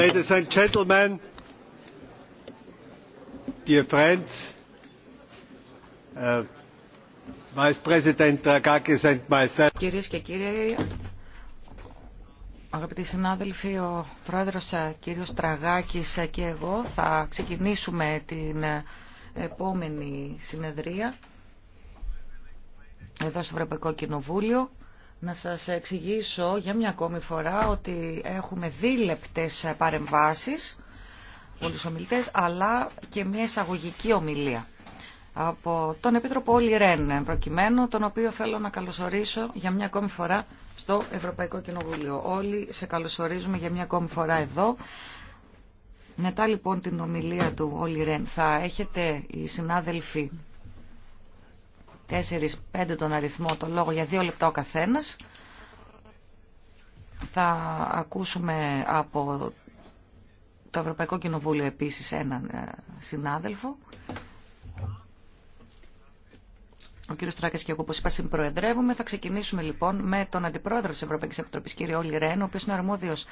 Ladies uh, Κυρίες και κύριοι, αγαπητοί συνάδελφοι, ο πρόεδρος ε, κύριος Τραγάκης ε, και εγώ θα ξεκινήσουμε την ε, επόμενη συνεδρία εδώ στο Ευρωπαϊκό Κοινοβούλιο να σας εξηγήσω για μια ακόμη φορά ότι έχουμε δίλεπτες παρεμβάσεις τους ομιλητές, αλλά και μια εισαγωγική ομιλία από τον Επίτροπο Όλη Ρέν, προκειμένου τον οποίο θέλω να καλωσορίσω για μια ακόμη φορά στο Ευρωπαϊκό Κοινοβούλιο. Όλοι σε καλωσορίζουμε για μια ακόμη φορά εδώ. Μετά λοιπόν την ομιλία του Όλη Ρέν θα έχετε οι συνάδελφοι 4-5 τον αριθμό, το λόγο για δύο λεπτά ο καθένας. Θα ακούσουμε από το Ευρωπαϊκό Κοινοβούλιο επίσης έναν ε, συνάδελφο. Ο κύριος Τράκης και εγώ, όπως είπα, συμπροεδρεύουμε. Θα ξεκινήσουμε λοιπόν με τον Αντιπρόεδρο της Ευρωπαϊκής Επιτροπής, κύριο Όλη Ρέν, ο οποίος είναι αρμόδιος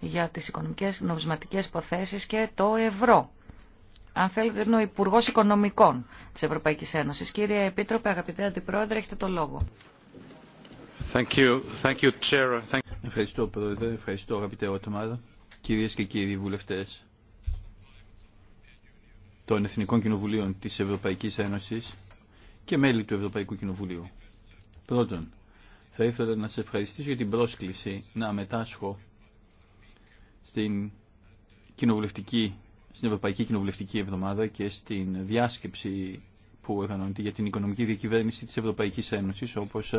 για τις οικονομικές νομισματικές υποθέσεις και το ευρώ αν θέλετε, είναι ο Υπουργό Οικονομικών τη Ευρωπαϊκή Ένωση. Κύριε Επίτροπε, αγαπητέ Αντιπρόεδρε, έχετε το λόγο. Thank you. Thank you, Chair. Thank Ευχαριστώ, Πρόεδρε. Ευχαριστώ, αγαπητέ Ότομάδα. Κυρίε και κύριοι βουλευτέ των Εθνικών Κοινοβουλίων τη Ευρωπαϊκή Ένωση και μέλη του Ευρωπαϊκού Κοινοβουλίου. Πρώτον, θα ήθελα να σε ευχαριστήσω για την πρόσκληση να μετάσχω στην κοινοβουλευτική στην Ευρωπαϊκή Κοινοβουλευτική Εβδομάδα και στην διάσκεψη που οργανώνεται για την οικονομική διακυβέρνηση της Ευρωπαϊκής Ένωσης όπως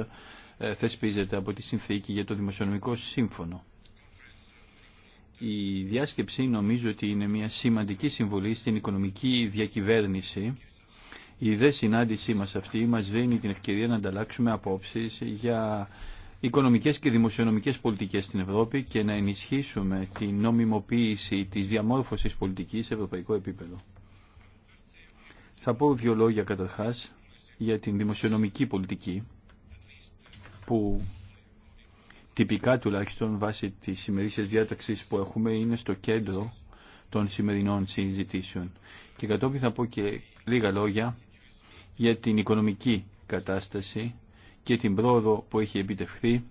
ε, θεσπίζεται από τη συνθήκη για το Δημοσιονομικό Σύμφωνο. Η διάσκεψη νομίζω ότι είναι μια σημαντική συμβολή στην οικονομική διακυβέρνηση. Η δε συνάντησή μας αυτή μας δίνει την ευκαιρία να ανταλλάξουμε απόψεις για οικονομικές και δημοσιονομικές πολιτικές στην Ευρώπη και να ενισχύσουμε την νομιμοποίηση της διαμόρφωσης πολιτικής σε ευρωπαϊκό επίπεδο. Θα πω δύο λόγια καταρχάς για την δημοσιονομική πολιτική που τυπικά τουλάχιστον βάσει της σημερινής διάταξης που έχουμε είναι στο κέντρο των σημερινών συζητήσεων. Και κατόπιν θα πω και λίγα λόγια για την οικονομική κατάσταση και την πρόοδο που έχει επιτευχθεί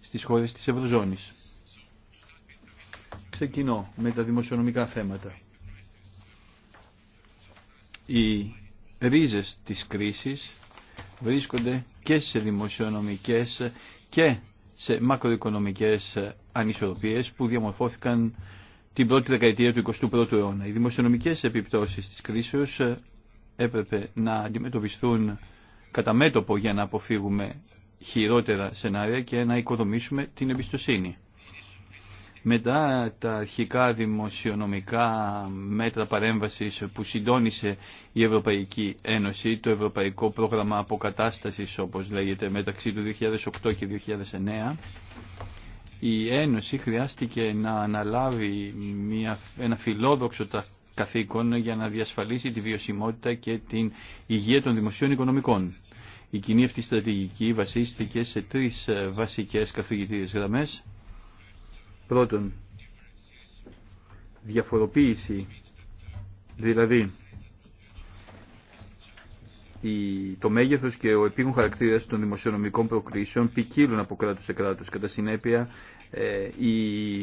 στις χώρες της Ευρωζώνης. Ξεκινώ με τα δημοσιονομικά θέματα. Οι ρίζες της κρίσης βρίσκονται και σε δημοσιονομικές και σε μακροοικονομικές ανισορροπίες που διαμορφώθηκαν την πρώτη δεκαετία του 21ου αιώνα. Οι δημοσιονομικές επιπτώσεις της κρίσης έπρεπε να αντιμετωπιστούν κατά μέτωπο για να αποφύγουμε χειρότερα σενάρια και να οικοδομήσουμε την εμπιστοσύνη. Μετά τα αρχικά δημοσιονομικά μέτρα παρέμβασης που συντόνισε η Ευρωπαϊκή Ένωση, το Ευρωπαϊκό Πρόγραμμα Αποκατάστασης όπως λέγεται μεταξύ του 2008 και 2009, η Ένωση χρειάστηκε να αναλάβει μια, ένα φιλόδοξο καθήκον για να διασφαλίσει τη βιωσιμότητα και την υγεία των δημοσίων οικονομικών. Η κοινή αυτή στρατηγική βασίστηκε σε τρεις ε, βασικές καθηγητήριες γραμμές. Πρώτον, διαφοροποίηση, δηλαδή το μέγεθο και ο επίγον χαρακτήρα των δημοσιονομικών προκλήσεων ποικίλουν από κράτο σε κράτο. Κατά συνέπεια, ε,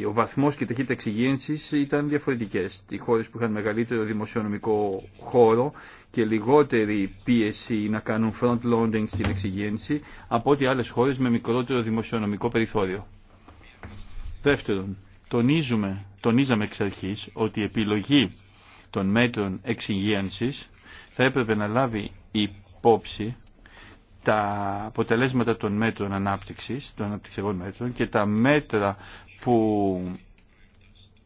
ο βαθμό και η ταχύτητα εξυγίανση ήταν διαφορετικέ. Οι χώρε που είχαν μεγαλύτερο δημοσιονομικό χώρο και λιγότερη πίεση να κάνουν front-loading στην εξυγίανση από ότι άλλε χώρε με μικρότερο δημοσιονομικό περιθώριο. Δεύτερον, τονίζουμε, τονίζαμε εξ αρχή ότι η επιλογή των μέτρων εξυγίανση θα έπρεπε να λάβει η υπόψη τα αποτελέσματα των μέτρων ανάπτυξης, των αναπτυξιακών μέτρων και τα μέτρα που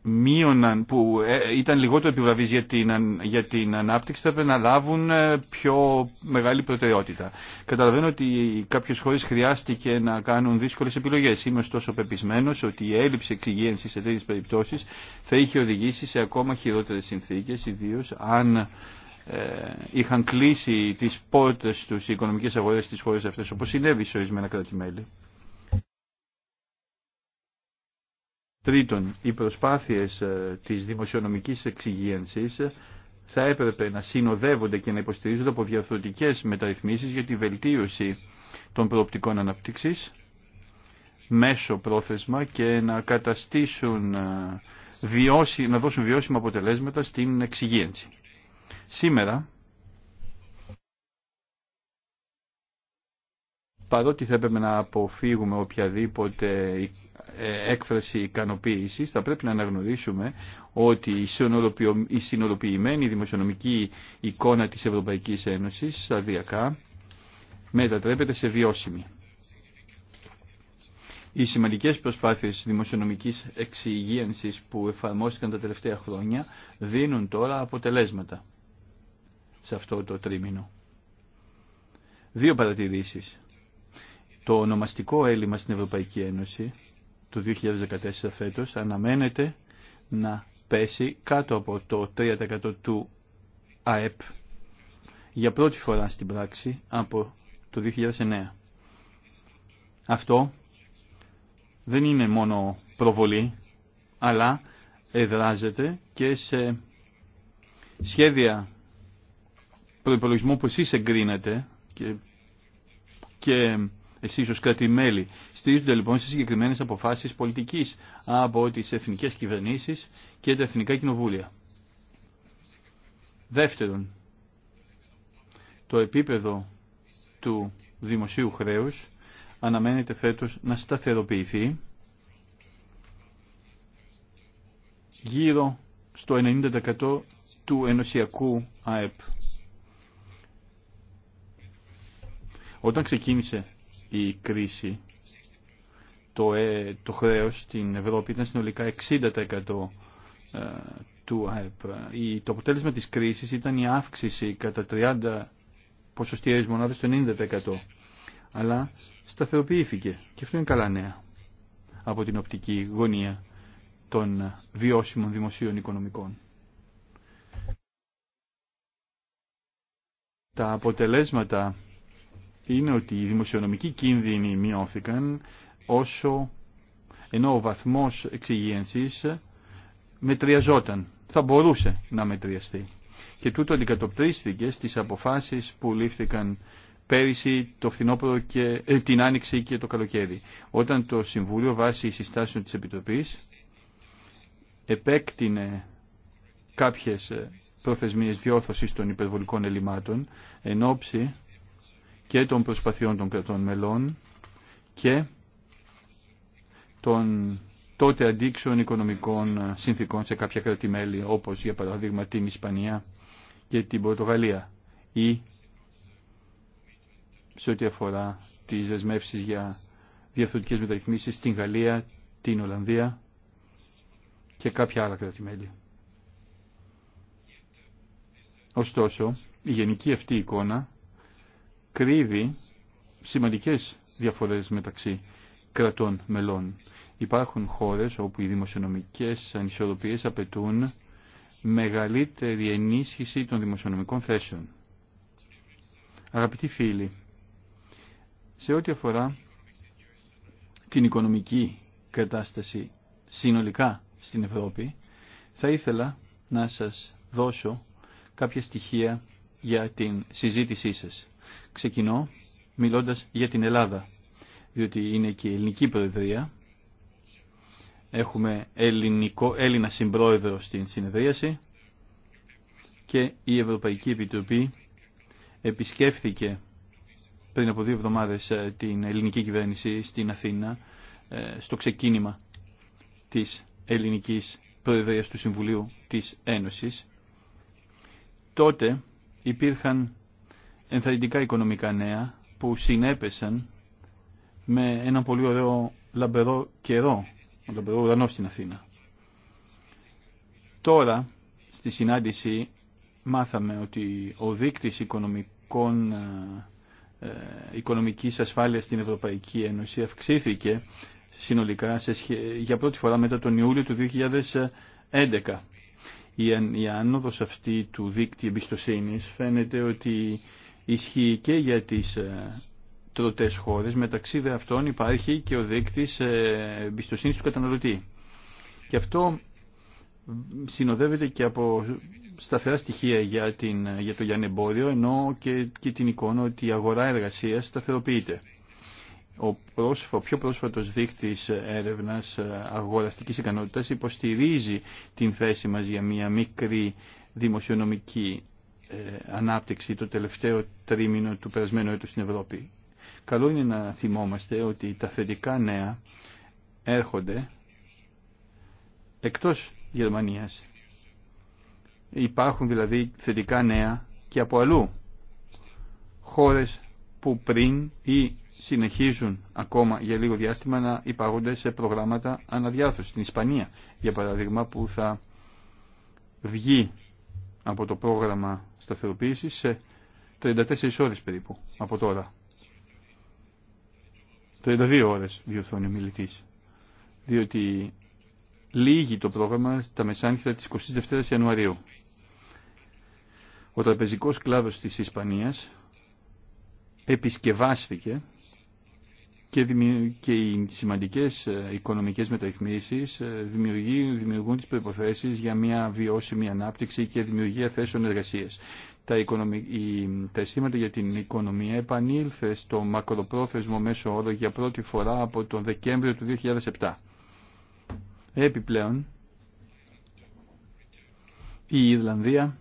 μείωναν, που ε, ήταν λιγότερο επιβραβείς για την, για την ανάπτυξη θα πρέπει να λάβουν ε, πιο μεγάλη προτεραιότητα. Καταλαβαίνω ότι κάποιες χώρες χρειάστηκε να κάνουν δύσκολες επιλογές. Είμαι ωστόσο πεπισμένος ότι η έλλειψη εξυγένσης σε τέτοιες περιπτώσεις θα είχε οδηγήσει σε ακόμα χειρότερες συνθήκες, ιδίως αν ε, είχαν κλείσει τι πόρτε τους οι οικονομικές αγορές στι χώρε αυτές, όπως συνέβη σε ορισμένα κράτη-μέλη. Τρίτον, οι προσπάθειες ε, της δημοσιονομικής εξυγίανσης θα έπρεπε να συνοδεύονται και να υποστηρίζονται από διαφορετικέ μεταρρυθμίσει για τη βελτίωση των προοπτικών ανάπτυξη μέσω πρόθεσμα και να καταστήσουν ε, να δώσουν βιώσιμα αποτελέσματα στην εξυγίανση. Σήμερα, παρότι θα έπρεπε να αποφύγουμε οποιαδήποτε ε, έκφραση ικανοποίηση, θα πρέπει να αναγνωρίσουμε ότι η συνολοποιημένη δημοσιονομική εικόνα της Ευρωπαϊκής Ένωσης σταδιακά μετατρέπεται σε βιώσιμη. Οι σημαντικές προσπάθειες δημοσιονομικής εξυγίανσης που εφαρμόστηκαν τα τελευταία χρόνια δίνουν τώρα αποτελέσματα σε αυτό το τρίμηνο. Δύο παρατηρήσεις. Το ονομαστικό έλλειμμα στην Ευρωπαϊκή Ένωση του 2014 φέτος αναμένεται να πέσει κάτω από το 3% του ΑΕΠ για πρώτη φορά στην πράξη από το 2009. Αυτό δεν είναι μόνο προβολή, αλλά εδράζεται και σε σχέδια προπολογισμό που εσείς εγκρίνατε και, και εσείς ως κράτη-μέλη στηρίζονται λοιπόν σε συγκεκριμένες αποφάσεις πολιτικής από τις εθνικές κυβερνήσεις και τα εθνικά κοινοβούλια. Δεύτερον, το επίπεδο του δημοσίου χρέους αναμένεται φέτος να σταθεροποιηθεί γύρω στο 90% του ενωσιακού ΑΕΠ Όταν ξεκίνησε η κρίση, το, ε, χρέος στην Ευρώπη ήταν συνολικά 60% ε, του ΑΕΠ. Το αποτέλεσμα της κρίσης ήταν η αύξηση κατά 30 ποσοστιαίες μονάδες στο 90%. Αλλά σταθεροποιήθηκε και αυτό είναι καλά νέα από την οπτική γωνία των βιώσιμων δημοσίων οικονομικών. Τα αποτελέσματα είναι ότι οι δημοσιονομικοί κίνδυνοι μειώθηκαν όσο ενώ ο βαθμός εξυγίανσης μετριαζόταν, θα μπορούσε να μετριαστεί. Και τούτο αντικατοπτρίστηκε στις αποφάσεις που λήφθηκαν πέρυσι το φθινόπωρο και, ε, την άνοιξη και το καλοκαίρι. Όταν το Συμβούλιο βάσει συστάσεων της Επιτροπής επέκτηνε κάποιες ε, προθεσμίες διόρθωσης των υπερβολικών ελλημάτων εν και των προσπαθειών των κρατών μελών και των τότε αντίξεων οικονομικών συνθήκων σε κάποια κράτη-μέλη, όπως για παράδειγμα την Ισπανία και την Πορτογαλία ή σε ό,τι αφορά τις δεσμεύσεις για διαφορετικές μεταρρυθμίσεις στην Γαλλία, την Ολλανδία και κάποια άλλα κράτη-μέλη. Ωστόσο, η σε οτι αφορα τις δεσμευσει για διαφορετικες μεταρρυθμισεις αυτή κρατη ωστοσο η γενικη αυτη εικονα κρύβει σημαντικές διαφορές μεταξύ κρατών μελών. Υπάρχουν χώρες όπου οι δημοσιονομικές ανισορροπίες απαιτούν μεγαλύτερη ενίσχυση των δημοσιονομικών θέσεων. Αγαπητοί φίλοι, σε ό,τι αφορά την οικονομική κατάσταση συνολικά στην Ευρώπη, θα ήθελα να σας δώσω κάποια στοιχεία για την συζήτησή σας ξεκινώ μιλώντας για την Ελλάδα, διότι είναι και η ελληνική προεδρία. Έχουμε ελληνικό, Έλληνα συμπρόεδρο στην συνεδρίαση και η Ευρωπαϊκή Επιτροπή επισκέφθηκε πριν από δύο εβδομάδες ε, την ελληνική κυβέρνηση στην Αθήνα ε, στο ξεκίνημα της ελληνικής προεδρίας του Συμβουλίου της Ένωσης. Τότε υπήρχαν ενθαρρυντικά οικονομικά νέα που συνέπεσαν με ένα πολύ ωραίο λαμπερό καιρό, λαμπερό ουρανό στην Αθήνα. Τώρα, στη συνάντηση, μάθαμε ότι ο δείκτης οικονομικών, ε, ε οικονομικής ασφάλειας στην Ευρωπαϊκή Ένωση αυξήθηκε συνολικά σε για πρώτη φορά μετά τον Ιούλιο του 2011. Η, η άνοδος αυτή του δείκτη εμπιστοσύνης φαίνεται ότι ισχύει και για τις ε, τροτές χώρες. Μεταξύ δε αυτών υπάρχει και ο δείκτης ε, εμπιστοσύνη του καταναλωτή. Και αυτό συνοδεύεται και από σταθερά στοιχεία για, την, για το λιανεμπόριο, ενώ και, την εικόνα ότι η αγορά εργασίας σταθεροποιείται. Ο, πρόσφα, πιο πρόσφατος δείκτης έρευνας ε, αγοραστικής ικανότητας υποστηρίζει την θέση μας για μια μικρή δημοσιονομική ε, ανάπτυξη το τελευταίο τρίμηνο του περασμένου έτους στην Ευρώπη. Καλό είναι να θυμόμαστε ότι τα θετικά νέα έρχονται εκτός Γερμανίας. Υπάρχουν δηλαδή θετικά νέα και από αλλού. Χώρες που πριν ή συνεχίζουν ακόμα για λίγο διάστημα να υπάρχουν σε προγράμματα αναδιάρθρωσης. Στην Ισπανία, για παράδειγμα, που θα βγει από το πρόγραμμα σταθεροποίησης σε 34 ώρες περίπου από τώρα. 32 ώρες διορθώνει ο μιλητής. Διότι λύγει το πρόγραμμα τα μεσάνυχτα της 22 Ιανουαρίου. Ο τραπεζικός κλάδος της Ισπανίας επισκευάστηκε και, οι σημαντικές ε, οικονομικές μεταρρυθμίσεις ε, δημιουργούν τις προϋποθέσεις για μια βιώσιμη ανάπτυξη και δημιουργία θέσεων εργασίας. Τα, οικονομι... τα αισθήματα για την οικονομία επανήλθε στο μακροπρόθεσμο μέσο όρο για πρώτη φορά από τον Δεκέμβριο του 2007. Επιπλέον, η Ιρλανδία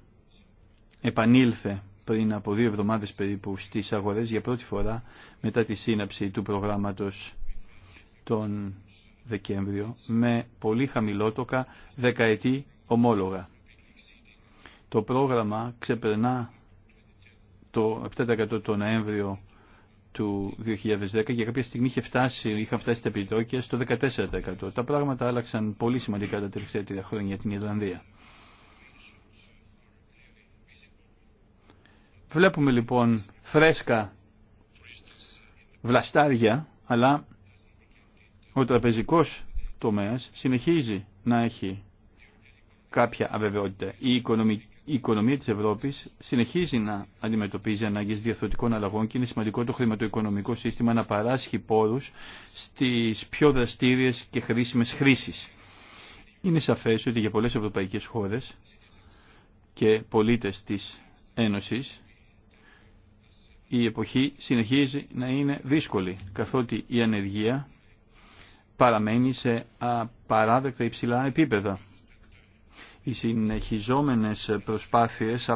επανήλθε πριν από δύο εβδομάδες περίπου στις αγορές για πρώτη φορά μετά τη σύναψη του προγράμματος τον Δεκέμβριο με πολύ χαμηλότοκα δεκαετή ομόλογα. Το πρόγραμμα ξεπερνά το 7% το Νοέμβριο του 2010 και κάποια στιγμή είχε φτάσει, είχαν φτάσει τα επιτόκια στο 14%. Τα πράγματα άλλαξαν πολύ σημαντικά τα τελευταία τρία χρόνια για την Ιρλανδία. Βλέπουμε λοιπόν φρέσκα βλαστάρια, αλλά ο τραπεζικός τομέας συνεχίζει να έχει κάποια αβεβαιότητα. Η, οικονομία της Ευρώπης συνεχίζει να αντιμετωπίζει ανάγκες διαθροτικών αλλαγών και είναι σημαντικό το χρηματοοικονομικό σύστημα να παράσχει πόρους στις πιο δραστήριες και χρήσιμες χρήσεις. Είναι σαφές ότι για πολλές ευρωπαϊκές χώρες και πολίτες της Ένωσης η εποχή συνεχίζει να είναι δύσκολη, καθότι η ανεργία παραμένει σε απαράδεκτα υψηλά επίπεδα. Οι συνεχιζόμενες προσπάθειες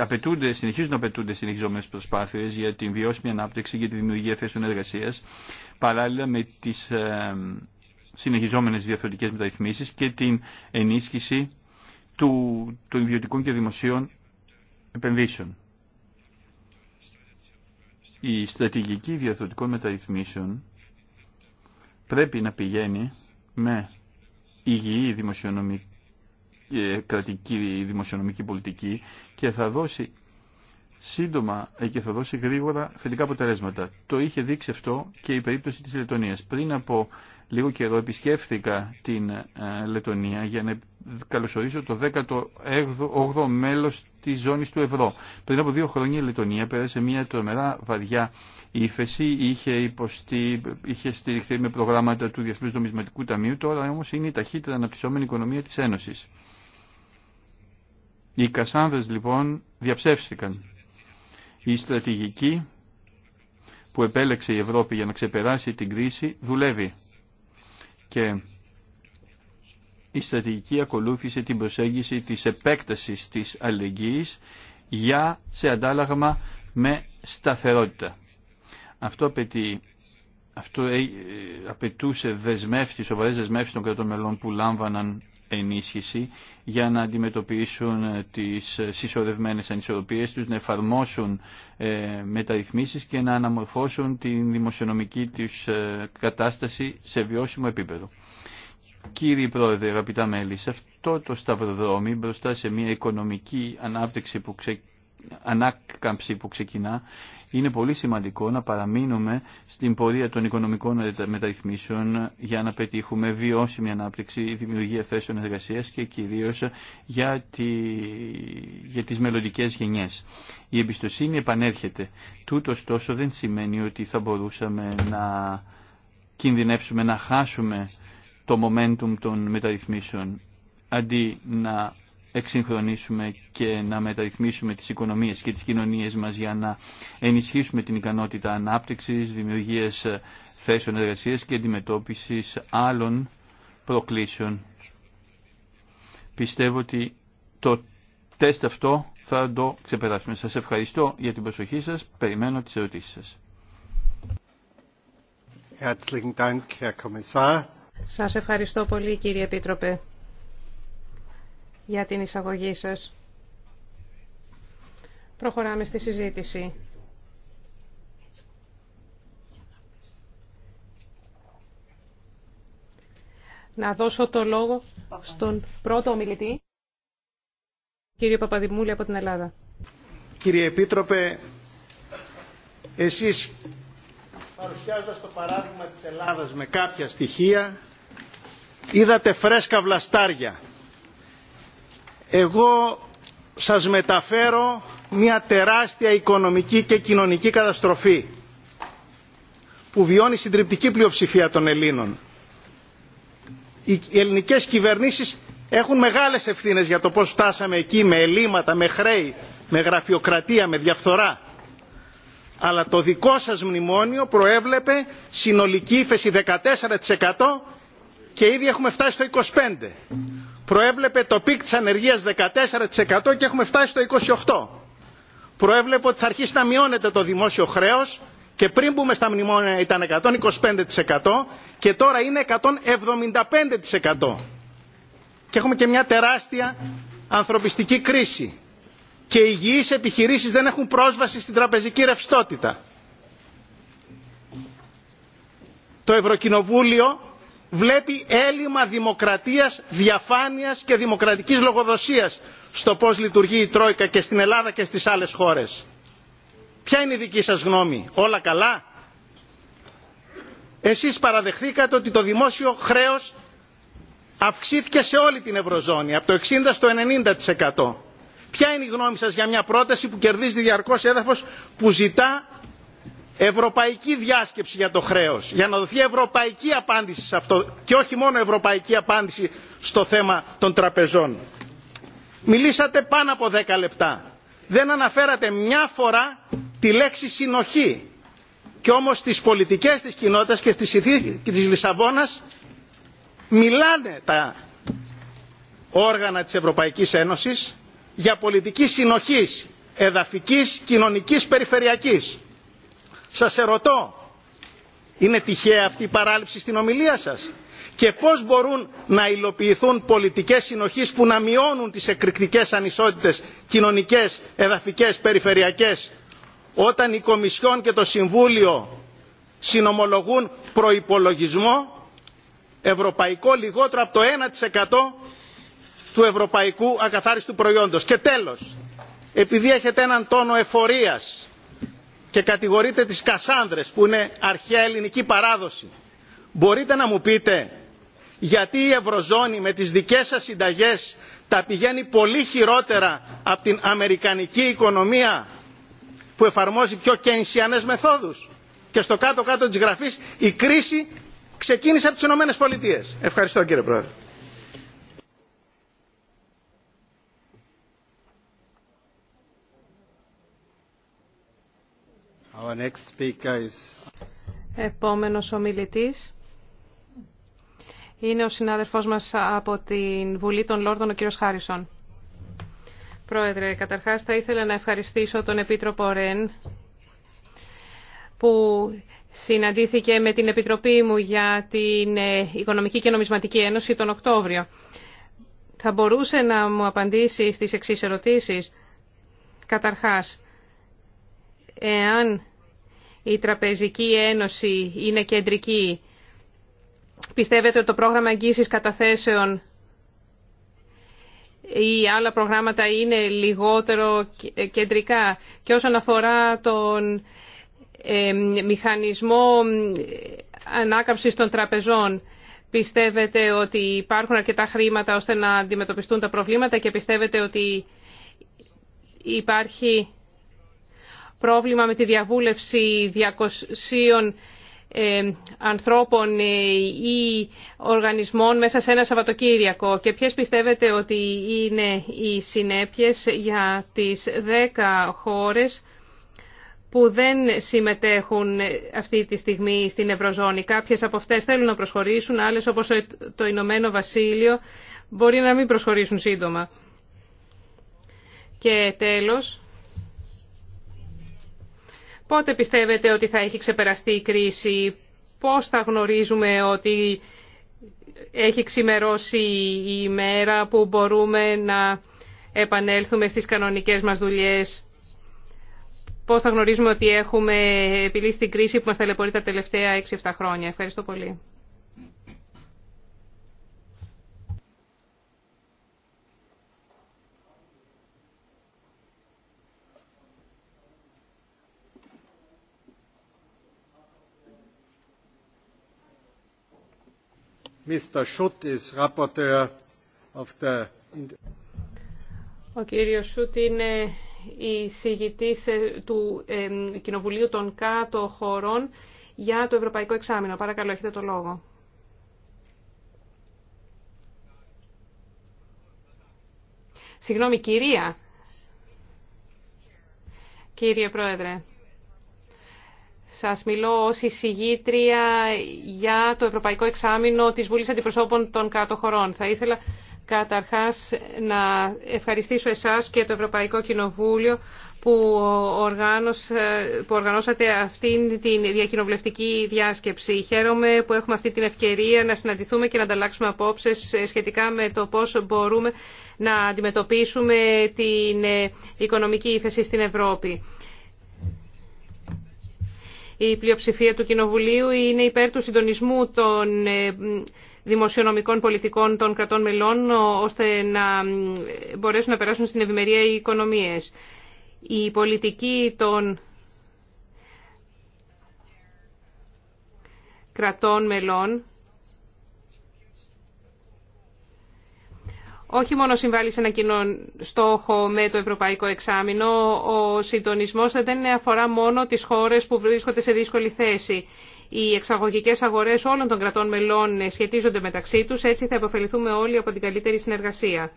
απαιτούνται, συνεχίζουν να απαιτούνται συνεχιζόμενες προσπάθειες για την βιώσιμη ανάπτυξη και τη δημιουργία θέσεων εργασίας, παράλληλα με τις ε, συνεχιζόμενες διαφορετικές μεταρρυθμίσεις και την ενίσχυση του, των ιδιωτικών και δημοσίων επενδύσεων η στρατηγική διαθροτικών μεταρρυθμίσεων πρέπει να πηγαίνει με υγιή δημοσιονομική, ε, κρατική δημοσιονομική πολιτική και θα δώσει σύντομα ε, και θα δώσει γρήγορα θετικά αποτελέσματα. Το είχε δείξει αυτό και η περίπτωση της Λετωνίας. Πριν από λίγο καιρό επισκέφθηκα την ε, Λετωνία για να καλωσορίζω το 18ο μέλο της ζώνης του ευρώ. Πριν από δύο χρόνια η Λετωνία πέρασε μια τρομερά βαριά ύφεση, είχε, είχε στηριχθεί με προγράμματα του Διεθνού Νομισματικού Ταμείου, τώρα όμως είναι η ταχύτερα αναπτυσσόμενη οικονομία της Ένωσης. Οι Κασάνδρες λοιπόν διαψεύστηκαν. Η στρατηγική που επέλεξε η Ευρώπη για να ξεπεράσει την κρίση δουλεύει. Και η στρατηγική ακολούθησε την προσέγγιση της επέκτασης της αλληλεγγύης για σε αντάλλαγμα με σταθερότητα. Αυτό, απαιτεί, αυτό ε, απαιτούσε δεσμεύσεις, σοβαρές δεσμεύσεις των κρατών μελών που λάμβαναν ενίσχυση για να αντιμετωπίσουν τις συσσωρευμένες ανισορροπίες τους, να εφαρμόσουν ε, μεταρρυθμίσεις και να αναμορφώσουν την δημοσιονομική τους ε, κατάσταση σε βιώσιμο επίπεδο. Κύριε Πρόεδρε, αγαπητά μέλη, σε αυτό το σταυροδρόμι μπροστά σε μια οικονομική ανάπτυξη που ανάκαμψη που ξεκινά, είναι πολύ σημαντικό να παραμείνουμε στην πορεία των οικονομικών μεταρρυθμίσεων για να πετύχουμε βιώσιμη ανάπτυξη, δημιουργία θέσεων εργασίας και κυρίως για, τη... για τις μελλοντικέ γενιές. Η εμπιστοσύνη επανέρχεται. Τούτο τόσο δεν σημαίνει ότι θα μπορούσαμε να κινδυνεύσουμε να χάσουμε το momentum των μεταρρυθμίσεων αντί να εξυγχρονίσουμε και να μεταρρυθμίσουμε τις οικονομίες και τις κοινωνίες μας για να ενισχύσουμε την ικανότητα ανάπτυξης, δημιουργίας θέσεων εργασίας και αντιμετώπισης άλλων προκλήσεων. Πιστεύω ότι το τεστ αυτό θα το ξεπεράσουμε. Σας ευχαριστώ για την προσοχή σας. Περιμένω τις ερωτήσεις σας. Σας ευχαριστώ πολύ κύριε Επίτροπε για την εισαγωγή σας. Προχωράμε στη συζήτηση. Να δώσω το λόγο στον πρώτο ομιλητή, κύριο Παπαδημούλη από την Ελλάδα. Κύριε Επίτροπε, εσείς παρουσιάζοντας το παράδειγμα της Ελλάδας με κάποια στοιχεία, είδατε φρέσκα βλαστάρια. Εγώ σας μεταφέρω μια τεράστια οικονομική και κοινωνική καταστροφή που βιώνει η συντριπτική πλειοψηφία των Ελλήνων. Οι ελληνικές κυβερνήσεις έχουν μεγάλες ευθύνες για το πώς φτάσαμε εκεί με ελλείμματα, με χρέη, με γραφειοκρατία, με διαφθορά. Αλλά το δικό σας μνημόνιο προέβλεπε συνολική ύφεση 14% και ήδη έχουμε φτάσει στο 25. Προέβλεπε το πικ της ανεργίας 14% και έχουμε φτάσει στο 28. Προέβλεπε ότι θα αρχίσει να μειώνεται το δημόσιο χρέος και πριν μπούμε στα μνημόνια ήταν 125% και τώρα είναι 175%. Και έχουμε και μια τεράστια ανθρωπιστική κρίση. Και οι υγιείς επιχειρήσεις δεν έχουν πρόσβαση στην τραπεζική ρευστότητα. Το Ευρωκοινοβούλιο βλέπει έλλειμμα δημοκρατίας διαφάνειας και δημοκρατικής λογοδοσίας στο πώς λειτουργεί η τρόικα και στην ελλάδα και στις άλλες χώρες. ποια είναι η δική σας γνώμη; όλα καλά; εσείς παραδεχθήκατε ότι το δημόσιο χρέος αυξήθηκε σε όλη την ευρωζώνη από το 60% στο 90%. Ποια είναι η γνώμη σας για μια πρόταση που κερδίζει διαρκώς έδαφος που ζητά ευρωπαϊκή διάσκεψη για το χρέος για να δοθεί ευρωπαϊκή απάντηση σε αυτό και όχι μόνο ευρωπαϊκή απάντηση στο θέμα των τραπεζών. Μιλήσατε πάνω από δέκα λεπτά. Δεν αναφέρατε μια φορά τη λέξη συνοχή. Και όμως στις πολιτικές της κοινότητας και στη της Λισαβόνας μιλάνε τα όργανα της Ευρωπαϊκής Ένωσης για πολιτική συνοχής εδαφικής, κοινωνικής, περιφερειακής σας ερωτώ, είναι τυχαία αυτή η παράληψη στην ομιλία σας και πώς μπορούν να υλοποιηθούν πολιτικές συνοχής που να μειώνουν τις εκρηκτικές ανισότητες κοινωνικές, εδαφικές, περιφερειακές όταν η Κομισιόν και το Συμβούλιο συνομολογούν προϋπολογισμό ευρωπαϊκό λιγότερο από το 1% του ευρωπαϊκού ακαθάριστου προϊόντος. Και τέλος, επειδή έχετε έναν τόνο εφορίας και κατηγορείτε τις Κασάνδρες που είναι αρχαία ελληνική παράδοση. Μπορείτε να μου πείτε γιατί η Ευρωζώνη με τις δικές σας συνταγές τα πηγαίνει πολύ χειρότερα από την Αμερικανική οικονομία που εφαρμόζει πιο κενσιανές μεθόδους. Και στο κάτω-κάτω της γραφής η κρίση ξεκίνησε από τις Ηνωμένες Πολιτείες. Ευχαριστώ κύριε Πρόεδρε. Our next Επόμενος ομιλητής είναι ο συνάδελφός μας από την Βουλή των Λόρδων, ο κύριος Χάρισον. Πρόεδρε, καταρχάς θα ήθελα να ευχαριστήσω τον Επίτροπο Ρεν που συναντήθηκε με την Επιτροπή μου για την ε, Οικονομική και Νομισματική Ένωση τον Οκτώβριο. Θα μπορούσε να μου απαντήσει στις εξής ερωτήσεις. Καταρχάς, εάν η Τραπεζική Ένωση είναι κεντρική. Πιστεύετε ότι το πρόγραμμα εγγύησης καταθέσεων ή άλλα προγράμματα είναι λιγότερο κεντρικά. Και όσον αφορά τον ε, μηχανισμό ε, ανάκαμψης των τραπεζών, πιστεύετε ότι υπάρχουν αρκετά χρήματα ώστε να αντιμετωπιστούν τα προβλήματα και πιστεύετε ότι υπάρχει πρόβλημα με τη διαβούλευση 200 ε, ανθρώπων ε, ή οργανισμών μέσα σε ένα Σαββατοκύριακο και ποιες πιστεύετε ότι είναι οι συνέπειες για τις 10 χώρες που δεν συμμετέχουν αυτή τη στιγμή στην Ευρωζώνη. Κάποιες από αυτές θέλουν να προσχωρήσουν, άλλες όπως το Ηνωμένο Βασίλειο μπορεί να μην προσχωρήσουν σύντομα. Και τέλος, Πότε πιστεύετε ότι θα έχει ξεπεραστεί η κρίση, πώς θα γνωρίζουμε ότι έχει ξημερώσει η ημέρα που μπορούμε να επανέλθουμε στις κανονικές μας δουλειές, πώς θα γνωρίζουμε ότι έχουμε επιλύσει την κρίση που μας ταλαιπωρεί τα τελευταία 6-7 χρόνια. Ευχαριστώ πολύ. Ο κύριος Σούτ είναι η συγητής ε, του Κοινοβουλίου των Κάτω Χωρών για το Ευρωπαϊκό Εξάμεινο. Παρακαλώ, έχετε το λόγο. Συγγνώμη, κυρία. Κύριε Πρόεδρε. Σας μιλώ ως εισηγήτρια για το Ευρωπαϊκό Εξάμεινο της Βουλής Αντιπροσώπων των Κάτω Χωρών. Θα ήθελα καταρχάς να ευχαριστήσω εσάς και το Ευρωπαϊκό Κοινοβούλιο που, που οργανώσατε αυτήν την διακοινοβουλευτική διάσκεψη. Χαίρομαι που έχουμε αυτή την ευκαιρία να συναντηθούμε και να ανταλλάξουμε απόψεις σχετικά με το πώς μπορούμε να αντιμετωπίσουμε την οικονομική ύφεση στην Ευρώπη η πλειοψηφία του Κοινοβουλίου είναι υπέρ του συντονισμού των ε, δημοσιονομικών πολιτικών των κρατών μελών ώστε να ε, μπορέσουν να περάσουν στην ευημερία οι οικονομίες. Η πολιτική των κρατών μελών όχι μόνο συμβάλλει σε ένα κοινό στόχο με το Ευρωπαϊκό Εξάμεινο, ο συντονισμός δεν αφορά μόνο τις χώρες που βρίσκονται σε δύσκολη θέση. Οι εξαγωγικέ αγορές όλων των κρατών μελών σχετίζονται μεταξύ τους, έτσι θα υποφεληθούμε όλοι από την καλύτερη συνεργασία.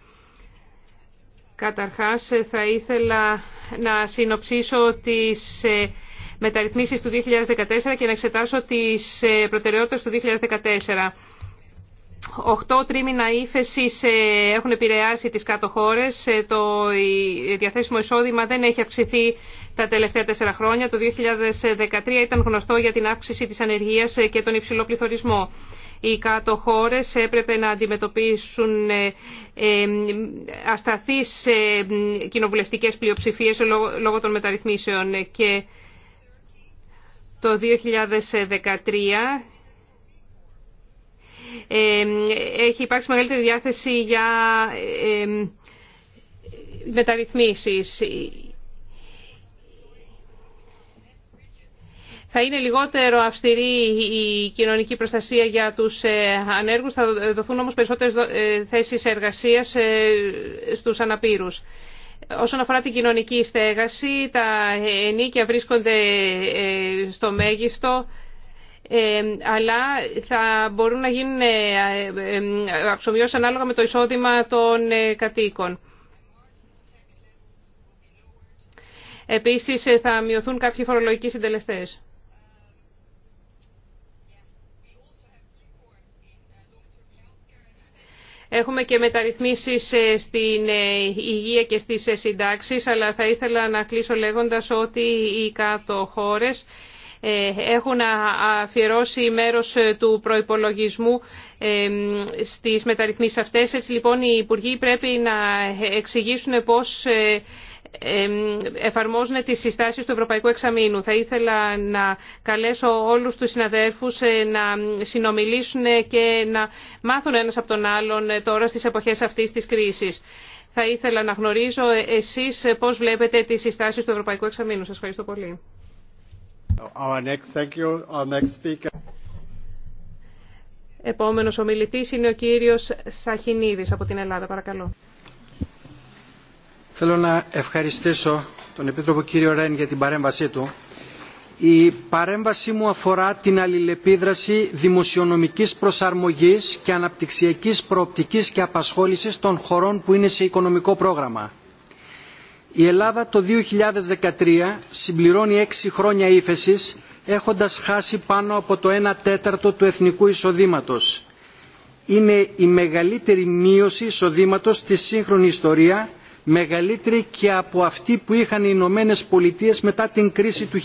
Καταρχάς θα ήθελα να συνοψίσω τις ε, μεταρρυθμίσει του 2014 και να εξετάσω τι ε, προτεραιότητε του 2014. 8 τρίμηνα ύφεση ε, έχουν επηρεάσει τις κάτω χώρες. Ε, το διαθέσιμο εισόδημα δεν έχει αυξηθεί τα τελευταία τέσσερα χρόνια. Το 2013 ήταν γνωστό για την αύξηση της ανεργίας ε, και τον υψηλό πληθωρισμό. Οι κάτω χώρες έπρεπε να αντιμετωπίσουν ασταθείς κοινοβουλευτικές πλειοψηφίες λόγω των μεταρρυθμίσεων. Και το 2013 έχει υπάρξει μεγαλύτερη διάθεση για μεταρρυθμίσεις. Θα είναι λιγότερο αυστηρή η κοινωνική προστασία για τους ε, ανέργους, θα δοθούν όμως περισσότερες ε, θέσεις εργασίας ε, στους αναπήρους. Όσον αφορά την κοινωνική στέγαση, τα ενίκια βρίσκονται στο μέγιστο ε, αλλά θα μπορούν να γίνουν ε, ε, αυξομοιώσεις ανάλογα με το εισόδημα των κατοίκων. Επίσης θα μειωθούν κάποιοι φορολογικοί συντελεστές. Έχουμε και μεταρρυθμίσεις στην υγεία και στις συντάξεις, αλλά θα ήθελα να κλείσω λέγοντας ότι οι κάτω χώρες ε, έχουν αφιερώσει μέρος ε, του προϋπολογισμού ε, στις μεταρρυθμίσεις αυτές. Έτσι λοιπόν οι Υπουργοί πρέπει να εξηγήσουν πώς εφαρμόζουν τις συστάσεις του Ευρωπαϊκού Εξαμήνου. Θα ήθελα να καλέσω όλους τους συναδέρφους να συνομιλήσουν και να μάθουν ένας από τον άλλον τώρα στις εποχές αυτής της κρίσης. Θα ήθελα να γνωρίζω εσείς πώς βλέπετε τις συστάσεις του Ευρωπαϊκού Εξαμήνου. Σας ευχαριστώ πολύ. Επόμενος ομιλητής είναι ο κύριος Σαχινίδης από την Ελλάδα. Παρακαλώ. Θέλω να ευχαριστήσω τον Επίτροπο κύριο Ρέν για την παρέμβασή του. Η παρέμβασή μου αφορά την αλληλεπίδραση δημοσιονομικής προσαρμογής και αναπτυξιακής προοπτικής και απασχόλησης των χωρών που είναι σε οικονομικό πρόγραμμα η Ελλάδα το 2013 συμπληρώνει έξι χρόνια ύφεση έχοντας χάσει πάνω από το 1 τέταρτο του εθνικού εισοδήματος. Είναι η μεγαλύτερη μείωση εισοδήματος στη σύγχρονη ιστορία, μεγαλύτερη και από αυτή που είχαν οι Ηνωμένε Πολιτείες μετά την κρίση του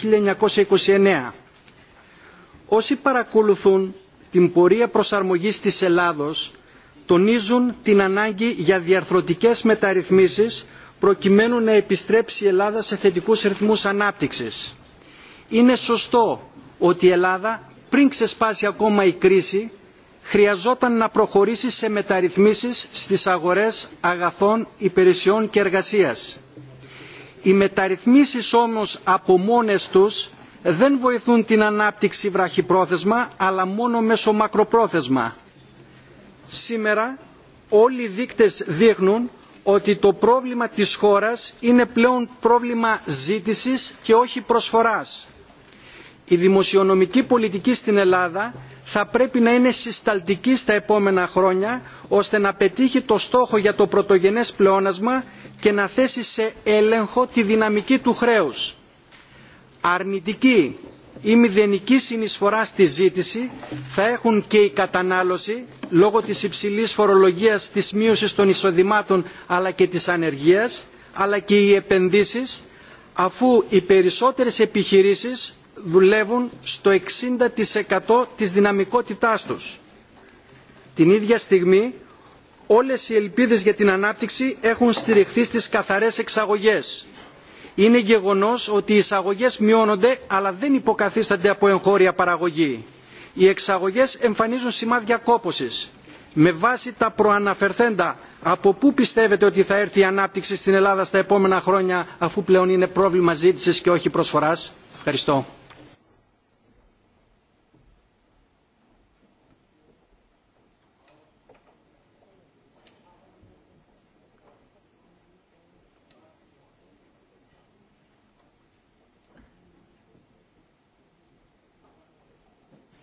1929. Όσοι παρακολουθούν την πορεία προσαρμογής της Ελλάδος τονίζουν την ανάγκη για διαρθρωτικές μεταρρυθμίσεις προκειμένου να επιστρέψει η Ελλάδα σε θετικούς ρυθμούς ανάπτυξης. Είναι σωστό ότι η Ελλάδα πριν ξεσπάσει ακόμα η κρίση χρειαζόταν να προχωρήσει σε μεταρρυθμίσεις στις αγορές αγαθών, υπηρεσιών και εργασίας. Οι μεταρρυθμίσεις όμως από μόνες τους δεν βοηθούν την ανάπτυξη βραχυπρόθεσμα αλλά μόνο μέσω μακροπρόθεσμα. Σήμερα όλοι οι δείκτες δείχνουν ότι το πρόβλημα της χώρας είναι πλέον πρόβλημα ζήτησης και όχι προσφοράς. Η δημοσιονομική πολιτική στην Ελλάδα θα πρέπει να είναι συσταλτική στα επόμενα χρόνια ώστε να πετύχει το στόχο για το πρωτογενές πλεόνασμα και να θέσει σε έλεγχο τη δυναμική του χρέους. Αρνητική ή μηδενική συνεισφορά στη ζήτηση θα έχουν και η κατανάλωση λόγω της υψηλής φορολογίας της μείωσης των εισοδημάτων αλλά και της ανεργίας αλλά και οι επενδύσεις αφού οι περισσότερες επιχειρήσεις δουλεύουν στο 60% της δυναμικότητάς τους. Την ίδια στιγμή όλες οι ελπίδες για την ανάπτυξη έχουν στηριχθεί στις καθαρές εξαγωγές είναι γεγονός ότι οι εισαγωγές μειώνονται αλλά δεν υποκαθίστανται από εγχώρια παραγωγή. Οι εξαγωγές εμφανίζουν σημάδια κόπωσης. Με βάση τα προαναφερθέντα, από πού πιστεύετε ότι θα έρθει η ανάπτυξη στην Ελλάδα στα επόμενα χρόνια αφού πλέον είναι πρόβλημα ζήτησης και όχι προσφοράς. Ευχαριστώ.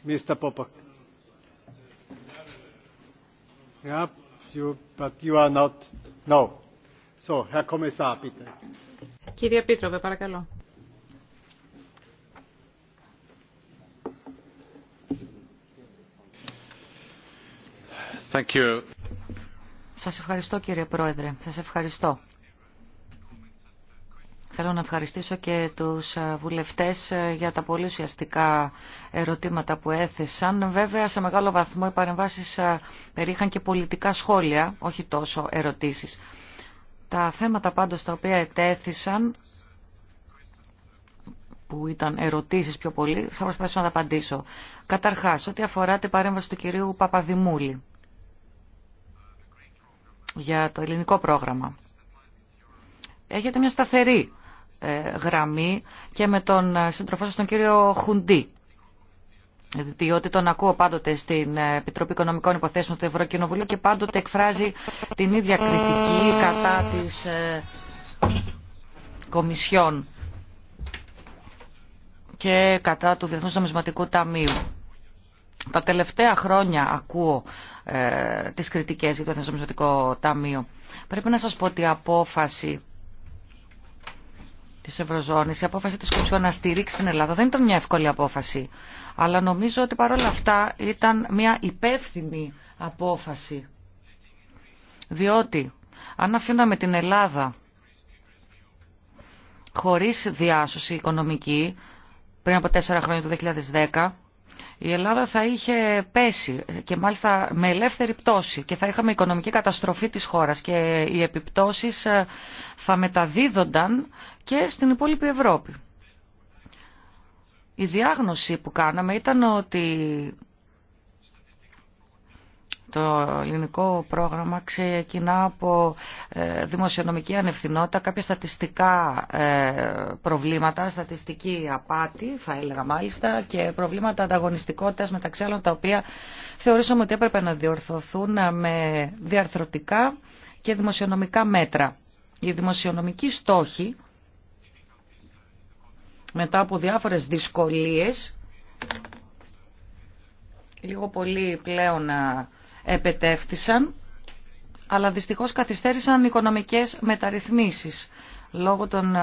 Mr. Popak. Yeah, you, but you are not. No. So, Herr Kommissar, bitte. Κύριε Πίτροβε, παρακαλώ. Thank you. Σας ευχαριστώ κύριε Πρόεδρε. Σας ευχαριστώ. Θέλω να ευχαριστήσω και τους ε, βουλευτές ε, για τα πολύ ουσιαστικά ερωτήματα που έθεσαν. Βέβαια, σε μεγάλο βαθμό οι παρεμβάσεις ε, περίχαν και πολιτικά σχόλια, όχι τόσο ερωτήσεις. Τα θέματα πάντως τα οποία ετέθησαν, που ήταν ερωτήσεις πιο πολύ, θα προσπαθήσω να τα απαντήσω. Καταρχάς, ό,τι αφορά την παρέμβαση του κυρίου Παπαδημούλη για το ελληνικό πρόγραμμα. Έχετε μια σταθερή ε, γραμμή και με τον ε, σύντροφό σας τον κύριο Χουντή διότι τον ακούω πάντοτε στην ε, Επιτροπή Οικονομικών Υποθέσεων του Ευρωκοινοβουλίου και πάντοτε εκφράζει την ίδια κριτική κατά της Κομισιόν και κατά του Διεθνούς Νομισματικού Ταμείου. Τα τελευταία χρόνια ακούω ε, τις κριτικές για το Διεθνούς Νομισματικό Ταμείο. Πρέπει να σας πω ότι η απόφαση τη Ευρωζώνη, η απόφαση τη Κομισιόν να στηρίξει την Ελλάδα δεν ήταν μια εύκολη απόφαση. Αλλά νομίζω ότι παρόλα αυτά ήταν μια υπεύθυνη απόφαση. Διότι αν αφήναμε την Ελλάδα χωρίς διάσωση οικονομική πριν από τέσσερα χρόνια το 2010, η Ελλάδα θα είχε πέσει και μάλιστα με ελεύθερη πτώση και θα είχαμε οικονομική καταστροφή της χώρας και οι επιπτώσεις ε, θα μεταδίδονταν και στην υπόλοιπη Ευρώπη. Η διάγνωση που κάναμε ήταν ότι το ελληνικό πρόγραμμα ξεκινά από ε, δημοσιονομική ανευθυνότητα, κάποια στατιστικά ε, προβλήματα, στατιστική απάτη θα έλεγα μάλιστα και προβλήματα ανταγωνιστικότητας μεταξύ άλλων τα οποία θεωρήσαμε ότι έπρεπε να διορθωθούν με διαρθρωτικά και δημοσιονομικά μέτρα. Οι δημοσιονομικοί στόχοι μετά από διάφορες δυσκολίες λίγο πολύ πλέον ε, επετεύθησαν, αλλά δυστυχώς καθυστέρησαν οικονομικές μεταρρυθμίσεις λόγω των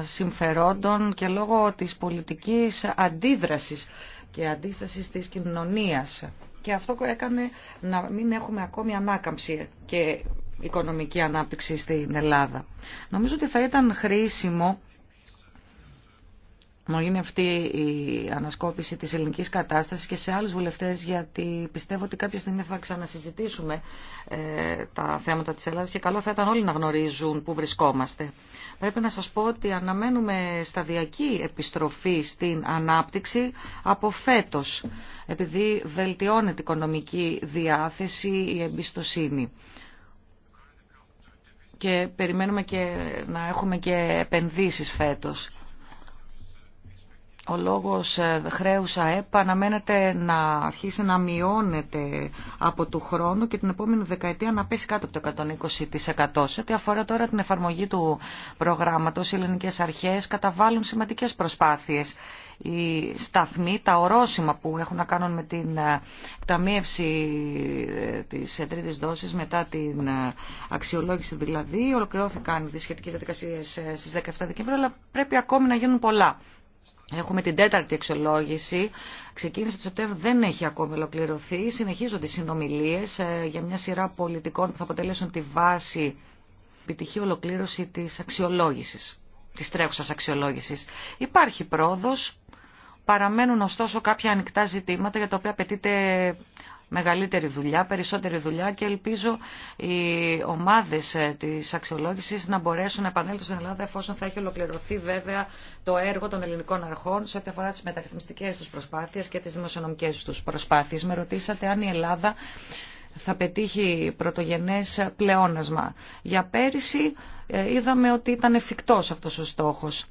συμφερόντων και λόγω της πολιτικής αντίδρασης και αντίστασης της κοινωνίας. Και αυτό έκανε να μην έχουμε ακόμη ανάκαμψη και οικονομική ανάπτυξη στην Ελλάδα. Νομίζω ότι θα ήταν χρήσιμο μου γίνει αυτή η ανασκόπηση της ελληνικής κατάστασης και σε άλλους βουλευτές γιατί πιστεύω ότι κάποια στιγμή θα ξανασυζητήσουμε ε, τα θέματα της Ελλάδας και καλό θα ήταν όλοι να γνωρίζουν πού βρισκόμαστε. Πρέπει να σας πω ότι αναμένουμε σταδιακή επιστροφή στην ανάπτυξη από φέτος επειδή βελτιώνεται η οικονομική διάθεση, η εμπιστοσύνη και περιμένουμε και να έχουμε και επενδύσεις φέτος ο λόγος ε, χρέους ΑΕΠ αναμένεται να αρχίσει να μειώνεται από του χρόνου και την επόμενη δεκαετία να πέσει κάτω από το 120%. Σε ό,τι αφορά τώρα την εφαρμογή του προγράμματος, οι ελληνικές αρχές καταβάλουν σημαντικές προσπάθειες. Οι σταθμοί, τα ορόσημα που έχουν να κάνουν με την ε, ταμείευση ε, της τρίτης δόσης μετά την αξιολόγηση δηλαδή, ολοκληρώθηκαν τις σχετικές διαδικασίες στις 17 Δεκεμβρίου, αλλά πρέπει ακόμη να γίνουν πολλά. Έχουμε την τέταρτη εξολόγηση. Ξεκίνησε το Σεπτέμβριο, δεν έχει ακόμη ολοκληρωθεί. Συνεχίζονται οι συνομιλίε ε, για μια σειρά πολιτικών που θα αποτελέσουν τη βάση επιτυχή ολοκλήρωση τη αξιολόγηση, τη τρέχουσα αξιολόγηση. Υπάρχει πρόοδο. Παραμένουν ωστόσο κάποια ανοιχτά ζητήματα για τα οποία απαιτείται μεγαλύτερη δουλειά, περισσότερη δουλειά και ελπίζω οι ομάδες ε, της αξιολόγησης να μπορέσουν να επανέλθουν στην Ελλάδα εφόσον θα έχει ολοκληρωθεί βέβαια το έργο των ελληνικών αρχών σε ό,τι αφορά τις μεταρρυθμιστικές τους προσπάθειες και τις δημοσιονομικές τους προσπάθειες. Με ρωτήσατε αν η Ελλάδα θα πετύχει πρωτογενές πλεόνασμα. Για πέρυσι ε, είδαμε ότι ήταν εφικτός αυτός ο στόχος.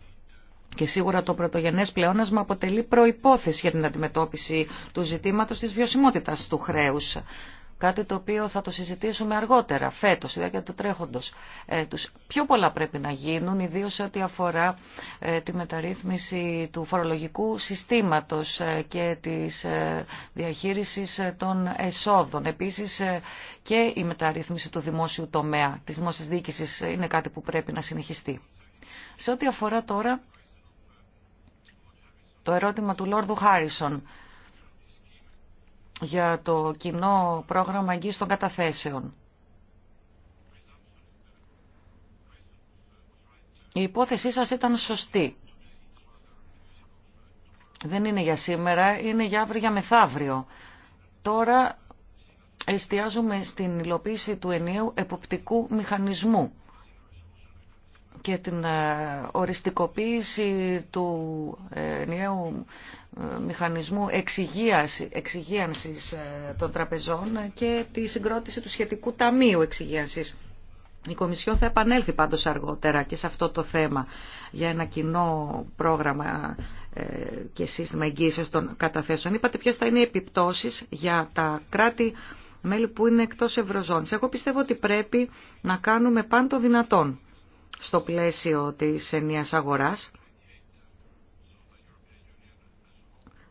Και σίγουρα το πρωτογενέ πλεόνασμα αποτελεί προπόθεση για την αντιμετώπιση του ζητήματο τη βιωσιμότητα του χρέου. Κάτι το οποίο θα το συζητήσουμε αργότερα, φέτο, η διάρκεια του τρέχοντο. Ε, πιο πολλά πρέπει να γίνουν, ιδίω σε ό,τι αφορά ε, τη μεταρρύθμιση του φορολογικού συστήματο ε, και τη ε, διαχείριση των εσόδων. Επίση και η μεταρρύθμιση του δημόσιου τομέα, τη δημόσια διοίκηση, είναι κάτι που πρέπει να συνεχιστεί. Σε ό,τι αφορά τώρα το ερώτημα του Λόρδου Χάρισον για το κοινό πρόγραμμα εγγύης των καταθέσεων. Η υπόθεσή σας ήταν σωστή. Δεν είναι για σήμερα, είναι για αύριο, για μεθαύριο. Τώρα εστιάζουμε στην υλοποίηση του ενίου εποπτικού μηχανισμού και την ε, οριστικοποίηση του ε, νέου ε, μηχανισμού εξυγίανσης των τραπεζών και τη συγκρότηση του σχετικού ταμείου εξυγίανσης. Η Κομισιόν θα επανέλθει πάντως αργότερα και σε αυτό το θέμα για ένα κοινό πρόγραμμα και σύστημα εγγύησης των καταθέσεων. Είπατε ποιες θα είναι οι επιπτώσεις για τα κράτη μέλη που είναι εκτός Ευρωζώνης. Εγώ πιστεύω ότι πρέπει να κάνουμε πάντο δυνατόν στο πλαίσιο της ενίας αγοράς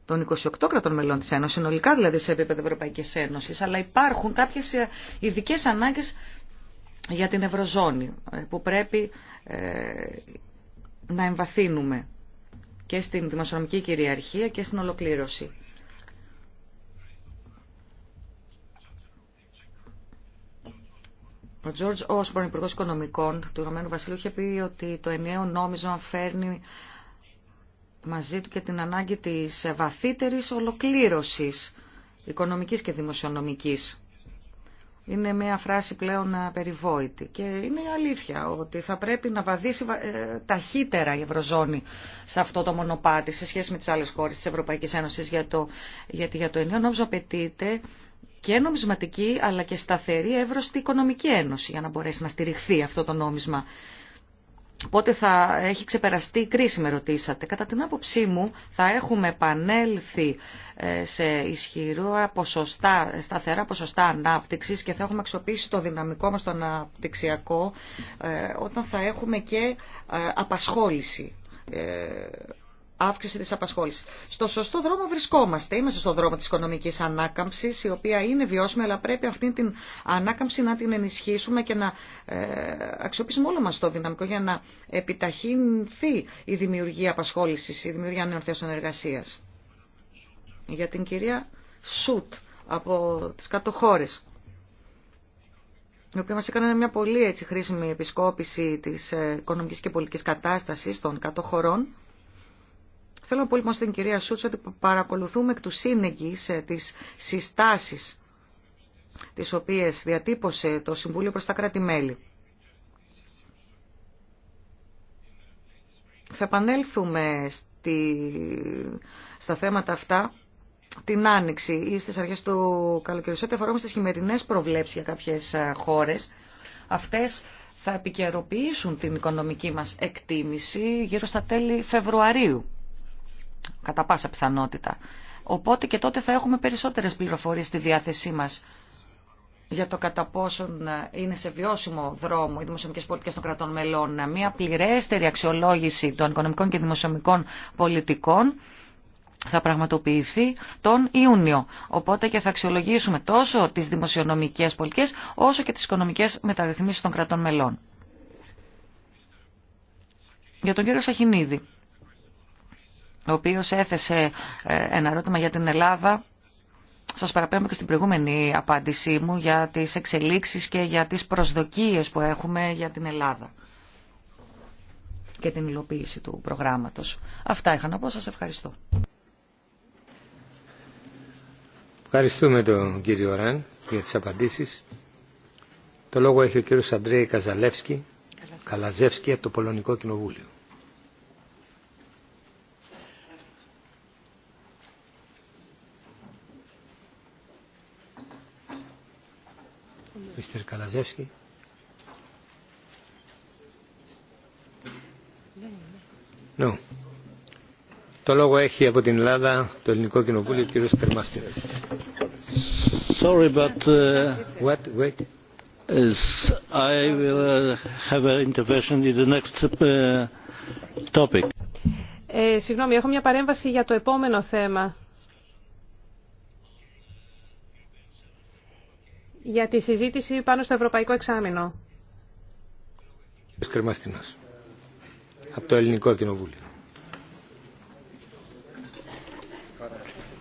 των 28 κρατών μελών της Ένωσης, συνολικά δηλαδή σε επίπεδο Ευρωπαϊκής Ένωσης, αλλά υπάρχουν κάποιες ειδικέ ανάγκες για την Ευρωζώνη ε, που πρέπει ε, να εμβαθύνουμε και στην δημοσιονομική κυριαρχία και στην ολοκλήρωση. Ο Τζόρτζ Όσμπορν, Υπουργό Οικονομικών του Ηνωμένου Βασιλείου, είχε πει ότι το ενιαίο νόμισμα φέρνει μαζί του και την ανάγκη της βαθύτερη ολοκλήρωσης οικονομικής και δημοσιονομικής. Είναι μια φράση πλέον περιβόητη και είναι η αλήθεια ότι θα πρέπει να βαδίσει ε, ταχύτερα η Ευρωζώνη σε αυτό το μονοπάτι σε σχέση με τι άλλε χώρε τη Ευρωπαϊκή Ένωση, γιατί για το ενιαίο νόμισμα απαιτείται και νομισματική αλλά και σταθερή εύρωστη οικονομική ένωση για να μπορέσει να στηριχθεί αυτό το νόμισμα. Πότε θα έχει ξεπεραστεί η κρίση, με ρωτήσατε. Κατά την άποψή μου θα έχουμε επανέλθει ε, σε ισχυρό ποσοστά, σταθερά ποσοστά ανάπτυξη και θα έχουμε αξιοποιήσει το δυναμικό μας το αναπτυξιακό ε, όταν θα έχουμε και ε, απασχόληση αύξηση της απασχόλησης. Στο σωστό δρόμο βρισκόμαστε. Είμαστε στο δρόμο της οικονομικής ανάκαμψης, η οποία είναι βιώσιμη, αλλά πρέπει αυτή την ανάκαμψη να την ενισχύσουμε και να ε, αξιοποιήσουμε όλο μας το δυναμικό για να επιταχυνθεί η δημιουργία απασχόλησης, η δημιουργία νέων θέσεων εργασία. Για την κυρία Σουτ από τις κατοχώρε, η οποία μας έκανε μια πολύ έτσι, χρήσιμη επισκόπηση της ε, οικονομικής και πολιτικής κατάστασης των κατοχωρών. Θέλω να πω λοιπόν στην κυρία Σούτσα ότι παρακολουθούμε εκ του σύνεγγυς ε, τις συστάσεις τις οποίες διατύπωσε το Συμβούλιο προς τα κράτη-μέλη. Θα επανέλθουμε στη... στα θέματα αυτά την Άνοιξη ή στις αρχές του καλοκαιριού. Σε ό,τι αφορά στις χειμερινές προβλέψεις για κάποιες χώρες, αυτές θα επικαιροποιήσουν την οικονομική μας εκτίμηση γύρω στα τέλη Φεβρουαρίου κατά πάσα πιθανότητα. Οπότε και τότε θα έχουμε περισσότερες πληροφορίες στη διάθεσή μας για το κατά πόσον ε, είναι σε βιώσιμο δρόμο οι δημοσιονομικές πολιτικές των κρατών μελών. Μια πληρέστερη αξιολόγηση των οικονομικών και δημοσιομικών πολιτικών θα πραγματοποιηθεί τον Ιούνιο. Οπότε και θα αξιολογήσουμε τόσο τις δημοσιονομικές πολιτικές όσο και τις οικονομικές μεταρρυθμίσεις των κρατών μελών. Για τον κύριο Σαχινίδη ο οποίος έθεσε ε, ένα ερώτημα για την Ελλάδα. Σας παραπέμπω και στην προηγούμενη απάντησή μου για τις εξελίξεις και για τις προσδοκίες που έχουμε για την Ελλάδα και την υλοποίηση του προγράμματος. Αυτά είχα να πω. Σας ευχαριστώ. Ευχαριστούμε τον κύριο Ραν για τις απαντήσεις. Το λόγο έχει ο κύριος Αντρέη Καζαλεύσκη, Καλαζεύσκη από το Πολωνικό Κοινοβούλιο. Mr. Kalazewski. No. Το λόγο έχει από την Ελλάδα το Ελληνικό Κοινοβούλιο ο κύριος Περμάστερ. Sorry, but uh, what? Wait. Is I will uh, have an intervention in the next uh, topic. Ε, συγγνώμη, έχω μια παρέμβαση για το επόμενο θέμα. για τη συζήτηση πάνω στο Ευρωπαϊκό Εξάμεινο. Κρεμαστινός, από το Ελληνικό Κοινοβούλιο.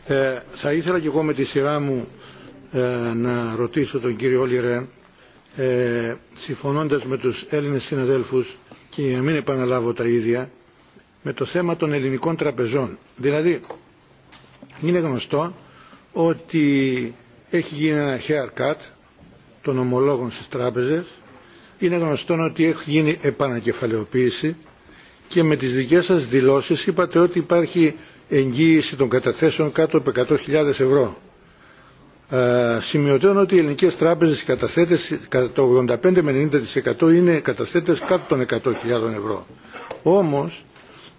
Ε, θα ήθελα και εγώ με τη σειρά μου ε, να ρωτήσω τον κύριο Όλιρε, ε, με τους Έλληνες συναδέλφους και για να μην επαναλάβω τα ίδια, με το θέμα των ελληνικών τραπεζών. Δηλαδή, είναι γνωστό ότι έχει γίνει ένα haircut των ομολόγων στις τράπεζες. Είναι γνωστό ότι έχει γίνει επανακεφαλαιοποίηση και με τις δικές σας δηλώσεις είπατε ότι υπάρχει εγγύηση των καταθέσεων κάτω από 100.000 ευρώ. Ε, ότι οι ελληνικές τράπεζες καταθέτες κατά το 85 με 90% είναι καταθέτες κάτω των 100.000 ευρώ. Όμως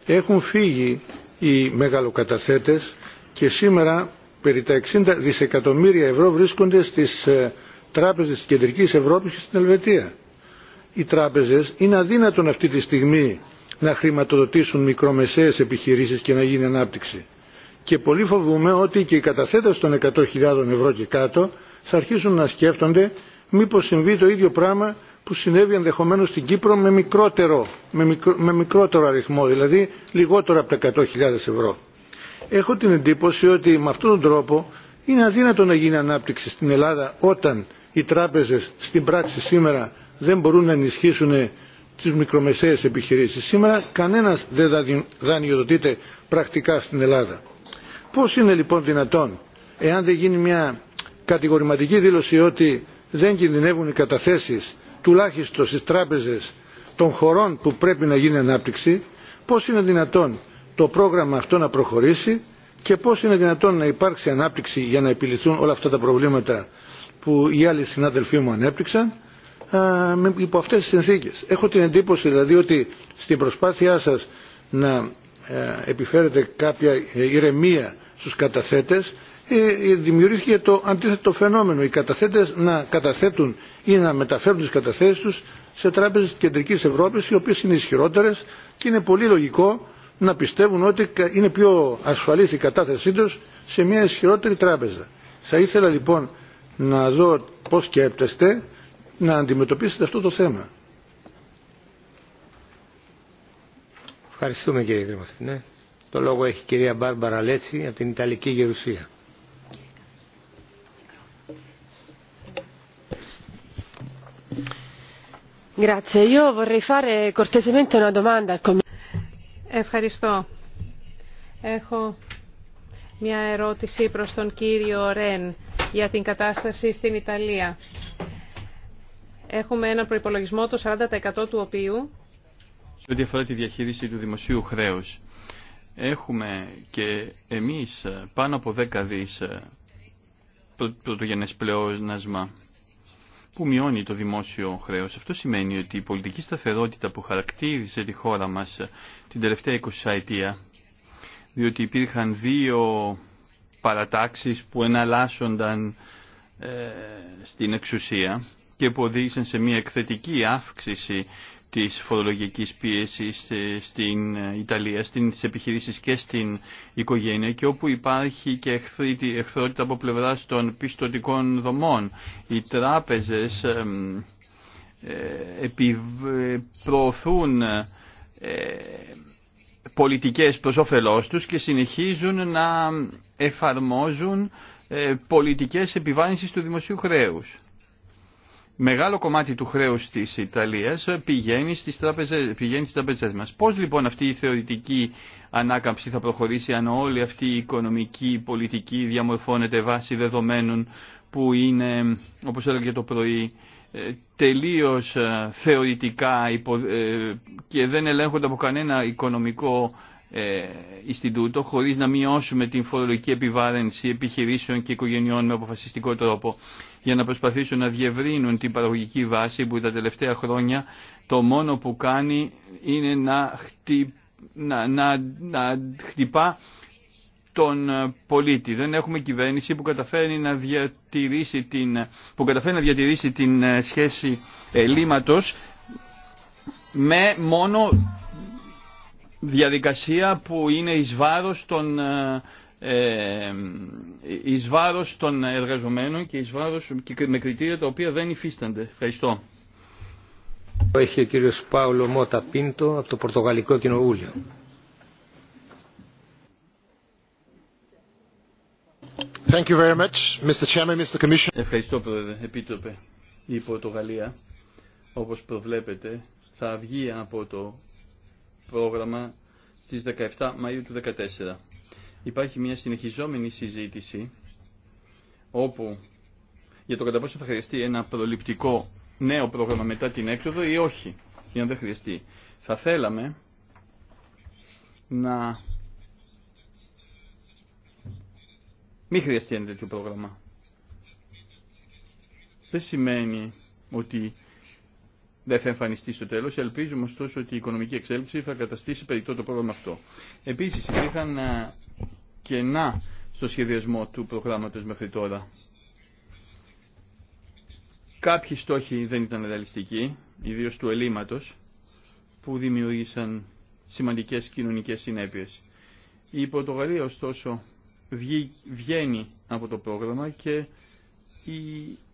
έχουν φύγει οι μεγαλοκαταθέτες και σήμερα περί τα 60 δισεκατομμύρια ευρώ βρίσκονται στις ε, τράπεζες της Κεντρικής Ευρώπης και στην Ελβετία. Οι τράπεζες είναι αδύνατον αυτή τη στιγμή να χρηματοδοτήσουν μικρομεσαίες επιχειρήσεις και να γίνει ανάπτυξη. Και πολύ φοβούμε ότι και οι καταθέτες των 100.000 ευρώ και κάτω θα αρχίσουν να σκέφτονται μήπως συμβεί το ίδιο πράγμα που συνέβη ενδεχομένω στην Κύπρο με μικρότερο, με, με μικρότερο αριθμό, δηλαδή λιγότερο από τα 100.000 ευρώ. Έχω την εντύπωση ότι με αυτόν τον τρόπο είναι αδύνατο να γίνει ανάπτυξη στην Ελλάδα όταν οι τράπεζες στην πράξη σήμερα δεν μπορούν να ενισχύσουν τις μικρομεσαίες επιχειρήσεις. Σήμερα κανένας δεν δανειοδοτείται πρακτικά στην Ελλάδα. Πώς είναι λοιπόν δυνατόν, εάν δεν γίνει μια κατηγορηματική δήλωση ότι δεν κινδυνεύουν οι καταθέσεις, τουλάχιστον στις τράπεζες των χωρών που πρέπει να γίνει ανάπτυξη, πώς είναι δυνατόν το πρόγραμμα αυτό να προχωρήσει και πώς είναι δυνατόν να υπάρξει ανάπτυξη για να επιληθούν όλα αυτά τα προβλήματα που οι άλλοι συνάδελφοί μου ανέπτυξαν υπό αυτές τις συνθήκες. Έχω την εντύπωση δηλαδή ότι στην προσπάθειά σας να ε, επιφέρετε κάποια ε, ηρεμία στους καταθέτες ε, δημιουργήθηκε το αντίθετο φαινόμενο. Οι καταθέτες να καταθέτουν ή να μεταφέρουν τις καταθέσεις τους σε τράπεζες της Κεντρικής Ευρώπης οι οποίες είναι ισχυρότερες και είναι πολύ λογικό να πιστεύουν ότι είναι πιο ασφαλής η κατάθεσή τους σε μια ισχυρότερη τράπεζα. Θα ήθελα λοιπόν να δω πώς σκέπτεστε να αντιμετωπίσετε αυτό το θέμα. Ευχαριστούμε κύριε Κρεμαστινέ. Ναι. Το λόγο έχει η κυρία Μπάρμπαρα Λέτσι από την Ιταλική Γερουσία. Ευχαριστώ. Έχω μια ερώτηση προς τον κύριο Ρεν για την κατάσταση στην Ιταλία. Έχουμε ένα προϋπολογισμό το 40% του οποίου... Σε ό,τι αφορά τη διαχείριση του δημοσίου χρέους, έχουμε και εμείς πάνω από 10 δις ε, πρωτογενές πλεόνασμα που μειώνει το δημόσιο χρέος. Αυτό σημαίνει ότι η πολιτική σταθερότητα που χαρακτήριζε τη χώρα μας ε, την τελευταία 20 αιτία, διότι υπήρχαν δύο παρατάξεις που εναλλάσσονταν ε, στην εξουσία και που οδήγησαν σε μια εκθετική αύξηση της φορολογικής πίεσης ε, στην Ιταλία, στις επιχειρήσεις και στην οικογένεια και όπου υπάρχει και εχθρότητα από πλευράς των πιστοτικών δομών. Οι τράπεζες ε, προωθούν πολιτικές προς όφελός τους και συνεχίζουν να εφαρμόζουν ε, πολιτικές επιβάρυνσης του δημοσίου χρέους. Μεγάλο κομμάτι του χρέους της Ιταλίας πηγαίνει στις τράπεζες, πηγαίνει στις τράπεζες μας. Πώς λοιπόν αυτή η θεωρητική ανάκαμψη θα προχωρήσει αν όλη αυτή η οικονομική πολιτική διαμορφώνεται βάσει δεδομένων που είναι, όπως έλεγε το πρωί, τελείως ε, θεωρητικά ε, και δεν ελέγχονται από κανένα οικονομικό ε, ιστιτούτο χωρίς να μειώσουμε την φορολογική επιβάρυνση επιχειρήσεων και οικογενειών με αποφασιστικό τρόπο για να προσπαθήσουν να διευρύνουν την παραγωγική βάση που τα τελευταία χρόνια το μόνο που κάνει είναι να, χτυ... να χτυπά τον ε, πολίτη. Δεν έχουμε κυβέρνηση που καταφέρει να διατηρήσει την, που καταφέρει να διατηρήσει την ε, σχέση ελλείμματος με μόνο διαδικασία που είναι εις βάρος των, ε, ε εις βάρος των εργαζομένων και εις βάρος και με κριτήρια τα οποία δεν υφίστανται. Ευχαριστώ. Έχει ο κύριος Πάουλο Μότα Πίντο από το Πορτογαλικό Κοινοβούλιο. Ευχαριστώ, Πρόεδρε. Επίτροπε, η Πορτογαλία, όπως προβλέπετε, θα βγει από το πρόγραμμα στις 17 Μαΐου του 2014. Υπάρχει μια συνεχιζόμενη συζήτηση όπου για το κατά πόσο θα χρειαστεί ένα προληπτικό νέο πρόγραμμα μετά την έξοδο ή όχι, για να δεν χρειαστεί. Θα θέλαμε να Μην χρειαστεί ένα τέτοιο πρόγραμμα. Δεν σημαίνει ότι δεν θα εμφανιστεί στο τέλος. Ελπίζουμε ωστόσο ότι η οικονομική εξέλιξη θα καταστήσει περιττό το πρόγραμμα αυτό. Επίσης, υπήρχαν ε, κενά στο σχεδιασμό του προγράμματος μέχρι τώρα. Κάποιοι στόχοι δεν ήταν ρεαλιστικοί, ιδίως του ελλείμματος, που δημιούργησαν σημαντικές κοινωνικές συνέπειες. Η Πορτογαλία, ωστόσο, βγαίνει από το πρόγραμμα και η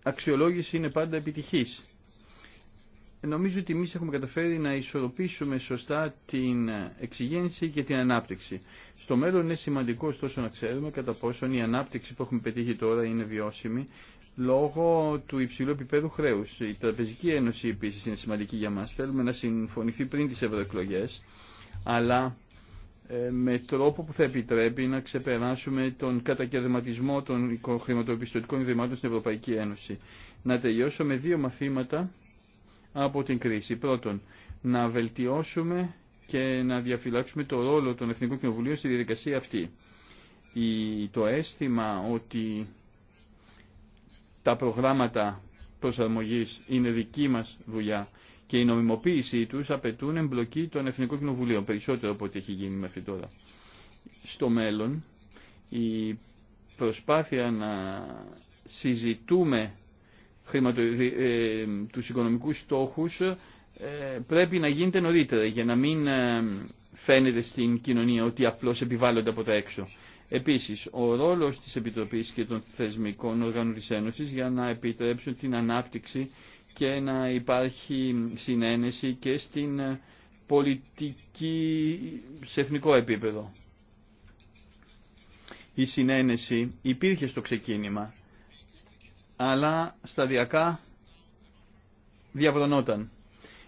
αξιολόγηση είναι πάντα επιτυχής. Ε, νομίζω ότι εμεί έχουμε καταφέρει να ισορροπήσουμε σωστά την εξηγένση και την ανάπτυξη. Στο μέλλον είναι σημαντικό ωστόσο να ξέρουμε κατά πόσον η ανάπτυξη που έχουμε πετύχει τώρα είναι βιώσιμη λόγω του υψηλού επίπεδου χρέου. Η Τραπεζική Ένωση επίση είναι σημαντική για μα. Θέλουμε να συμφωνηθεί πριν τι ευρωεκλογέ, αλλά ε, με τρόπο που θα επιτρέπει να ξεπεράσουμε τον κατακαιρματισμό των χρηματοπιστωτικών ιδρυμάτων στην Ευρωπαϊκή Ένωση. Να τελειώσω με δύο μαθήματα από την κρίση. Πρώτον, να βελτιώσουμε και να διαφυλάξουμε το ρόλο των Εθνικών Κοινοβουλίων στη διαδικασία αυτή. το αίσθημα ότι τα προγράμματα προσαρμογής είναι δική μας δουλειά και η νομιμοποίησή του απαιτούν εμπλοκή των Εθνικών Κοινοβουλίων, περισσότερο από ό,τι έχει γίνει μέχρι τώρα. Στο μέλλον, η προσπάθεια να συζητούμε χρηματο... Ε, τους οικονομικούς στόχους ε, πρέπει να γίνεται νωρίτερα για να μην ε, φαίνεται στην κοινωνία ότι απλώς επιβάλλονται από τα έξω. Επίσης, ο ρόλος της Επιτροπής και των θεσμικών οργάνων της Ένωσης για να επιτρέψουν την ανάπτυξη και να υπάρχει συνένεση και στην ε, πολιτική σε εθνικό επίπεδο. Η συνένεση υπήρχε στο ξεκίνημα, αλλά σταδιακά διαβρονόταν.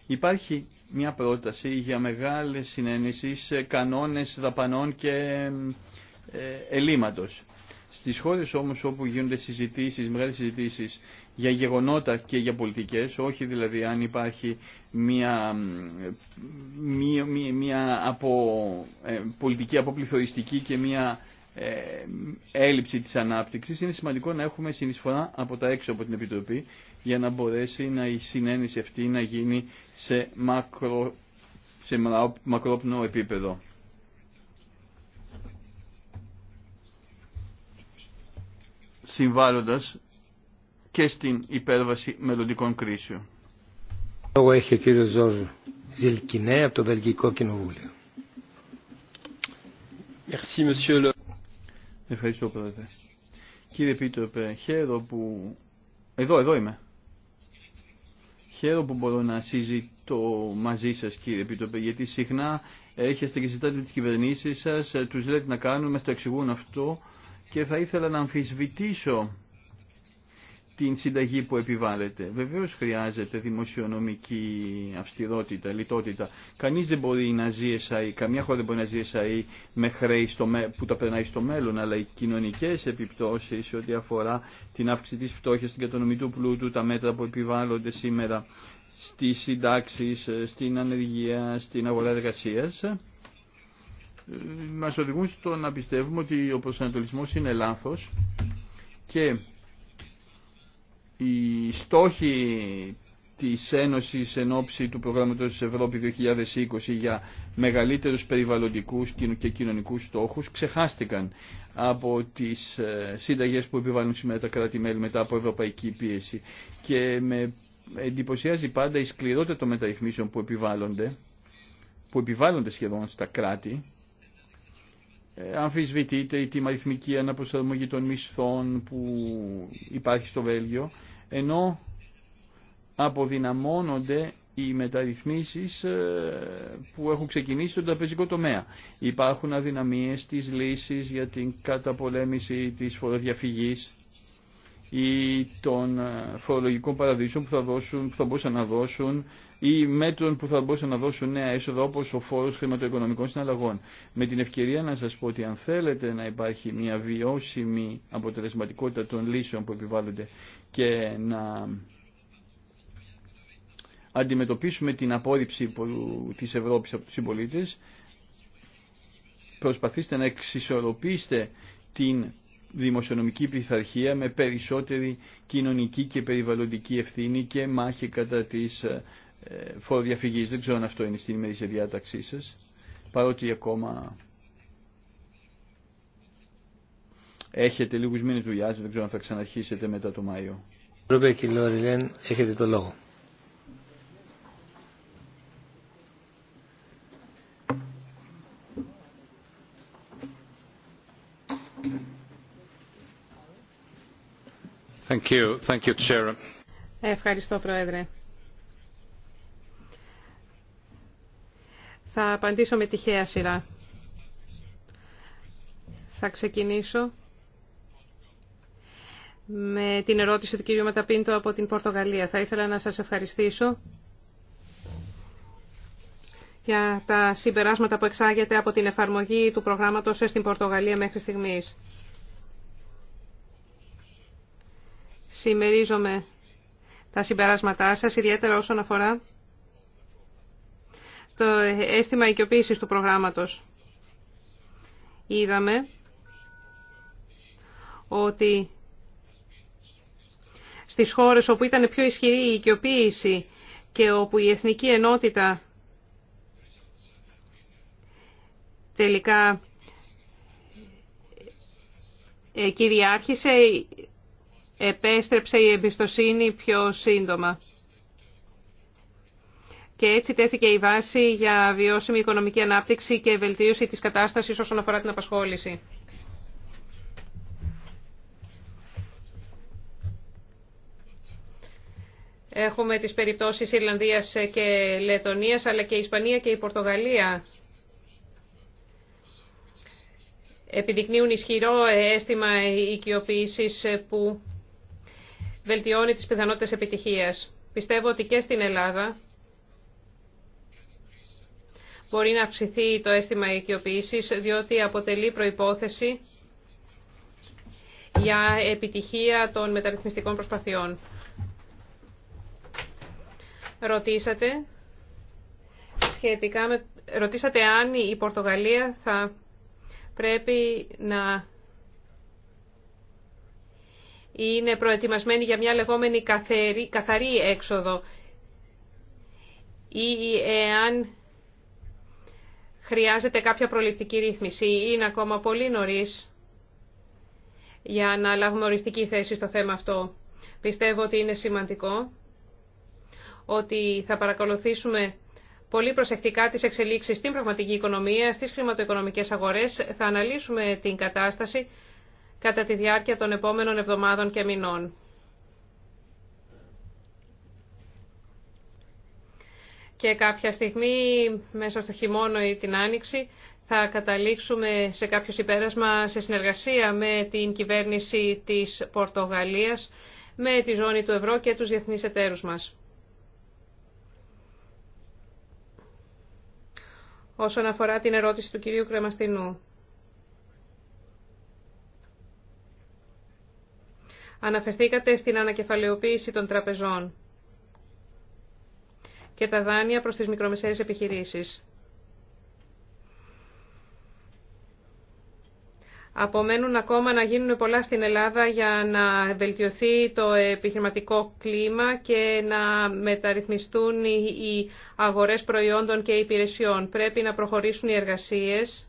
Υπάρχει μια πρόταση για συνένεση σε κανόνες δαπανών και ε, ελλείμματος. Στις χώρες όμως όπου γίνονται συζητήσεις, μεγάλες συζητήσεις για γεγονότα και για πολιτικές, όχι δηλαδή αν υπάρχει μια, μια, μια, από, ε, πολιτική αποπληθωριστική και μια ε, έλλειψη της ανάπτυξης, είναι σημαντικό να έχουμε συνεισφορά από τα έξω από την Επιτροπή για να μπορέσει να, η συνένεση αυτή να γίνει σε, μακρο, σε μακρόπνο επίπεδο. Συμβάλλοντας και στην υπέρβαση μελλοντικών κρίσεων. έχει ο κύριος από το Βελγικό Κοινοβούλιο. Ευχαριστώ πρόεδρε. Κύριε Πίτροπε, χαίρο που... Εδώ, εδώ είμαι. Χαίρο που μπορώ να συζητώ μαζί σας κύριε Πίτροπε, γιατί συχνά έρχεστε και ζητάτε τις κυβερνήσεις σας, ε, τους λέτε να κάνουμε, μας το εξηγούν αυτό και θα ήθελα να αμφισβητήσω την συνταγή που επιβάλλεται. Βεβαίως χρειάζεται δημοσιονομική αυστηρότητα, λιτότητα. Κανείς δεν μπορεί να ζει εσάι, καμιά χώρα δεν μπορεί να ζει εσάι με χρέη που τα περνάει στο μέλλον, αλλά οι κοινωνικές επιπτώσεις ό,τι αφορά την αύξηση της φτώχειας, την κατανομή του πλούτου, τα μέτρα που επιβάλλονται σήμερα στις συντάξεις, στην ανεργία, στην αγορά εργασία. Ε, μας οδηγούν στο να πιστεύουμε ότι ο προσανατολισμός είναι λάθος και οι στόχοι της Ένωσης εν ώψη του προγράμματος Ευρώπη 2020 για μεγαλύτερους περιβαλλοντικούς και κοινωνικούς στόχους ξεχάστηκαν από τις ε, σύνταγες που επιβάλλουν σήμερα τα κράτη-μέλη μετά από ευρωπαϊκή πίεση και με εντυπωσιάζει πάντα η σκληρότητα των μεταρρυθμίσεων που επιβάλλονται που επιβάλλονται σχεδόν στα κράτη ε, αμφισβητείται η τιμαριθμική αναπροσαρμογή των μισθών που υπάρχει στο Βέλγιο, ενώ αποδυναμώνονται οι μεταρρυθμίσεις ε, που έχουν ξεκινήσει στον τραπεζικό τομέα. Υπάρχουν αδυναμίες στις λύσεις για την καταπολέμηση της φοροδιαφυγής ή των ε, φορολογικών παραδείσων που θα, θα μπορούσαν να δώσουν ή μέτρων που θα μπορούσαν να δώσουν νέα έσοδα όπως ο φόρος χρηματοοικονομικών συναλλαγών. Με την ευκαιρία να σας πω ότι αν θέλετε να υπάρχει μια βιώσιμη αποτελεσματικότητα των λύσεων που επιβάλλονται και να αντιμετωπίσουμε την απόρριψη της Ευρώπης από τους συμπολίτε, προσπαθήστε να εξισορροπήσετε την δημοσιονομική πληθαρχία με περισσότερη κοινωνική και περιβαλλοντική ευθύνη και μάχη κατά της ε, φοροδιαφυγής. Δεν ξέρω αν αυτό είναι στην ημερήσια διάταξή σας, παρότι ακόμα έχετε λίγους μήνες δουλειάς, δεν ξέρω αν θα ξαναρχίσετε μετά το Μάιο. έχετε το λόγο. Ευχαριστώ, Πρόεδρε. Θα απαντήσω με τυχαία σειρά. Θα ξεκινήσω με την ερώτηση του κύριου Ματαπίντο από την Πορτογαλία. Θα ήθελα να σας ευχαριστήσω για τα συμπεράσματα που εξάγεται από την εφαρμογή του προγράμματος στην Πορτογαλία μέχρι στιγμής. Συμμερίζομαι τα συμπεράσματά σας, ιδιαίτερα όσον αφορά το αίσθημα οικειοποίησης του προγράμματος. Είδαμε ότι στις χώρες όπου ήταν πιο ισχυρή η οικειοποίηση και όπου η εθνική ενότητα τελικά ε, κυριάρχησε, επέστρεψε η εμπιστοσύνη πιο σύντομα. Και έτσι τέθηκε η βάση για βιώσιμη οικονομική ανάπτυξη και βελτίωση της κατάστασης όσον αφορά την απασχόληση. Έχουμε τις περιπτώσεις Ιρλανδίας και Λετωνίας, αλλά και η Ισπανία και η Πορτογαλία. Επιδεικνύουν ισχυρό αίσθημα οικειοποίησης που βελτιώνει τις πιθανότητες επιτυχίας. Πιστεύω ότι και στην Ελλάδα μπορεί να αυξηθεί το αίσθημα οικειοποίησης, διότι αποτελεί προϋπόθεση για επιτυχία των μεταρρυθμιστικών προσπαθειών. Ρωτήσατε, σχετικά με... Ρωτήσατε αν η Πορτογαλία θα πρέπει να είναι προετοιμασμένη για μια λεγόμενη καθαρή, καθαρή έξοδο ή εάν χρειάζεται κάποια προληπτική ρύθμιση ή είναι ακόμα πολύ νωρίς για να λάβουμε οριστική θέση στο θέμα αυτό. Πιστεύω ότι είναι σημαντικό ότι θα παρακολουθήσουμε πολύ προσεκτικά τις εξελίξεις στην πραγματική οικονομία, στις χρηματοοικονομικές αγορές, θα αναλύσουμε την κατάσταση κατά τη διάρκεια των επόμενων εβδομάδων και μηνών. Και κάποια στιγμή, μέσα στο χειμώνο ή την άνοιξη, θα καταλήξουμε σε κάποιο συμπέρασμα σε συνεργασία με την κυβέρνηση της Πορτογαλίας, με τη ζώνη του ευρώ και τους διεθνείς εταίρους μας. Όσον αφορά την ερώτηση του κυρίου Κρεμαστινού. Αναφερθήκατε στην ανακεφαλαιοποίηση των τραπεζών και τα δάνεια προς τις μικρομεσαίες επιχειρήσεις. Απομένουν ακόμα να γίνουν πολλά στην Ελλάδα για να βελτιωθεί το επιχειρηματικό κλίμα και να μεταρρυθμιστούν οι αγορές προϊόντων και υπηρεσιών. Πρέπει να προχωρήσουν οι εργασίες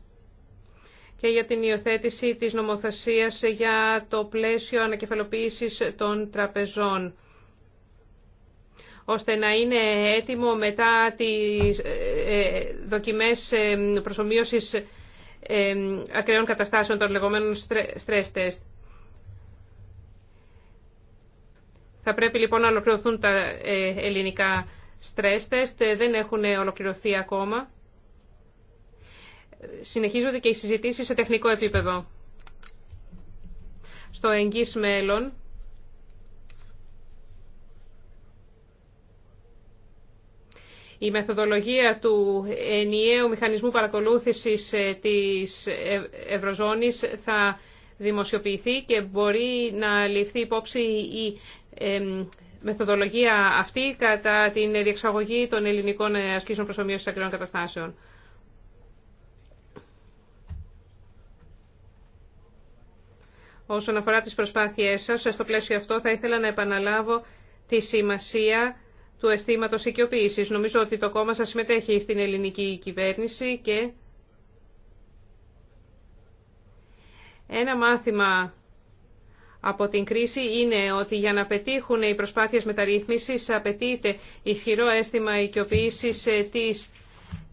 και για την υιοθέτηση της νομοθεσίας για το πλαίσιο ανακεφαλοποίησης των τραπεζών ώστε να είναι έτοιμο μετά τις ε, ε, δοκιμές ε, προσωμείωσης ακραίων καταστάσεων των λεγόμενων stress test. Θα πρέπει λοιπόν να ολοκληρωθούν τα ελληνικά stress test. Δεν έχουν ολοκληρωθεί ακόμα συνεχίζονται και οι συζητήσεις σε τεχνικό επίπεδο. Στο εγγύς μέλλον, η μεθοδολογία του ενιαίου μηχανισμού παρακολούθησης ε, της ε, Ευρωζώνης θα δημοσιοποιηθεί και μπορεί να ληφθεί υπόψη η ε, μεθοδολογία αυτή κατά την διεξαγωγή των ελληνικών ασκήσεων προσωμείωσης ακραίων καταστάσεων. όσον αφορά τις προσπάθειές σας. Στο πλαίσιο αυτό θα ήθελα να επαναλάβω τη σημασία του αισθήματο οικειοποίηση. Νομίζω ότι το κόμμα σας συμμετέχει στην ελληνική κυβέρνηση και ένα μάθημα από την κρίση είναι ότι για να πετύχουν οι προσπάθειες μεταρρύθμισης απαιτείται ισχυρό αίσθημα οικειοποίησης ε, της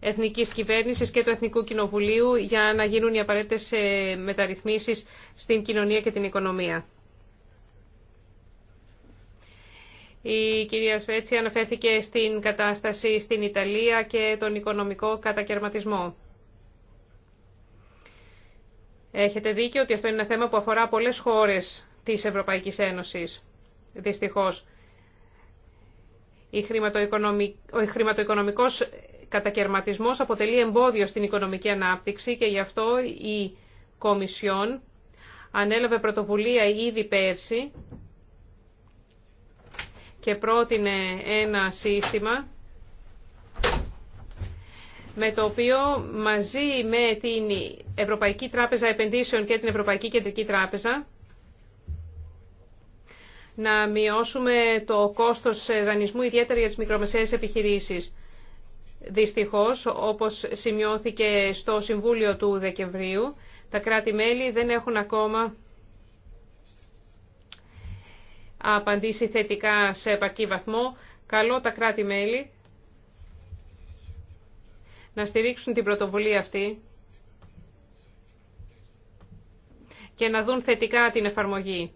Εθνική κυβέρνηση και του Εθνικού Κοινοβουλίου για να γίνουν οι απαραίτητες ε, μεταρρυθμίσει στην κοινωνία και την οικονομία. Η κυρία Σβέτση αναφέρθηκε στην κατάσταση στην Ιταλία και τον οικονομικό κατακαιρματισμό. Έχετε δίκιο ότι αυτό είναι ένα θέμα που αφορά πολλές χώρες της Ευρωπαϊκής Ένωσης, δυστυχώς. Ο χρηματοοικονομικός κατακαιρματισμός αποτελεί εμπόδιο στην οικονομική ανάπτυξη και γι' αυτό η Κομισιόν ανέλαβε πρωτοβουλία ήδη πέρσι και πρότεινε ένα σύστημα με το οποίο μαζί με την Ευρωπαϊκή Τράπεζα Επενδύσεων και την Ευρωπαϊκή Κεντρική Τράπεζα να μειώσουμε το κόστος δανεισμού ιδιαίτερα για τις μικρομεσαίες επιχειρήσεις. Δυστυχώς, όπως σημειώθηκε στο Συμβούλιο του Δεκεμβρίου, τα κράτη-μέλη δεν έχουν ακόμα απαντήσει θετικά σε επαρκή βαθμό. Καλό τα κράτη-μέλη να στηρίξουν την πρωτοβουλία αυτή και να δουν θετικά την εφαρμογή.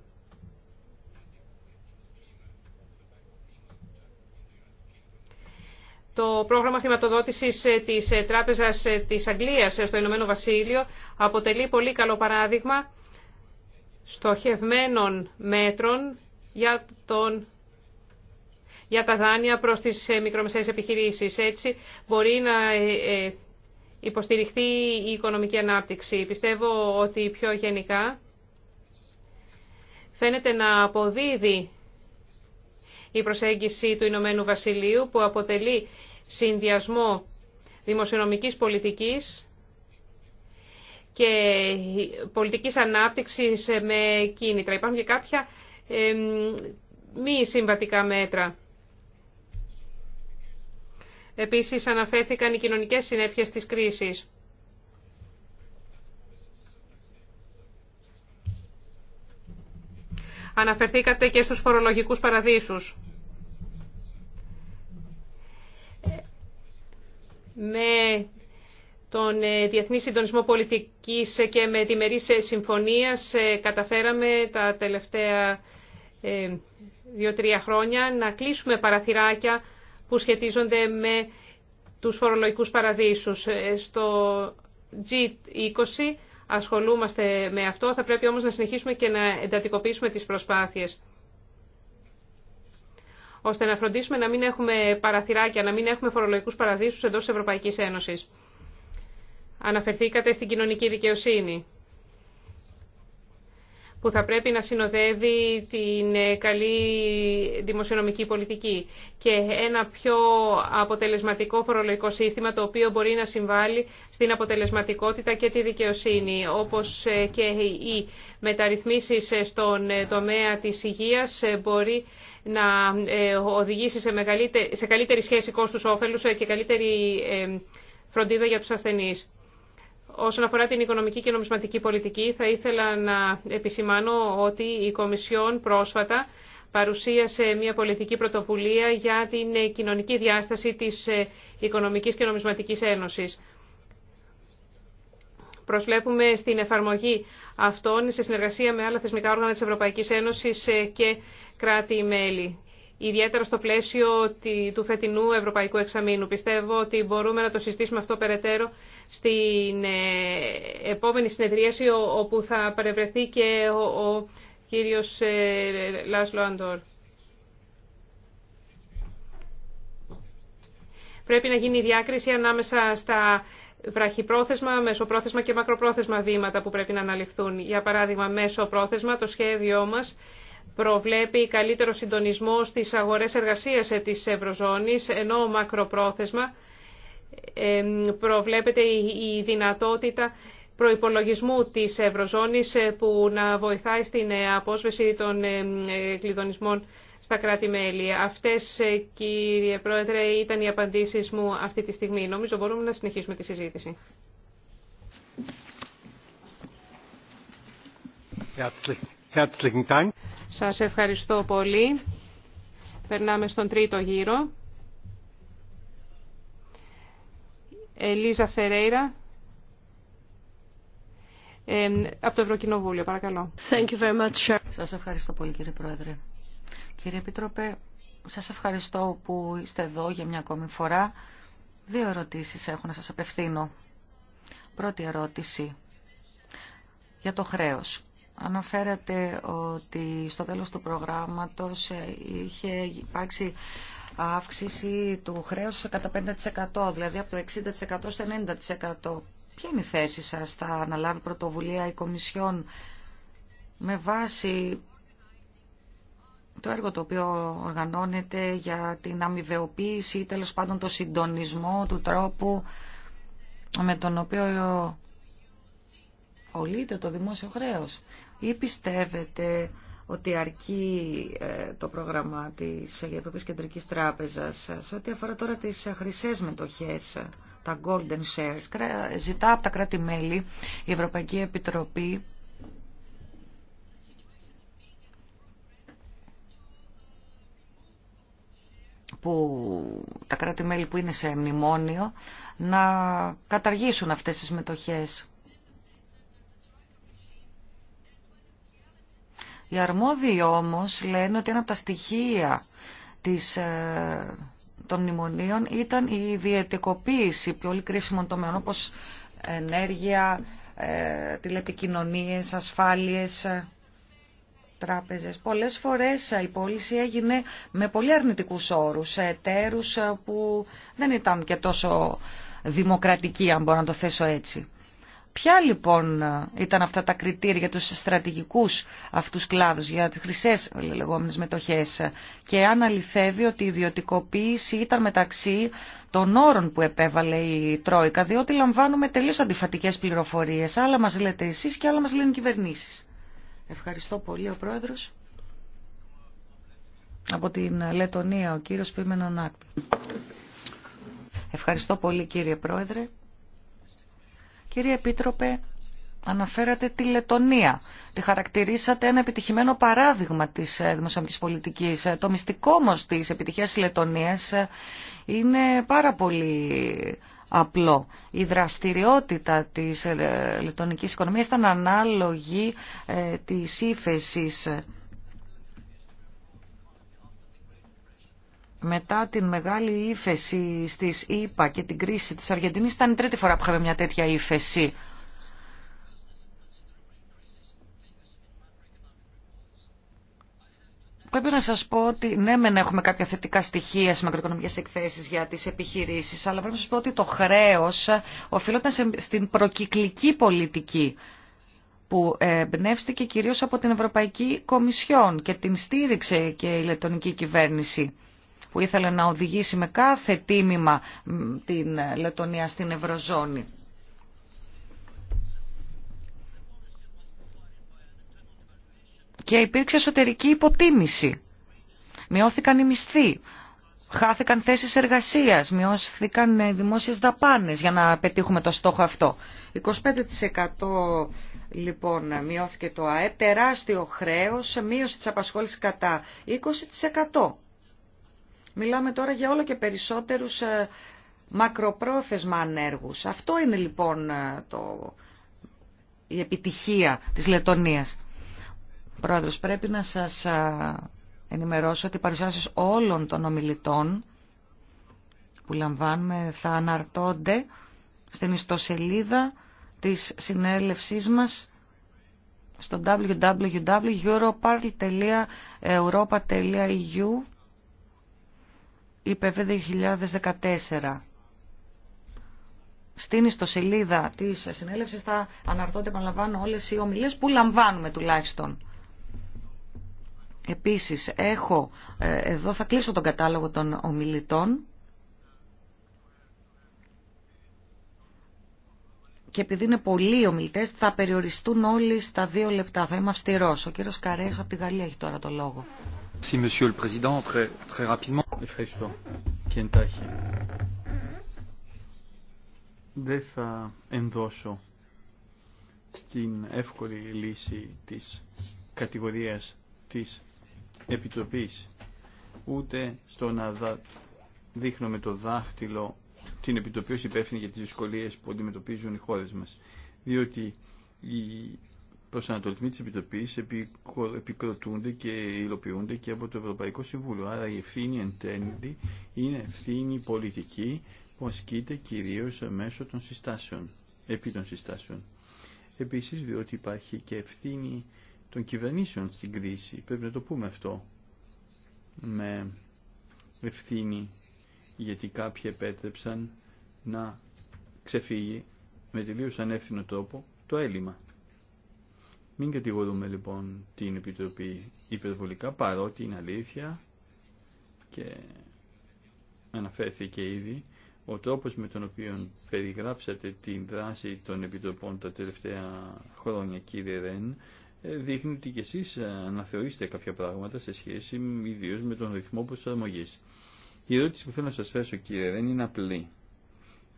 Το πρόγραμμα χρηματοδότησης ε, της ε, Τράπεζας ε, της Αγγλίας στο Ηνωμένο Βασίλειο αποτελεί πολύ καλό παράδειγμα στοχευμένων μέτρων για, τον, για τα δάνεια προς τις μικρομεσαίες επιχειρήσεις. Έτσι μπορεί να υποστηριχθεί η οικονομική ανάπτυξη. Πιστεύω ότι πιο γενικά φαίνεται να αποδίδει η προσέγγιση του Ηνωμένου Βασιλείου που αποτελεί συνδυασμό δημοσιονομικής πολιτικής και πολιτικής ανάπτυξης με κίνητρα. Υπάρχουν και κάποια μη συμβατικά μέτρα. Επίσης αναφέρθηκαν οι κοινωνικές συνέπειες της κρίσης. Αναφερθήκατε και στους φορολογικούς παραδείσους. με τον ε, Διεθνή Συντονισμό Πολιτικής και με τη Μερή ε, συμφωνίας ε, καταφέραμε τα τελευταία δύο-τρία χρόνια να κλείσουμε παραθυράκια που σχετίζονται με τους φορολογικούς παραδείσους. Στο G20 ασχολούμαστε με αυτό, θα πρέπει όμως να συνεχίσουμε και να εντατικοποιήσουμε τις προσπάθειες ώστε να φροντίσουμε να μην έχουμε παραθυράκια, να μην έχουμε φορολογικούς παραδείσου εντό της Ευρωπαϊκής Ένωσης. Αναφερθήκατε στην κοινωνική δικαιοσύνη που θα πρέπει να συνοδεύει την καλή δημοσιονομική πολιτική και ένα πιο αποτελεσματικό φορολογικό σύστημα το οποίο μπορεί να συμβάλλει στην αποτελεσματικότητα και τη δικαιοσύνη όπως και οι μεταρρυθμίσεις στον τομέα της υγείας μπορεί να ε, οδηγήσει σε, σε καλύτερη σχέση κόστους-όφελους ε, και καλύτερη ε, φροντίδα για τους ασθενείς. Όσον αφορά την οικονομική και νομισματική πολιτική, θα ήθελα να επισημάνω ότι η Κομισιόν πρόσφατα παρουσίασε μια πολιτική πρωτοβουλία για την κοινωνική διάσταση της Οικονομικής και Νομισματικής Ένωσης. Προσβλέπουμε στην εφαρμογή αυτών σε συνεργασία με άλλα θεσμικά όργανα της Ευρωπαϊκής Ένωσης και κράτη-μέλη, ιδιαίτερα στο πλαίσιο του φετινού Ευρωπαϊκού Εξαμήνου. Πιστεύω ότι μπορούμε να το συζητήσουμε αυτό περαιτέρω στην ε, επόμενη συνεδρίαση, όπου θα παρευρεθεί και ο κύριος ε, Λάσλο Αντόρ. Πρέπει να γίνει η διάκριση ανάμεσα στα βραχυπρόθεσμα, μεσοπρόθεσμα και μακροπρόθεσμα βήματα που πρέπει να αναλυφθούν. Για παράδειγμα, μέσοπρόθεσμα, το σχέδιό μας προβλέπει καλύτερο συντονισμό στις αγορές εργασίας ε, της Ευρωζώνης, ενώ μακροπρόθεσμα προβλέπεται η δυνατότητα προϋπολογισμού της Ευρωζώνης ε, που να βοηθάει στην ε, απόσβεση των κλειδονισμών στα κράτη-μέλη. Αυτές, κύριε Πρόεδρε, ήταν οι απαντήσεις μου αυτή τη στιγμή. Νομίζω μπορούμε να συνεχίσουμε τη συζήτηση. Σας ευχαριστώ πολύ. Περνάμε στον τρίτο γύρο. Ελίζα Φερέιρα από το Ευρωκοινοβούλιο. Παρακαλώ. Thank Σας ευχαριστώ πολύ κύριε Πρόεδρε. Κύριε Επίτροπε, σας ευχαριστώ που είστε εδώ για μια ακόμη φορά. Δύο ερωτήσεις έχω να σας απευθύνω. Πρώτη ερώτηση για το χρέος. Αναφέρατε ότι στο τέλος του προγράμματος είχε υπάρξει αύξηση του χρέους κατά 5%, δηλαδή από το 60% στο 90%. Ποια είναι η θέση σας, θα αναλάβει πρωτοβουλία η Κομισιόν με βάση το έργο το οποίο οργανώνεται για την αμοιβεοποίηση ή τέλος πάντων το συντονισμό του τρόπου με τον οποίο ολείται το δημόσιο χρέος ή πιστεύετε ότι αρκεί ε, το πρόγραμμα της Ευρωπαϊκής Κεντρικής Τράπεζας ε, σε ό,τι αφορά τώρα τις ε, χρυσές μετοχές, τα golden shares. Ζητά από τα κράτη-μέλη η Ευρωπαϊκή Επιτροπή που τα κράτη-μέλη που είναι σε μνημόνιο να καταργήσουν αυτές τις μετοχές. Οι αρμόδιοι όμως λένε ότι ένα από τα στοιχεία της, ε, των μνημονίων ήταν η ιδιαιτικοποίηση πολύ κρίσιμων τομέων όπως ενέργεια, ε, τηλεπικοινωνίες, ασφάλειες, ε, τράπεζες. Πολλές φορές η πώληση έγινε με πολύ αρνητικούς όρους, σε εταίρους που δεν ήταν και τόσο δημοκρατικοί, αν μπορώ να το θέσω έτσι. Ποια λοιπόν ήταν αυτά τα κριτήρια για τους στρατηγικούς αυτούς κλάδους, για τις χρυσές λεγόμενες μετοχές και αν αληθεύει ότι η ιδιωτικοποίηση ήταν μεταξύ των όρων που επέβαλε η Τρόικα, διότι λαμβάνουμε τελείως αντιφατικές πληροφορίες. Άλλα μας λέτε εσείς και άλλα μας λένε οι κυβερνήσεις. Ευχαριστώ πολύ ο Πρόεδρος. Από την Λετωνία ο κύριος Πίμενον Άκπη. Ευχαριστώ πολύ κύριε Πρόεδρε. Κύριε Επίτροπε, αναφέρατε τη Λετωνία. Τη χαρακτηρίσατε ένα επιτυχημένο παράδειγμα της ε, δημοσιονομικής πολιτικής. Ε, το μυστικό όμω της επιτυχίας της Λετωνίας ε, είναι πάρα πολύ απλό. Η δραστηριότητα της λετωνικής οικονομίας ήταν ανάλογη της ύφεσης μετά την μεγάλη ύφεση στις ΙΠΑ και την κρίση της Αργεντινής ήταν η τρίτη φορά που είχαμε μια τέτοια ύφεση. Πρέπει να σας πω ότι ναι μεν έχουμε κάποια θετικά στοιχεία στις μακροοικονομικές εκθέσεις για τις επιχειρήσεις, αλλά πρέπει να σας πω ότι το χρέος οφείλονταν στην προκυκλική πολιτική που εμπνεύστηκε κυρίως από την Ευρωπαϊκή Κομισιόν και την στήριξε και η λετωνική κυβέρνηση που ήθελε να οδηγήσει με κάθε τίμημα την Λετωνία στην Ευρωζώνη. Και υπήρξε εσωτερική υποτίμηση. Μειώθηκαν οι μισθοί, χάθηκαν θέσεις εργασίας, μειώθηκαν οι ε, δημόσιες δαπάνες για να πετύχουμε το στόχο αυτό. 25% λοιπόν μειώθηκε το ΑΕΠ, τεράστιο χρέος, μείωση της απασχόλησης κατά 20%. Μιλάμε τώρα για όλο και περισσότερους ε, μακροπρόθεσμα ανέργους. Αυτό είναι λοιπόν ε, το... η επιτυχία της Λετωνίας. Πρόεδρος, πρέπει να σας ε, ενημερώσω ότι οι παρουσιάσεις όλων των ομιλητών που λαμβάνουμε θα αναρτώνται στην ιστοσελίδα της συνέλευσής μας στο www.europarl.europa.eu είπε 2014. Στην ιστοσελίδα της συνέλευσης θα αναρτώνται, επαναλαμβάνω, όλες οι ομιλίες που λαμβάνουμε τουλάχιστον. Επίσης, έχω, ε, εδώ θα κλείσω τον κατάλογο των ομιλητών. Και επειδή είναι πολλοί οι ομιλητέ, θα περιοριστούν όλοι στα δύο λεπτά. Θα είμαι αυστηρό. Ο κύριο Καρέας από τη Γαλλία έχει τώρα το λόγο. Ευχαριστώ. Και εντάχει. Δεν θα ενδώσω στην εύκολη λύση της κατηγορίας της Επιτροπής ούτε στο να δείχνω με το δάχτυλο την Επιτροπή ως υπεύθυνη για τις δυσκολίες που αντιμετωπίζουν οι χώρες μας. Διότι η προσανατολισμοί της επιτροπή επικροτούνται και υλοποιούνται και από το Ευρωπαϊκό Συμβούλιο. Άρα η ευθύνη εν τέλει είναι ευθύνη πολιτική που ασκείται κυρίως μέσω των συστάσεων, επί των συστάσεων. Επίσης διότι υπάρχει και ευθύνη των κυβερνήσεων στην κρίση, πρέπει να το πούμε αυτό, με ευθύνη γιατί κάποιοι επέτρεψαν να ξεφύγει με τελείως ανεύθυνο τρόπο το έλλειμμα. Μην κατηγορούμε λοιπόν την Επιτροπή υπερβολικά, παρότι είναι αλήθεια και αναφέρθηκε ήδη ο τρόπος με τον οποίο περιγράψατε την δράση των Επιτροπών τα τελευταία χρόνια, κύριε Ρεν, ε, δείχνει ότι και εσείς αναθεωρήσετε κάποια πράγματα σε σχέση ιδίω με τον ρυθμό προσαρμογή. Η ερώτηση που θέλω να σας θέσω, κύριε Ρεν, είναι απλή.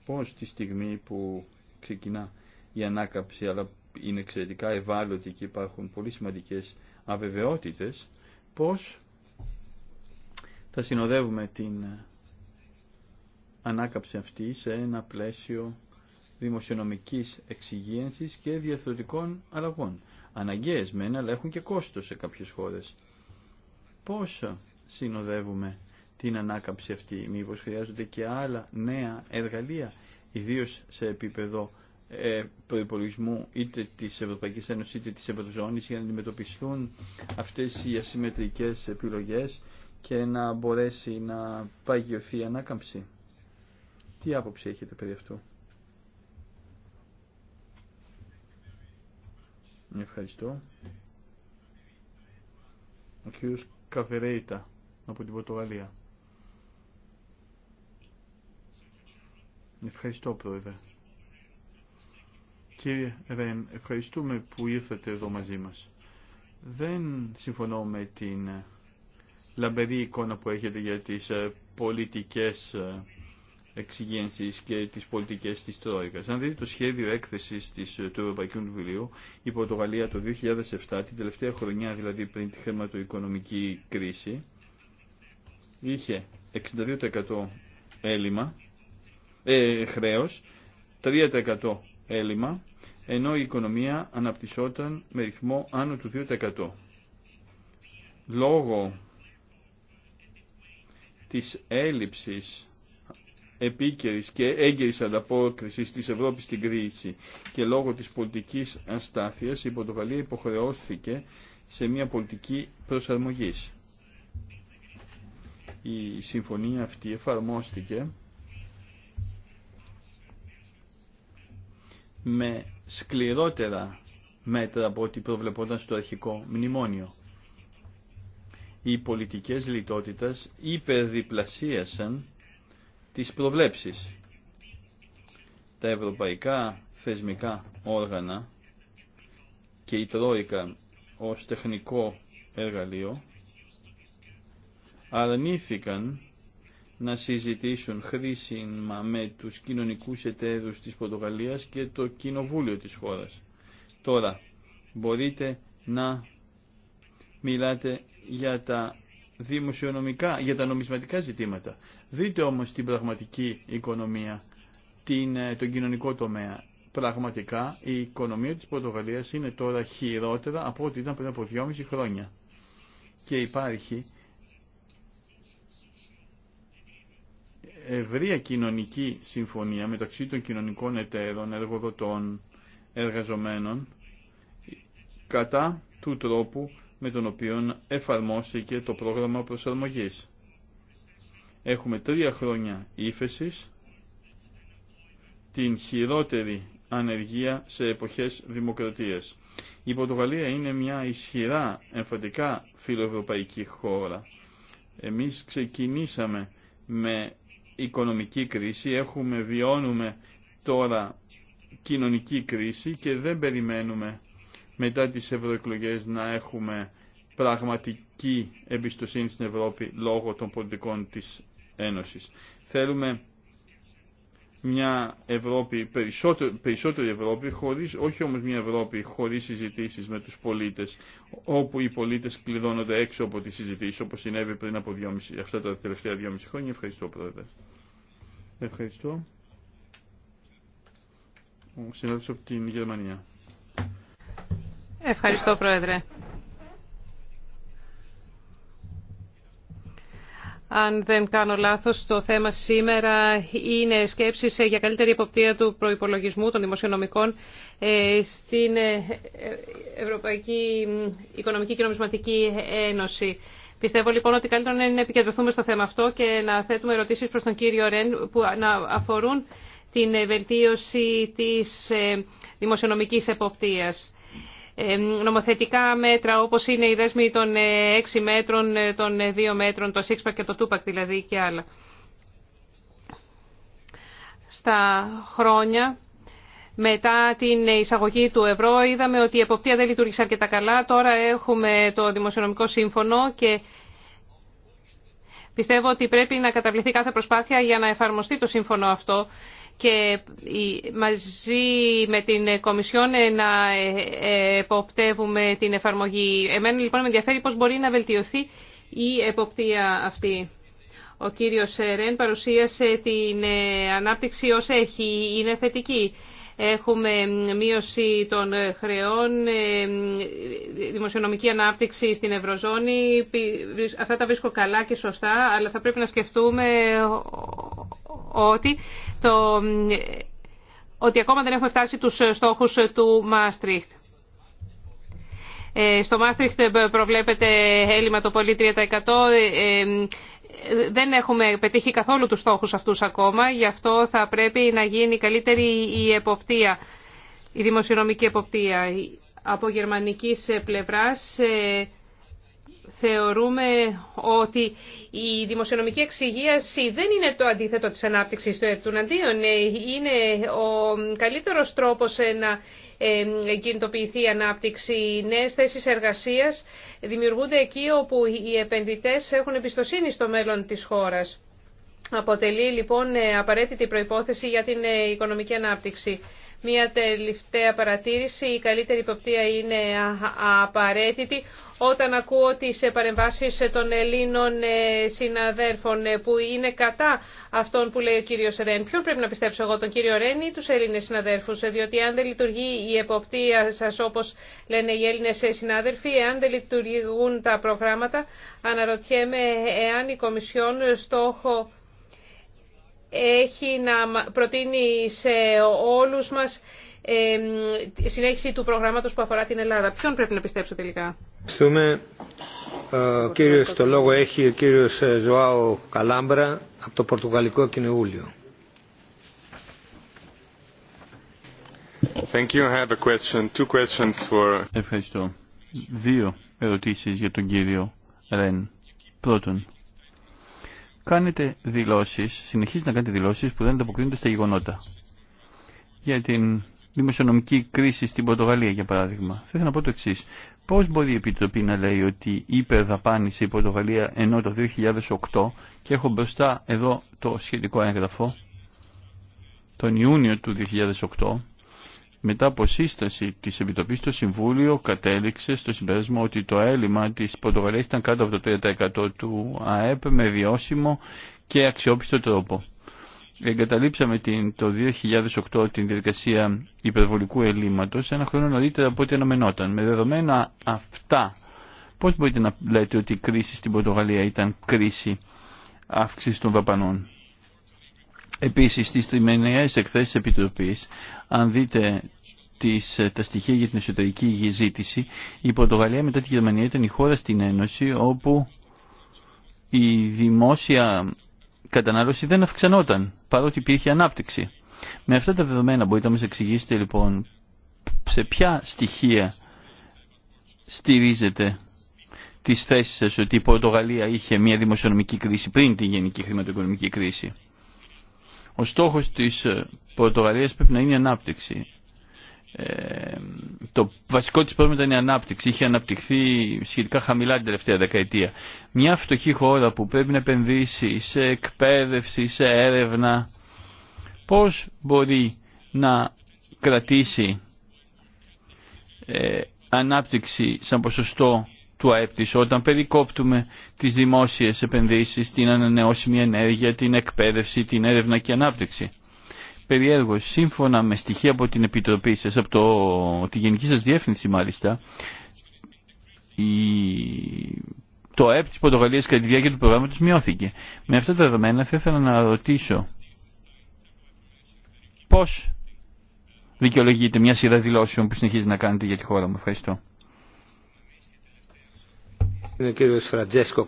Πώς τη στιγμή που ξεκινά η ανάκαψη, αλλά είναι εξαιρετικά ευάλωτοι και υπάρχουν πολύ σημαντικές αβεβαιότητες, πώς θα συνοδεύουμε την ανάκαψη αυτή σε ένα πλαίσιο δημοσιονομικής εξυγίανσης και διαθροτικών αλλαγών. Αναγκαίες μένα, αλλά έχουν και κόστος σε κάποιες χώρες. Πώς συνοδεύουμε την ανάκαψη αυτή, μήπως χρειάζονται και άλλα νέα εργαλεία, ιδίως σε επίπεδο ε, προπολογισμού είτε τη Ευρωπαϊκή Ένωση είτε τη Ευρωζώνη για να αντιμετωπιστούν αυτέ οι ασυμμετρικέ επιλογέ και να μπορέσει να παγιωθεί η ανάκαμψη. Τι άποψη έχετε περί αυτού. Ευχαριστώ. Ο κύριος Καβερέιτα από την Πορτογαλία. Ευχαριστώ πρόεδρε. Κύριε Ρεν, ευχαριστούμε που ήρθατε εδώ μαζί μας. Δεν συμφωνώ με την λαμπερή εικόνα που έχετε για τις ε, πολιτικές ε, εξυγένσεις και τις πολιτικές της Τρόικας. Αν δείτε το σχέδιο έκθεσης της, ε, του Ευρωπαϊκού Βιβλίου, η Πορτογαλία το 2007, την τελευταία χρονιά δηλαδή πριν τη χρηματοοικονομική κρίση, είχε 62% έλλειμμα, ε, χρέος, 3% έλλειμμα ενώ η οικονομία αναπτυσσόταν με ρυθμό άνω του 2%. Λόγω της έλλειψης επίκαιρης και έγκαιρης ανταπόκρισης της Ευρώπης στην κρίση και λόγω της πολιτικής αστάθειας η Πορτογαλία υποχρεώθηκε σε μια πολιτική προσαρμογής. Η συμφωνία αυτή εφαρμόστηκε με σκληρότερα μέτρα από ό,τι προβλεπόταν στο αρχικό μνημόνιο. Οι πολιτικές λιτότητας υπερδιπλασίασαν τις προβλέψεις. Τα ευρωπαϊκά θεσμικά όργανα και η Τρόικα ως τεχνικό εργαλείο αρνήθηκαν να συζητήσουν χρήσιμα με τους κοινωνικούς εταίρους της Πορτογαλίας και το κοινοβούλιο της χώρας. Τώρα, μπορείτε να μιλάτε για τα δημοσιονομικά, για τα νομισματικά ζητήματα. Δείτε όμως την πραγματική οικονομία, την, ε, τον κοινωνικό τομέα. Πραγματικά η οικονομία της Πορτογαλίας είναι τώρα χειρότερα από ό,τι ήταν πριν από 2,5 χρόνια. Και υπάρχει ευρεία κοινωνική συμφωνία μεταξύ των κοινωνικών εταίρων, εργοδοτών, εργαζομένων κατά του τρόπου με τον οποίο εφαρμόστηκε το πρόγραμμα προσαρμογής. Έχουμε τρία χρόνια ύφεση, την χειρότερη ανεργία σε εποχές δημοκρατίας. Η Πορτογαλία είναι μια ισχυρά, εμφαντικά φιλοευρωπαϊκή χώρα. Εμείς ξεκινήσαμε με οικονομική κρίση, έχουμε, βιώνουμε τώρα κοινωνική κρίση και δεν περιμένουμε μετά τις ευρωεκλογέ να έχουμε πραγματική εμπιστοσύνη στην Ευρώπη λόγω των πολιτικών της Ένωσης. Θέλουμε μια Ευρώπη, περισσότερη Ευρώπη, χωρίς, όχι όμως μια Ευρώπη χωρίς συζητήσεις με τους πολίτες, όπου οι πολίτες κλειδώνονται έξω από τις συζητήσεις, όπως συνέβη πριν από 2,5, αυτά τα τελευταία δυόμιση χρόνια. Ευχαριστώ, Πρόεδρε. Ευχαριστώ. Συνέβησα από την Γερμανία. Ευχαριστώ, Πρόεδρε. αν δεν κάνω λάθος, το θέμα σήμερα είναι σκέψεις για καλύτερη υποπτία του προϋπολογισμού των δημοσιονομικών ε, στην ε, Ευρωπαϊκή Οικονομική και Νομισματική Ένωση. Πιστεύω λοιπόν ότι καλύτερο είναι να επικεντρωθούμε στο θέμα αυτό και να θέτουμε ερωτήσεις προς τον κύριο Ρεν που αφορούν την βελτίωση της ε, δημοσιονομικής εποπτείας. Ε, νομοθετικά μέτρα όπως είναι η δέσμη των 6 ε, μέτρων, ε, των 2 μέτρων, το ΣΥΞΠΑΚ και το ΤΟΥΠΑΚ δηλαδή και άλλα. Στα χρόνια μετά την εισαγωγή του ευρώ είδαμε ότι η εποπτεία δεν λειτουργήσε αρκετά καλά. Τώρα έχουμε το δημοσιονομικό σύμφωνο και πιστεύω ότι πρέπει να καταβληθεί κάθε προσπάθεια για να εφαρμοστεί το σύμφωνο αυτό και μαζί με την Κομισιόν ε, να ε, εποπτεύουμε την εφαρμογή. Εμένα λοιπόν με ενδιαφέρει πώς μπορεί να βελτιωθεί η εποπτεία αυτή. Ο κύριος Ρεν παρουσίασε την ε, ανάπτυξη ως έχει, είναι θετική. Έχουμε μείωση των χρεών, ε, δημοσιονομική ανάπτυξη στην Ευρωζώνη. Αυτά τα βρίσκω καλά και σωστά, αλλά θα πρέπει να σκεφτούμε ότι το ότι ακόμα δεν έχουμε φτάσει τους στόχους του Μάστριχτ. Ε, στο Μάστριχτ προβλέπεται έλλειμμα το πολύ 3% δεν έχουμε πετύχει καθόλου τους στόχους αυτούς ακόμα, γι' αυτό θα πρέπει να γίνει καλύτερη η εποπτεία, η δημοσιονομική εποπτεία. Από γερμανικής πλευράς ε, θεωρούμε ότι η δημοσιονομική εξυγίαση δεν είναι το αντίθετο της ανάπτυξης του αντίον. Ε, είναι ο καλύτερος τρόπος ε, να κινητοποιηθεί η ανάπτυξη. Οι νέες θέσεις εργασία δημιουργούνται εκεί όπου οι επενδυτές έχουν εμπιστοσύνη στο μέλλον της χώρας. Αποτελεί λοιπόν ε, απαραίτητη προϋπόθεση για την ε, οικονομική ανάπτυξη. Μία τελευταία παρατήρηση. Η καλύτερη υποπτία είναι απαραίτητη. Όταν ακούω τις παρεμβάσεις των Ελλήνων ε, συναδέρφων ε, που είναι κατά αυτόν που λέει ο κύριος Ρέν, ποιον πρέπει να πιστέψω εγώ, τον κύριο Ρέν ή τους Έλληνες συναδέρφους, ε, διότι αν δεν λειτουργεί η εποπτεία σας όπως λένε οι Έλληνες συνάδελφοι, εάν δεν λειτουργούν τα προγράμματα, αναρωτιέμαι εάν η Κομισιόν στόχο έχει να προτείνει σε όλους μας τη συνέχιση του προγράμματος που αφορά την Ελλάδα. Ποιον πρέπει να πιστέψω τελικά. Ευχαριστούμε. Ε, ο κύριος, το λόγο έχει ο κύριος ε, Ζωάο Καλάμπρα από το Πορτογαλικό Κοινοβούλιο. Ευχαριστώ. Δύο ερωτήσεις για τον κύριο Ρεν. Πρώτον, κάνετε δηλώσεις, συνεχίζετε να κάνετε δηλώσεις που δεν ανταποκρίνονται στα γεγονότα. Για την δημοσιονομική κρίση στην Πορτογαλία, για παράδειγμα. Θα ήθελα να πω το εξή. Πώ μπορεί η Επιτροπή να λέει ότι υπερδαπάνισε η Πορτογαλία ενώ το 2008 και έχω μπροστά εδώ το σχετικό έγγραφο τον Ιούνιο του 2008 μετά από σύσταση τη επιτροπή, στο Συμβούλιο κατέληξε στο συμπέρασμα ότι το έλλειμμα τη Πορτογαλία ήταν κάτω από το 3% του ΑΕΠ με βιώσιμο και αξιόπιστο τρόπο. Εγκαταλείψαμε την, το 2008 την διαδικασία υπερβολικού ελλείμματο ένα χρόνο νωρίτερα από ό,τι αναμενόταν. Με δεδομένα αυτά, πώ μπορείτε να λέτε ότι η κρίση στην Πορτογαλία ήταν κρίση αύξηση των δαπανών. Επίσης, στις τριμενιαίες εκθέσεις Επιτροπής, αν δείτε τις, ε, τα στοιχεία για την εσωτερική ζήτηση, η Πορτογαλία μετά τη Γερμανία ήταν η χώρα στην Ένωση όπου η δημόσια κατανάλωση δεν αυξανόταν, παρότι υπήρχε ανάπτυξη. Με αυτά τα δεδομένα μπορείτε να μας εξηγήσετε λοιπόν σε ποια στοιχεία στηρίζεται τις θέσεις σας ότι η Πορτογαλία είχε μια δημοσιονομική κρίση πριν τη γενική χρηματοοικονομική κρίση. Ο στόχος της ε, Πορτογαλίας πρέπει να είναι η ανάπτυξη. Ε, το βασικό της πρόβλημα ήταν η ανάπτυξη. Είχε αναπτυχθεί σχετικά χαμηλά την τελευταία δεκαετία. Μια φτωχή χώρα που πρέπει να επενδύσει σε εκπαίδευση, σε έρευνα, πώς μπορεί να κρατήσει ε, ανάπτυξη σαν ποσοστό του ΑΕΠ όταν περικόπτουμε τις δημόσιες επενδύσεις, την ανανεώσιμη ενέργεια, την εκπαίδευση, την έρευνα και ανάπτυξη. Περιέργω, σύμφωνα με στοιχεία από την Επιτροπή σας, από το, τη Γενική σας Διεύθυνση μάλιστα, η, το ΑΕΠ τη Πορτογαλίας κατά τη διάρκεια του προγράμματο μειώθηκε. Με αυτά τα δεδομένα θα ήθελα να ρωτήσω πώ δικαιολογείται μια σειρά δηλώσεων που συνεχίζει να κάνετε για τη χώρα μου. Ευχαριστώ. Είναι ο κύριος Φραντζέσκο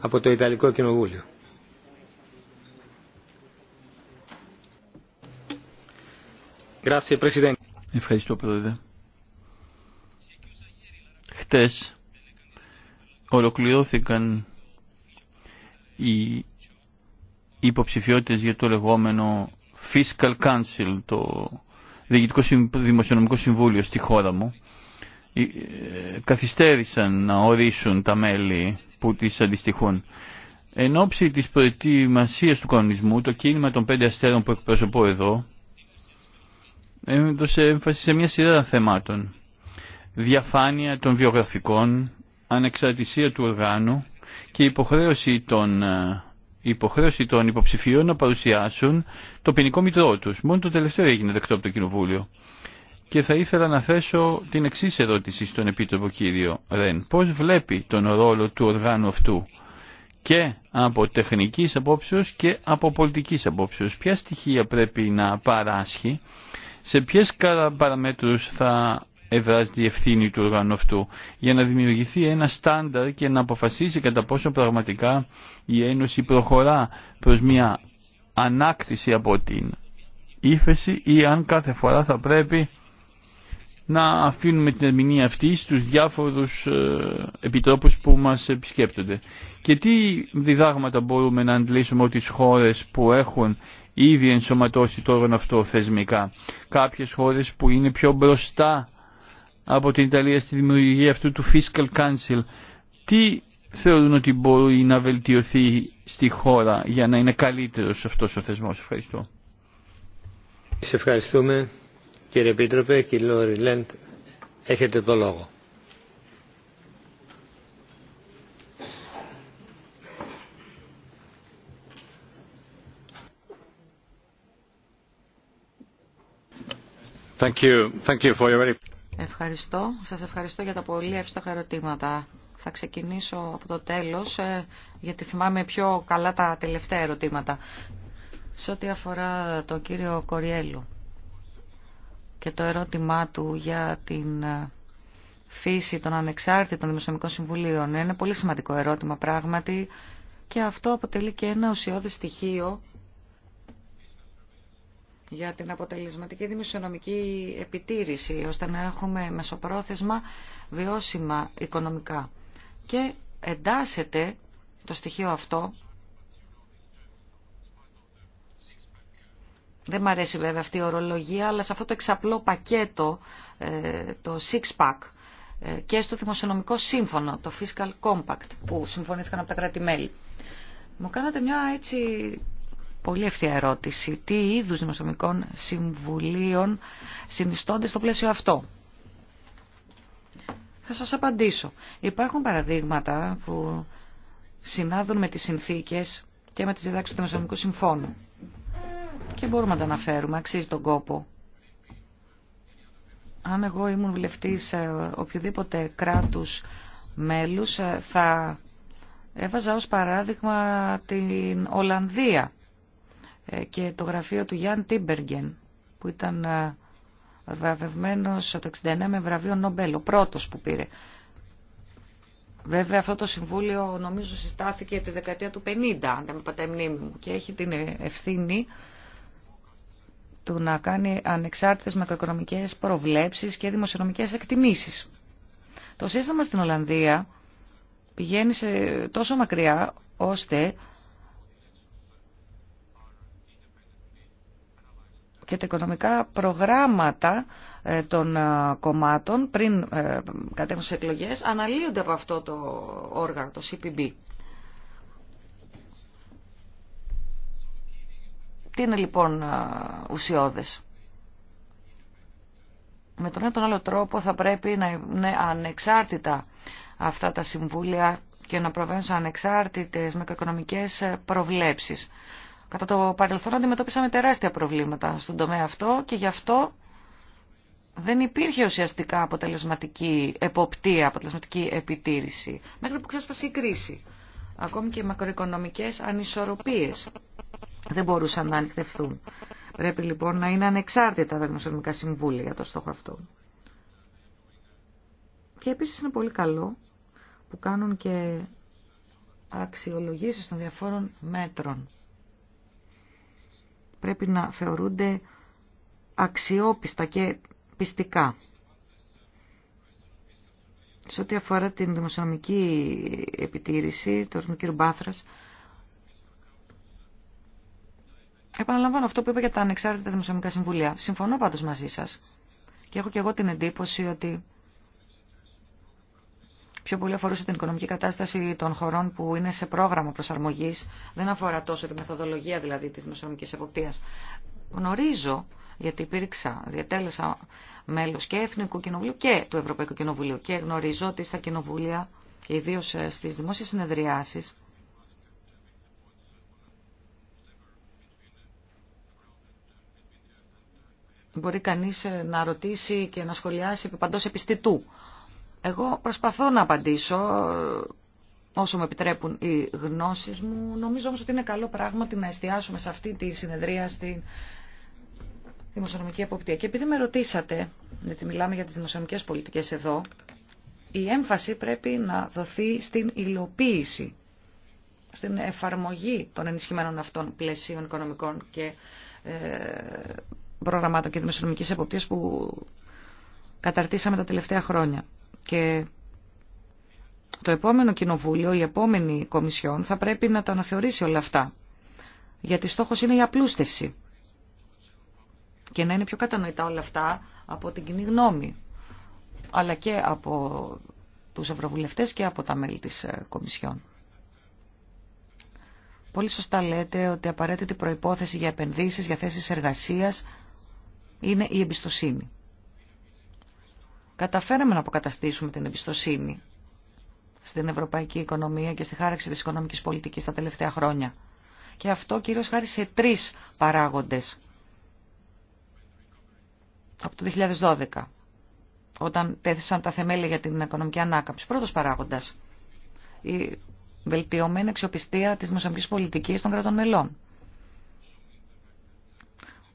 από το Ιταλικό Κοινοβούλιο. Ευχαριστώ πρόεδρε. Χτες ολοκληρώθηκαν οι υποψηφιότητες για το λεγόμενο Fiscal Council, το Διοικητικό Δημοσιονομικό Συμβούλιο στη χώρα μου ε, καθυστέρησαν να ορίσουν τα μέλη που τις αντιστοιχούν. Εν ώψη της προετοιμασίας του κανονισμού, το κίνημα των πέντε αστέρων που εκπροσωπώ εδώ, έδωσε έμφαση σε μια σειρά θεμάτων. Διαφάνεια των βιογραφικών, ανεξαρτησία του οργάνου και υποχρέωση των, ε, υποχρέωση των υποψηφίων να παρουσιάσουν το ποινικό μητρό τους. Μόνο το τελευταίο έγινε δεκτό από το Κοινοβούλιο και θα ήθελα να θέσω την εξή ερώτηση στον Επίτροπο κύριο Ρεν. Πώς βλέπει τον ρόλο του οργάνου αυτού και από τεχνικής απόψεως και από πολιτικής απόψεως. Ποια στοιχεία πρέπει να παράσχει, σε ποιες παραμέτρους θα εδράζει η ευθύνη του οργάνου αυτού για να δημιουργηθεί ένα στάνταρ και να αποφασίσει κατά πόσο πραγματικά η Ένωση προχωρά προς μια ανάκτηση από την ύφεση ή αν κάθε φορά θα πρέπει να αφήνουμε την ερμηνεία αυτή στους διάφορους ε, επιτρόπους που μας επισκέπτονται. Και τι διδάγματα μπορούμε να αντλήσουμε ότι τις χώρες που έχουν ήδη ενσωματώσει τώρα όργανο αυτό θεσμικά. Κάποιες χώρες που είναι πιο μπροστά από την Ιταλία στη δημιουργία αυτού του Fiscal Council. Τι θεωρούν ότι μπορεί να βελτιωθεί στη χώρα για να είναι καλύτερος αυτός ο θεσμός. Ευχαριστώ. Σε ευχαριστούμε. Κύριε Επίτροπε, κύριε Λέντ, έχετε το λόγο. Ευχαριστώ. Σας ευχαριστώ για τα πολύ εύστοχα ερωτήματα. Θα ξεκινήσω από το τέλος, ε, γιατί θυμάμαι πιο καλά τα τελευταία ερωτήματα. Σε ό,τι αφορά τον κύριο Κοριέλου και το ερώτημά του για την ε, φύση των ανεξάρτητων δημοσιονομικών συμβουλίων. Ε, είναι πολύ σημαντικό ερώτημα πράγματι και αυτό αποτελεί και ένα ουσιώδη στοιχείο για την αποτελεσματική δημοσιονομική επιτήρηση, ώστε να έχουμε μεσοπρόθεσμα βιώσιμα οικονομικά. Και εντάσσεται το στοιχείο αυτό Δεν μ' αρέσει βέβαια αυτή η ορολογία, αλλά σε αυτό το εξαπλό πακέτο, ε, το six-pack, ε, και στο δημοσιονομικό σύμφωνο, το Fiscal Compact, που συμφωνήθηκαν από τα κράτη-μέλη. Μου κάνατε μια έτσι πολύ ευθεία ερώτηση. Τι είδους δημοσιονομικών συμβουλίων συνιστώνται στο πλαίσιο αυτό. Θα σας απαντήσω. Υπάρχουν παραδείγματα που συνάδουν με τις συνθήκες και με τις διδάξεις του Δημοσιονομικού Συμφώνου και μπορούμε να τα αναφέρουμε, αξίζει τον κόπο. Αν εγώ ήμουν βουλευτής οποιοδήποτε κράτους μέλους, ε, θα έβαζα ως παράδειγμα την Ολλανδία ε, και το γραφείο του Γιάνν Τίμπεργεν, που ήταν ε, βραβευμένος το 69 με βραβείο Νομπέλ, ο πρώτος που πήρε. Βέβαια αυτό το συμβούλιο νομίζω συστάθηκε τη δεκαετία του 50, αν δεν με μου, και έχει την ευθύνη του να κάνει ανεξάρτητες μακροοικονομικές προβλέψεις και δημοσιονομικές εκτιμήσεις. Το σύστημα στην Ολλανδία πηγαίνει σε τόσο μακριά ώστε και τα οικονομικά προγράμματα ε, των ε, κομμάτων πριν ε, κατέχουν σε εκλογές αναλύονται από αυτό το όργανο, το CPB. Τι είναι λοιπόν ουσιώδες. Με τον ένα τον άλλο τρόπο θα πρέπει να είναι ανεξάρτητα αυτά τα συμβούλια και να προβαίνουν σε ανεξάρτητες μακροοικονομικές ε, προβλέψεις. Κατά το παρελθόν αντιμετώπισαμε τεράστια προβλήματα στον τομέα αυτό και γι' αυτό δεν υπήρχε ουσιαστικά αποτελεσματική εποπτεία, αποτελεσματική επιτήρηση. Μέχρι που ξέσπασε η κρίση. Ακόμη και οι μακροοικονομικές ανισορροπίες δεν μπορούσαν να ανοιχτευτούν. Πρέπει λοιπόν να είναι ανεξάρτητα τα δημοσιονομικά συμβούλια για το στόχο αυτό. Και επίσης είναι πολύ καλό που κάνουν και αξιολογήσεις των διαφόρων μέτρων. Πρέπει να θεωρούνται αξιόπιστα και πιστικά. Σε ό,τι αφορά την δημοσιονομική επιτήρηση, το ρωτήμα Μπάθρας, Επαναλαμβάνω αυτό που είπα για τα ανεξάρτητα δημοσιονομικά συμβουλία. Συμφωνώ πάντω μαζί σα. Και έχω και εγώ την εντύπωση ότι πιο πολύ αφορούσε την οικονομική κατάσταση των χωρών που είναι σε πρόγραμμα προσαρμογή. Δεν αφορά τόσο τη μεθοδολογία δηλαδή τη δημοσιονομική εποπτεία. Γνωρίζω, γιατί υπήρξα, διατέλεσα μέλο και Εθνικού Κοινοβουλίου και του Ευρωπαϊκού Κοινοβουλίου και γνωρίζω ότι στα κοινοβούλια και ιδίω ε, στι δημόσιε συνεδριάσει μπορεί κανείς ε, να ρωτήσει και να σχολιάσει επί παντός επιστητού. Εγώ προσπαθώ να απαντήσω ε, όσο με επιτρέπουν οι γνώσεις μου. Νομίζω όμως ότι είναι καλό πράγματι να εστιάσουμε σε αυτή τη συνεδρία στην δημοσιονομική αποπτία. Και επειδή με ρωτήσατε, γιατί μιλάμε για τις δημοσιονομικές πολιτικές εδώ, η έμφαση πρέπει να δοθεί στην υλοποίηση, στην εφαρμογή των ενισχυμένων αυτών πλαισίων οικονομικών και ε, προγραμμάτων και δημοσιονομικής εποπτείας που καταρτήσαμε τα τελευταία χρόνια. Και το επόμενο κοινοβούλιο, η επόμενη κομισιόν θα πρέπει να τα αναθεωρήσει όλα αυτά. Γιατί στόχος είναι η απλούστευση. Και να είναι πιο κατανοητά όλα αυτά από την κοινή γνώμη. Αλλά και από τους ευρωβουλευτές και από τα μέλη της ε, κομισιόν. Πολύ σωστά λέτε ότι απαραίτητη προϋπόθεση για επενδύσεις, για θέσεις εργασίας είναι η εμπιστοσύνη. Καταφέραμε να αποκαταστήσουμε την εμπιστοσύνη στην ευρωπαϊκή οικονομία και στη χάραξη της οικονομικής πολιτικής τα τελευταία χρόνια. Και αυτό κυρίως χάρη σε τρεις παράγοντες από το 2012, όταν τέθησαν τα θεμέλια για την οικονομική ανάκαμψη. Πρώτος παράγοντας, η βελτιωμένη αξιοπιστία της δημοσιονομικής πολιτικής των κρατών μελών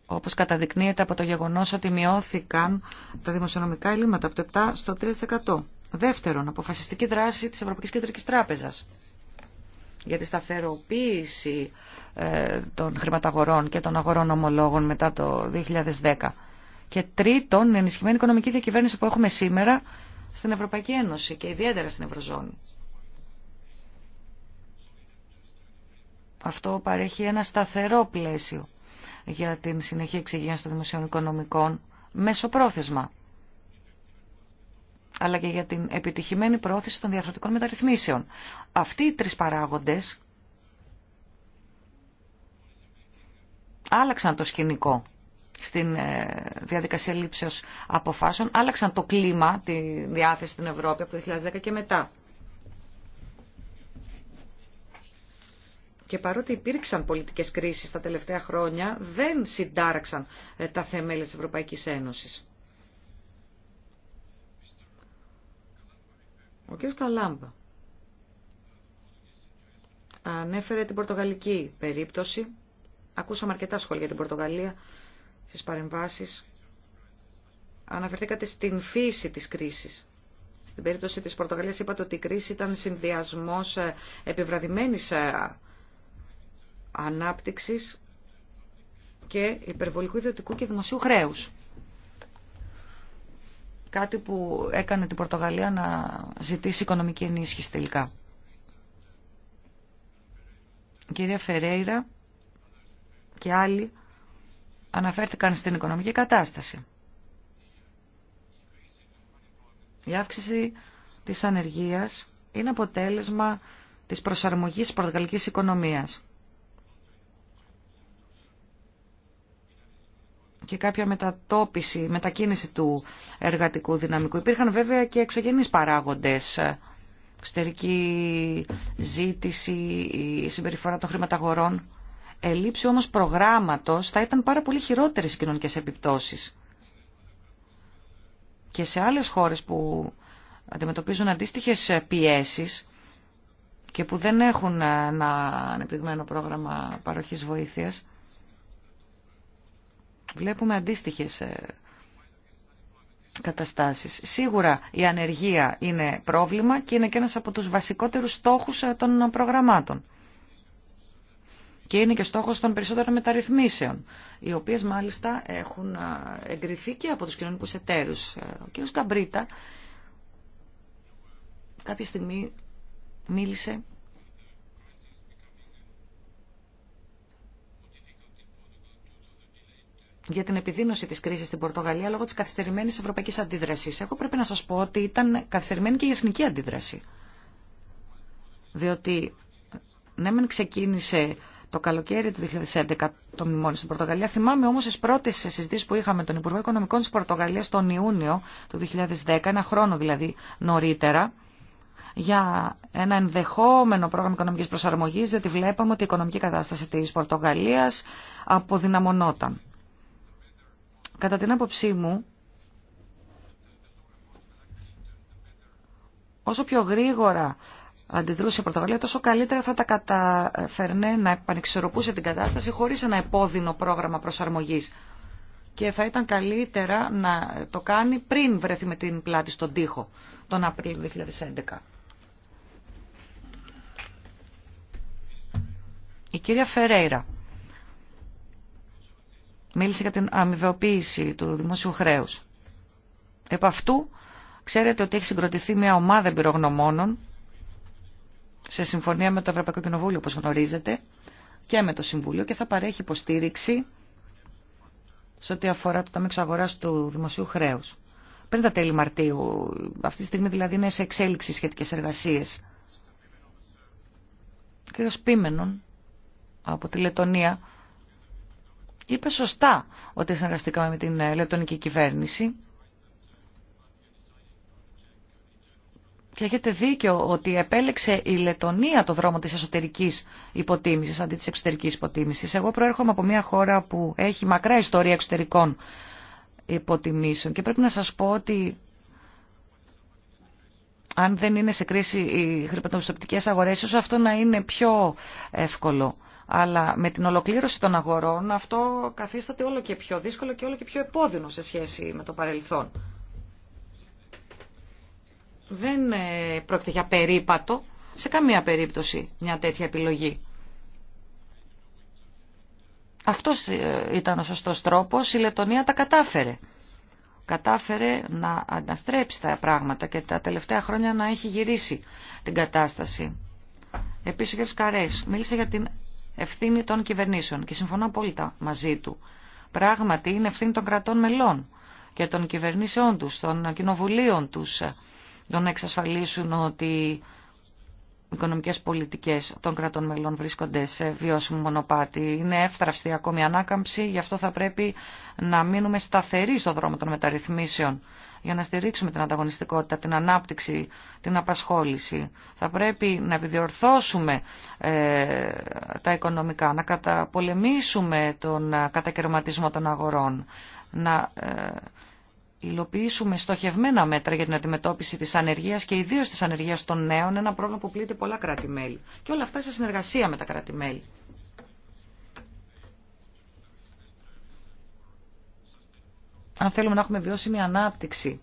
όπως καταδεικνύεται από το γεγονός ότι μειώθηκαν τα δημοσιονομικά ελλείμματα από το 7% στο 3%. Δεύτερον, αποφασιστική δράση της Ευρωπαϊκής Κεντρικής Τράπεζας για τη σταθεροποίηση ε, των χρηματαγορών και των αγορών ομολόγων μετά το 2010. Και τρίτον, ενισχυμένη οικονομική διακυβέρνηση που έχουμε σήμερα στην Ευρωπαϊκή Ένωση και ιδιαίτερα στην Ευρωζώνη. Αυτό παρέχει ένα σταθερό πλαίσιο για την συνεχή εξυγίανση των δημοσίων οικονομικών μεσοπρόθεσμα, αλλά και για την επιτυχημένη πρόθεση των διαφορετικών μεταρρυθμίσεων. Αυτοί οι τρεις παράγοντες άλλαξαν το σκηνικό στην ε, διαδικασία λήψεως αποφάσεων, άλλαξαν το κλίμα, τη διάθεση στην Ευρώπη από το 2010 και μετά. και παρότι υπήρξαν πολιτικές κρίσεις τα τελευταία χρόνια, δεν συντάραξαν ε, τα θεμέλια της Ευρωπαϊκής Ένωσης. Ο κ. Καλάμπα ανέφερε την πορτογαλική περίπτωση. Ακούσαμε αρκετά σχόλια για την Πορτογαλία στις παρεμβάσεις. Αναφερθήκατε στην φύση της κρίσης. Στην περίπτωση της Πορτογαλίας είπατε ότι η κρίση ήταν συνδυασμός ε, επιβραδυμένης ε, ανάπτυξης και υπερβολικού ιδιωτικού και δημοσίου χρέους. Κάτι που έκανε την Πορτογαλία να ζητήσει οικονομική ενίσχυση τελικά. Η κυρία Φερέιρα και άλλοι αναφέρθηκαν στην οικονομική κατάσταση. Η αύξηση της ανεργίας είναι αποτέλεσμα της προσαρμογής της πορτογαλικής οικονομίας. και κάποια μετατόπιση, μετακίνηση του εργατικού δυναμικού. Υπήρχαν βέβαια και εξωγενείς παράγοντες, εξωτερική ζήτηση, η συμπεριφορά των χρηματαγορών. Ελήψη όμως προγράμματος θα ήταν πάρα πολύ χειρότερες οι κοινωνικές επιπτώσεις. Και σε άλλες χώρες που αντιμετωπίζουν αντίστοιχες πιέσεις και που δεν έχουν ένα ανεπτυγμένο πρόγραμμα παροχής βοήθειας, Βλέπουμε αντίστοιχες ε, καταστάσεις. Σίγουρα η ανεργία είναι πρόβλημα και είναι και ένας από τους βασικότερους στόχους ε, των προγραμμάτων. Και είναι και στόχος των περισσότερων μεταρρυθμίσεων, οι οποίες μάλιστα έχουν ε, εγκριθεί και από τους κοινωνικούς εταίρους. Ο κ. Καμπρίτα κάποια στιγμή μίλησε για την επιδείνωση της κρίσης στην Πορτογαλία λόγω της καθυστερημένης ευρωπαϊκής αντίδρασης. Εγώ πρέπει να σας πω ότι ήταν καθυστερημένη και η εθνική αντίδραση. Διότι ναι μεν ξεκίνησε το καλοκαίρι του 2011 το μνημόνιο στην Πορτογαλία. Θυμάμαι όμως τις πρώτες συζητήσεις που είχαμε τον Υπουργό Οικονομικών της Πορτογαλίας τον Ιούνιο του 2010, ένα χρόνο δηλαδή νωρίτερα, για ένα ενδεχόμενο πρόγραμμα οικονομικής προσαρμογής, διότι βλέπαμε ότι η οικονομική κατάσταση της Πορτογαλίας αποδυναμωνόταν. Κατά την άποψή μου, όσο πιο γρήγορα αντιδρούσε η Πορτογαλία, τόσο καλύτερα θα τα καταφέρνε να επανεξορροπούσε την κατάσταση χωρίς ένα επώδυνο πρόγραμμα προσαρμογής. Και θα ήταν καλύτερα να το κάνει πριν βρεθεί με την πλάτη στον τοίχο τον Απρίλιο 2011. Η κυρία Φερέιρα μίλησε για την αμοιβεοποίηση του δημόσιου χρέους. Επ' αυτού ξέρετε ότι έχει συγκροτηθεί μια ομάδα εμπειρογνωμόνων σε συμφωνία με το Ευρωπαϊκό Κοινοβούλιο, όπως γνωρίζετε, και με το Συμβούλιο και θα παρέχει υποστήριξη σε ό,τι αφορά το Ταμείο εξαγορά του Δημοσίου Χρέου. Πριν τα τέλη Μαρτίου, αυτή τη στιγμή δηλαδή είναι σε εξέλιξη σχετικέ εργασίε. Ο Πίμενον από τη Λετωνία είπε σωστά ότι συνεργαστήκαμε με την ε, λετωνική κυβέρνηση. Και έχετε δίκιο ότι επέλεξε η Λετωνία το δρόμο της εσωτερικής υποτίμησης αντί της εξωτερικής υποτίμησης. Εγώ προέρχομαι από μια χώρα που έχει μακρά ιστορία εξωτερικών υποτιμήσεων και πρέπει να σας πω ότι αν δεν είναι σε κρίση οι χρηματοπιστωτικές αγορές, ίσως αυτό να είναι πιο εύκολο. Αλλά με την ολοκλήρωση των αγορών αυτό καθίσταται όλο και πιο δύσκολο και όλο και πιο επώδυνο σε σχέση με το παρελθόν. Δεν ε, πρόκειται για περίπατο σε καμία περίπτωση μια τέτοια επιλογή. Αυτός ε, ήταν ο σωστός τρόπος, η Λετωνία τα κατάφερε. Κατάφερε να αναστρέψει τα πράγματα και τα τελευταία χρόνια να έχει γυρίσει την κατάσταση. Επίσης ο μίλησε για την ευθύνη των κυβερνήσεων και συμφωνώ απόλυτα μαζί του. Πράγματι είναι ευθύνη των κρατών μελών και των κυβερνήσεών τους, των κοινοβουλίων τους, ε, το να εξασφαλίσουν ότι οι οικονομικές πολιτικές των κρατών μελών βρίσκονται σε βιώσιμο μονοπάτι. Είναι εύθραυστη ακόμη ανάκαμψη, γι' αυτό θα πρέπει να μείνουμε σταθεροί στο δρόμο των μεταρρυθμίσεων για να στηρίξουμε την ανταγωνιστικότητα, την ανάπτυξη, την απασχόληση. Θα πρέπει να επιδιορθώσουμε ε, τα οικονομικά, να καταπολεμήσουμε τον ε, κατακαιρματισμό των αγορών, να ε, υλοποιήσουμε στοχευμένα μέτρα για την αντιμετώπιση της ανεργίας και ιδίως της ανεργίας των νέων, ένα πρόβλημα που πλήττει πολλά κράτη-μέλη. Και όλα αυτά σε συνεργασία με τα κράτη-μέλη. αν θέλουμε να έχουμε βιώσιμη ανάπτυξη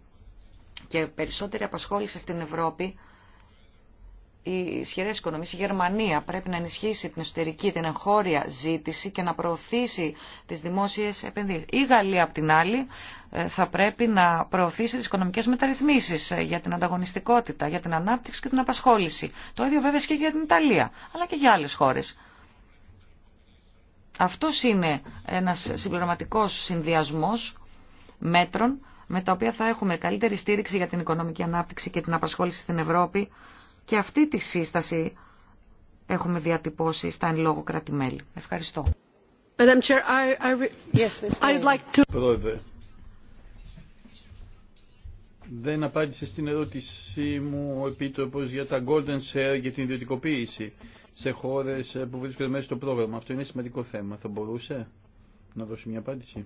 και περισσότερη απασχόληση στην Ευρώπη, οι ισχυρέ οικονομίε, η Γερμανία πρέπει να ενισχύσει την εσωτερική, την εγχώρια ζήτηση και να προωθήσει τι δημόσιε επενδύσει. Η Γαλλία, απ' την άλλη, ε, θα πρέπει να προωθήσει τι οικονομικέ μεταρρυθμίσει ε, για την ανταγωνιστικότητα, για την ανάπτυξη και την απασχόληση. Το ίδιο βέβαια και για την Ιταλία, αλλά και για άλλε χώρε. Αυτό είναι ένα συμπληρωματικό συνδυασμό μέτρων με τα οποία θα έχουμε καλύτερη στήριξη για την οικονομική ανάπτυξη και την απασχόληση στην Ευρώπη και αυτή τη σύσταση έχουμε διατυπώσει στα εν λόγω κράτη-μέλη. Ευχαριστώ. Πρόεδρε, δεν απάντησε στην ερώτησή μου ο Επίτροπος για τα golden share και την ιδιωτικοποίηση σε χώρες που βρίσκονται μέσα στο πρόγραμμα. Αυτό είναι σημαντικό θέμα. Θα μπορούσε να δώσει μια απάντηση.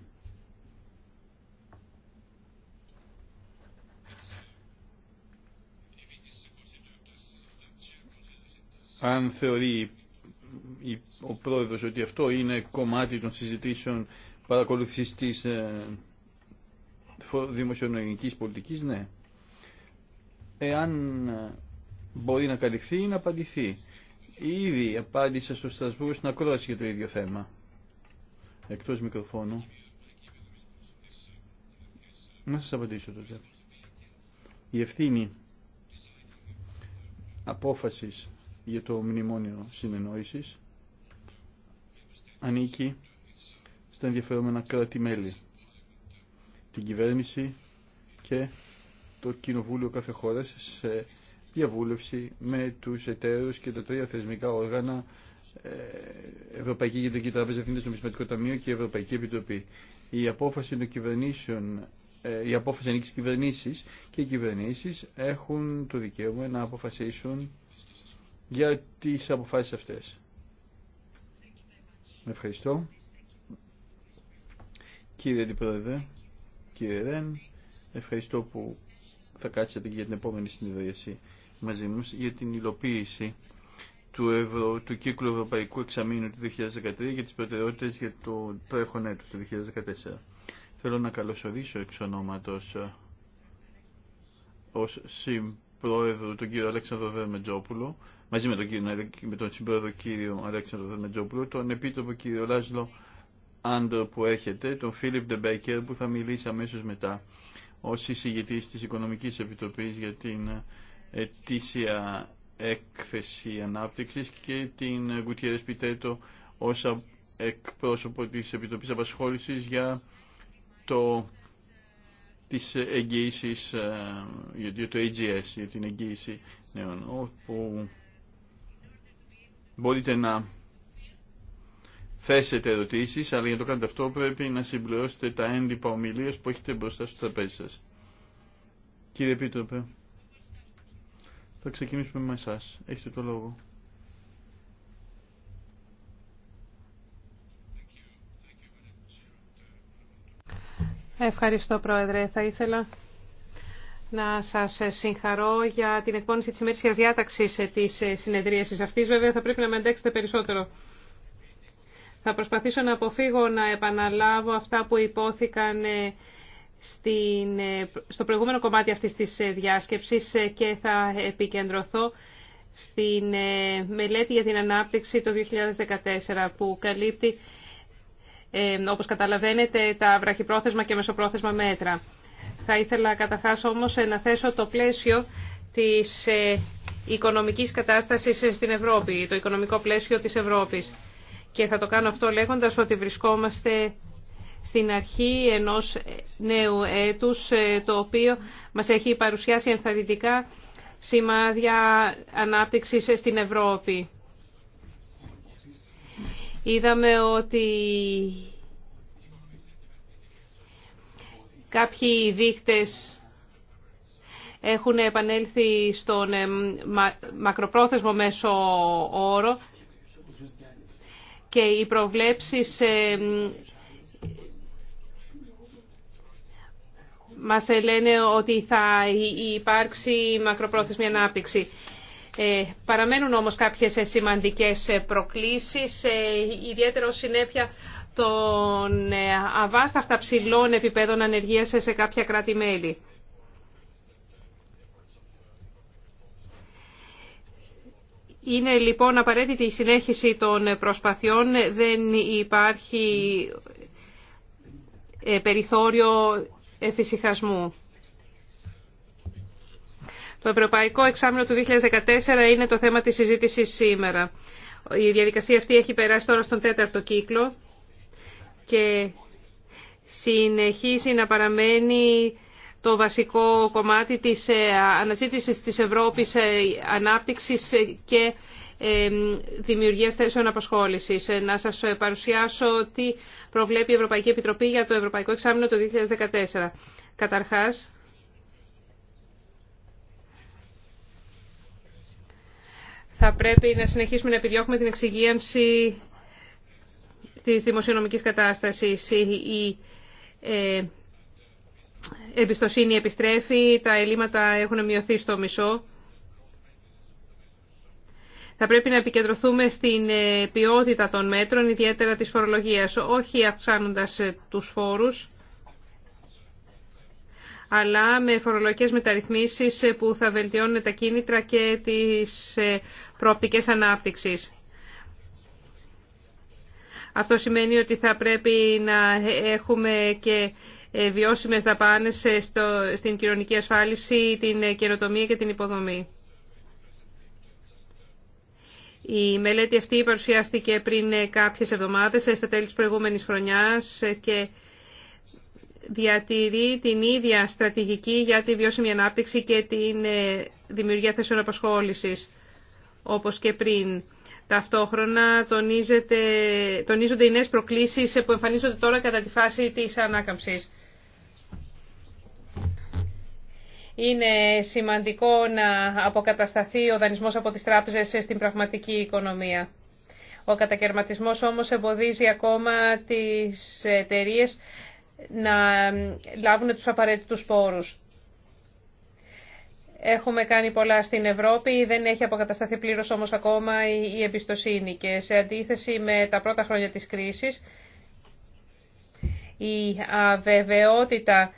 αν θεωρεί ο πρόεδρος ότι αυτό είναι κομμάτι των συζητήσεων παρακολουθής της ε, δημοσιονομικής πολιτικής, ναι. Εάν ε, μπορεί να καλυφθεί ή να απαντηθεί. Ήδη απάντησα στο Στρασβούργο στην ακρόαση για το ίδιο θέμα. Εκτός μικροφώνου. Να σας απαντήσω τότε. Η ευθύνη απόφασης για το μνημόνιο συνεννόησης ανήκει στα ενδιαφερόμενα κράτη-μέλη, την κυβέρνηση και το κοινοβούλιο κάθε χώρας σε διαβούλευση με τους εταίρους και τα τρία θεσμικά όργανα ε, Ευρωπαϊκή Κεντρική Τράπεζα, Εθνικό Νομισματικό Ταμείο και Ευρωπαϊκή Επιτροπή. Η απόφαση των κυβερνήσεων, ε, η απόφαση ανήκει στις κυβερνήσεις και οι κυβερνήσεις έχουν το δικαίωμα να αποφασίσουν για τις αποφάσεις αυτές. Ευχαριστώ. Κύριε Αντιπρόεδρε, κύριε Ρεν, ευχαριστώ που θα κάτσετε και για την επόμενη συνεδρίαση μαζί μου για την υλοποίηση του, Ευρω... του κύκλου Ευρωπαϊκού Εξαμήνου του 2013 για τις προτεραιότητες για το τρέχον έτος του 2014. Θέλω να καλωσορίσω εξ ονόματος ε, ως συμ Πρόεδρο τον κύριο Αλέξανδρο Δερμετζόπουλο, μαζί με τον, κύριο, με τον συμπρόεδρο κύριο Αλέξανδρο Δερμετζόπουλο, τον επίτροπο κύριο Λάζλο άντρο που έρχεται, τον Φίλιπ Ντεμπέκερ που θα μιλήσει αμέσω μετά ω εισηγητή τη οικονομική επιτροπή, για την ετήσια έκθεση ανάπτυξη και την Γκουτιέρε Πιτέτο ω εκπρόσωπο τη επιτροπή απασχόληση για το της ε, εγγύησης ε, για το AGS, για την εγγύηση νέων, όπου μπορείτε να θέσετε ερωτήσεις, αλλά για να το κάνετε αυτό πρέπει να συμπληρώσετε τα έντυπα ομιλίες που έχετε μπροστά στο τραπέζι σας. Κύριε Επίτροπε, θα ξεκινήσουμε με εσάς. Έχετε το λόγο. Ευχαριστώ, Πρόεδρε. Θα ήθελα να σας συγχαρώ για την εκπόνηση της ημέρησιας διάταξης της συνέδριαση. αυτής. Βέβαια, θα πρέπει να με αντέξετε περισσότερο. Θα προσπαθήσω να αποφύγω να επαναλάβω αυτά που υπόθηκαν ε, στην, ε, στο προηγούμενο κομμάτι αυτής της ε, διάσκεψης και θα επικεντρωθώ στην μελέτη για την ανάπτυξη το 2014 που καλύπτει ε, όπως καταλαβαίνετε, τα βραχυπρόθεσμα και μεσοπρόθεσμα μέτρα. Θα ήθελα καταρχάς όμως να θέσω το πλαίσιο της ε, οικονομικής κατάστασης στην Ευρώπη, το οικονομικό πλαίσιο της Ευρώπης. Και θα το κάνω αυτό λέγοντας ότι βρισκόμαστε στην αρχή ενός νέου έτους, ε, το οποίο μας έχει παρουσιάσει ενθαρρυντικά σημάδια ανάπτυξης στην Ευρώπη. Είδαμε ότι κάποιοι δείκτες έχουν επανέλθει στον μακροπρόθεσμο μέσο όρο και οι προβλέψεις μας λένε ότι θα υπάρξει μακροπρόθεσμη ανάπτυξη. Ε, παραμένουν όμως κάποιες ε, σημαντικές ε, προκλήσεις, ιδιαίτερα ως συνέπεια των αβάσταχτα ψηλών επιπέδων ανεργίας σε κάποια κράτη-μέλη. Είναι λοιπόν απαραίτητη η συνέχιση των προσπαθειών. Δεν υπάρχει περιθώριο εφησυχασμού. Το Ευρωπαϊκό Εξάμεινο του 2014 είναι το θέμα της συζήτησης σήμερα. Η διαδικασία αυτή έχει περάσει τώρα στον τέταρτο κύκλο και συνεχίζει να παραμένει το βασικό κομμάτι της ε, αναζήτησης της Ευρώπης ε, ανάπτυξης και ε, δημιουργίας θέσεων απασχόλησης. Να σας παρουσιάσω τι προβλέπει η Ευρωπαϊκή Επιτροπή για το Ευρωπαϊκό Εξάμεινο το 2014. Καταρχάς, θα πρέπει να συνεχίσουμε να επιδιώκουμε την εξυγίανση της δημοσιονομικής κατάστασης. Η ε, εμπιστοσύνη επιστρέφει, τα ελλείμματα έχουν μειωθεί στο μισό. Θα πρέπει να επικεντρωθούμε στην ε, ποιότητα των μέτρων, ιδιαίτερα της φορολογίας, όχι αυξάνοντας ε, τους φόρους, αλλά με φορολογικές μεταρρυθμίσεις ε, που θα βελτιώνουν τα κίνητρα και τις ε, προοπτικές ανάπτυξης. Αυτό σημαίνει ότι θα πρέπει να έχουμε και ε, βιώσιμες δαπάνες στην κοινωνική ασφάλιση, την καινοτομία και την υποδομή. Η μελέτη αυτή παρουσιάστηκε πριν κάποιες εβδομάδες, στα τέλη της προηγούμενης χρονιάς και διατηρεί την ίδια στρατηγική για τη βιώσιμη ανάπτυξη και την ε, δημιουργία θέσεων απασχόλησης, όπως και πριν. Ταυτόχρονα τονίζονται οι νέες προκλήσεις που εμφανίζονται τώρα κατά τη φάση της ανάκαμψης. Είναι σημαντικό να αποκατασταθεί ο δανεισμός από τις τράπεζες στην πραγματική οικονομία. Ο κατακαιρματισμός όμως εμποδίζει ακόμα τις εταιρείε να λάβουν τους απαραίτητους πόρους. Έχουμε κάνει πολλά στην Ευρώπη, δεν έχει αποκατασταθεί πλήρως όμως ακόμα η εμπιστοσύνη και σε αντίθεση με τα πρώτα χρόνια της κρίσης, η αβεβαιότητα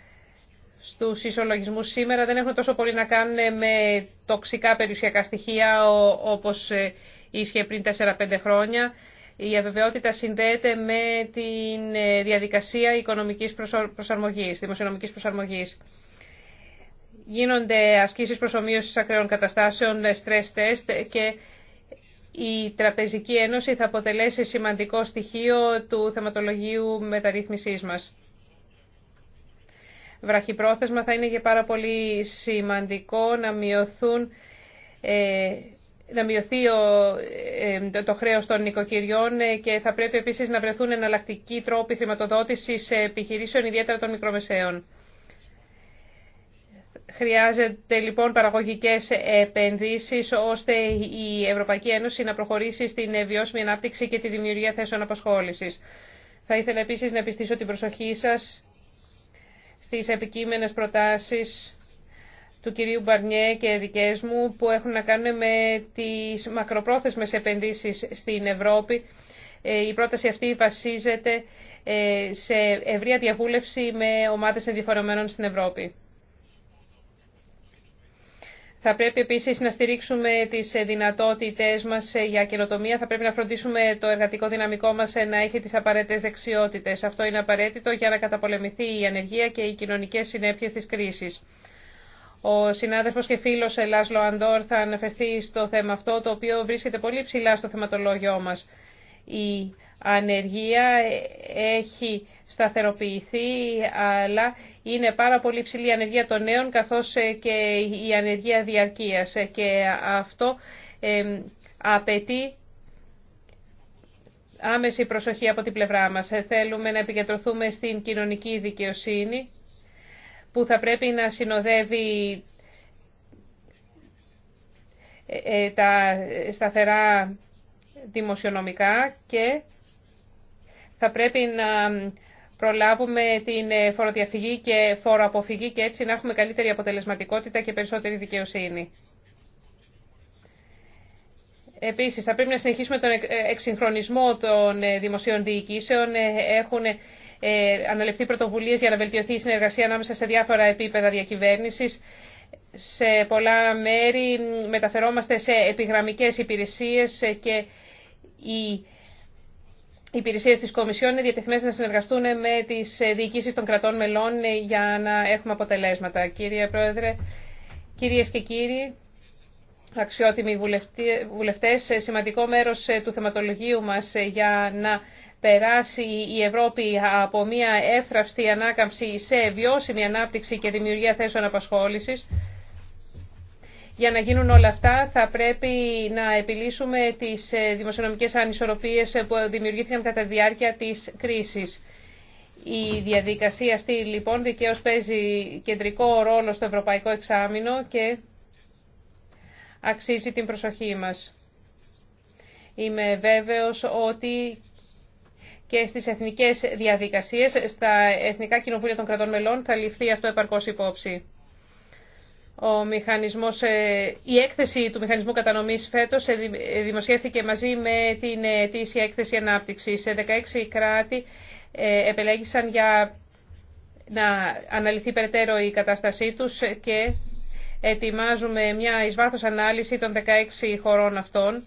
στους ισολογισμούς σήμερα δεν έχουν τόσο πολύ να κάνουν με τοξικά περιουσιακά στοιχεία όπως ε, ίσχυε πριν 4-5 χρόνια. Η αβεβαιότητα συνδέεται με τη ε, διαδικασία οικονομικής προσαρμογής, δημοσιονομικής προσαρμογής. Γίνονται ασκήσεις προσωμείωσης ακραίων καταστάσεων, stress test και η Τραπεζική Ένωση θα αποτελέσει σημαντικό στοιχείο του θεματολογίου μεταρρύθμισής μας. Βραχυπρόθεσμα θα είναι και πάρα πολύ σημαντικό να μειωθούν ε, να μειωθεί το χρέος των νοικοκυριών ε, και θα πρέπει επίσης να βρεθούν εναλλακτικοί τρόποι χρηματοδότησης επιχειρήσεων, ιδιαίτερα των μικρομεσαίων. Χρειάζεται λοιπόν παραγωγικές επενδύσεις ώστε η Ευρωπαϊκή Ένωση να προχωρήσει στην βιώσιμη ανάπτυξη και τη δημιουργία θέσεων απασχόλησης. Θα ήθελα επίσης να επιστήσω την προσοχή σας στις επικείμενες προτάσεις του κυρίου Μπαρνιέ και δικέ μου που έχουν να κάνουν με τι μακροπρόθεσμε επενδύσει στην Ευρώπη. Ε, η πρόταση αυτή βασίζεται ε, σε ευρία διαβούλευση με ομάδες ενδιαφορεμένων στην Ευρώπη. Θα πρέπει επίσης να στηρίξουμε τις δυνατότητές μας για καινοτομία. Θα πρέπει να φροντίσουμε το εργατικό δυναμικό μας να έχει τις απαραίτητες δεξιότητες. Αυτό είναι απαραίτητο για να καταπολεμηθεί η ανεργία και οι κοινωνικές συνέπειες της κρίσης. Ο συνάδελφος και φίλος Ελλάς Λοαντόρ θα αναφερθεί στο θέμα αυτό, το οποίο βρίσκεται πολύ ψηλά στο θεματολόγιο μας. Η ανεργία έχει σταθεροποιηθεί, αλλά είναι πάρα πολύ ψηλή η ανεργία των νέων, καθώς και η ανεργία διαρκείας. Και αυτό απαιτεί άμεση προσοχή από την πλευρά μας. Θέλουμε να επικεντρωθούμε στην κοινωνική δικαιοσύνη που θα πρέπει να συνοδεύει ε, ε, τα σταθερά δημοσιονομικά και θα πρέπει να προλάβουμε την ε, φοροδιαφυγή και φοροαποφυγή και έτσι να έχουμε καλύτερη αποτελεσματικότητα και περισσότερη δικαιοσύνη. Επίσης, θα πρέπει να συνεχίσουμε τον εξυγχρονισμό των δημοσίων διοικήσεων. Έχουν ε, αναλυφθεί πρωτοβουλίε για να βελτιωθεί η συνεργασία ανάμεσα σε διάφορα επίπεδα διακυβέρνηση. Σε πολλά μέρη μεταφερόμαστε σε επιγραμμικές υπηρεσίες και οι υπηρεσίες της Κομισιόν είναι να συνεργαστούν με τις διοικήσεις των κρατών μελών ε, για να έχουμε αποτελέσματα. Κύριε Πρόεδρε, κύριε και κύριοι, αξιότιμοι βουλευτές, ε, σημαντικό μέρο του θεματολογίου μα για να περάσει η Ευρώπη από μια εύθραυστη ανάκαμψη σε βιώσιμη ανάπτυξη και δημιουργία θέσεων απασχόλησης. Για να γίνουν όλα αυτά θα πρέπει να επιλύσουμε τις ε, δημοσιονομικές ανισορροπίες που δημιουργήθηκαν κατά τη διάρκεια της κρίσης. Η διαδικασία αυτή λοιπόν δικαίως παίζει κεντρικό ρόλο στο Ευρωπαϊκό Εξάμεινο και αξίζει την προσοχή μας. Είμαι βέβαιος ότι και στις εθνικές διαδικασίες, στα Εθνικά Κοινοβούλια των Κρατών Μελών θα ληφθεί αυτό επαρκώς υπόψη. Ο μηχανισμός, ε, η έκθεση του μηχανισμού κατανομής φέτος ε, ε, δημοσιεύθηκε μαζί με την ετήσια έκθεση ανάπτυξης. Σε 16 κράτη επελέγησαν για να αναλυθεί περαιτέρω η κατάστασή τους και ετοιμάζουμε μια εις ανάλυση των 16 χωρών αυτών.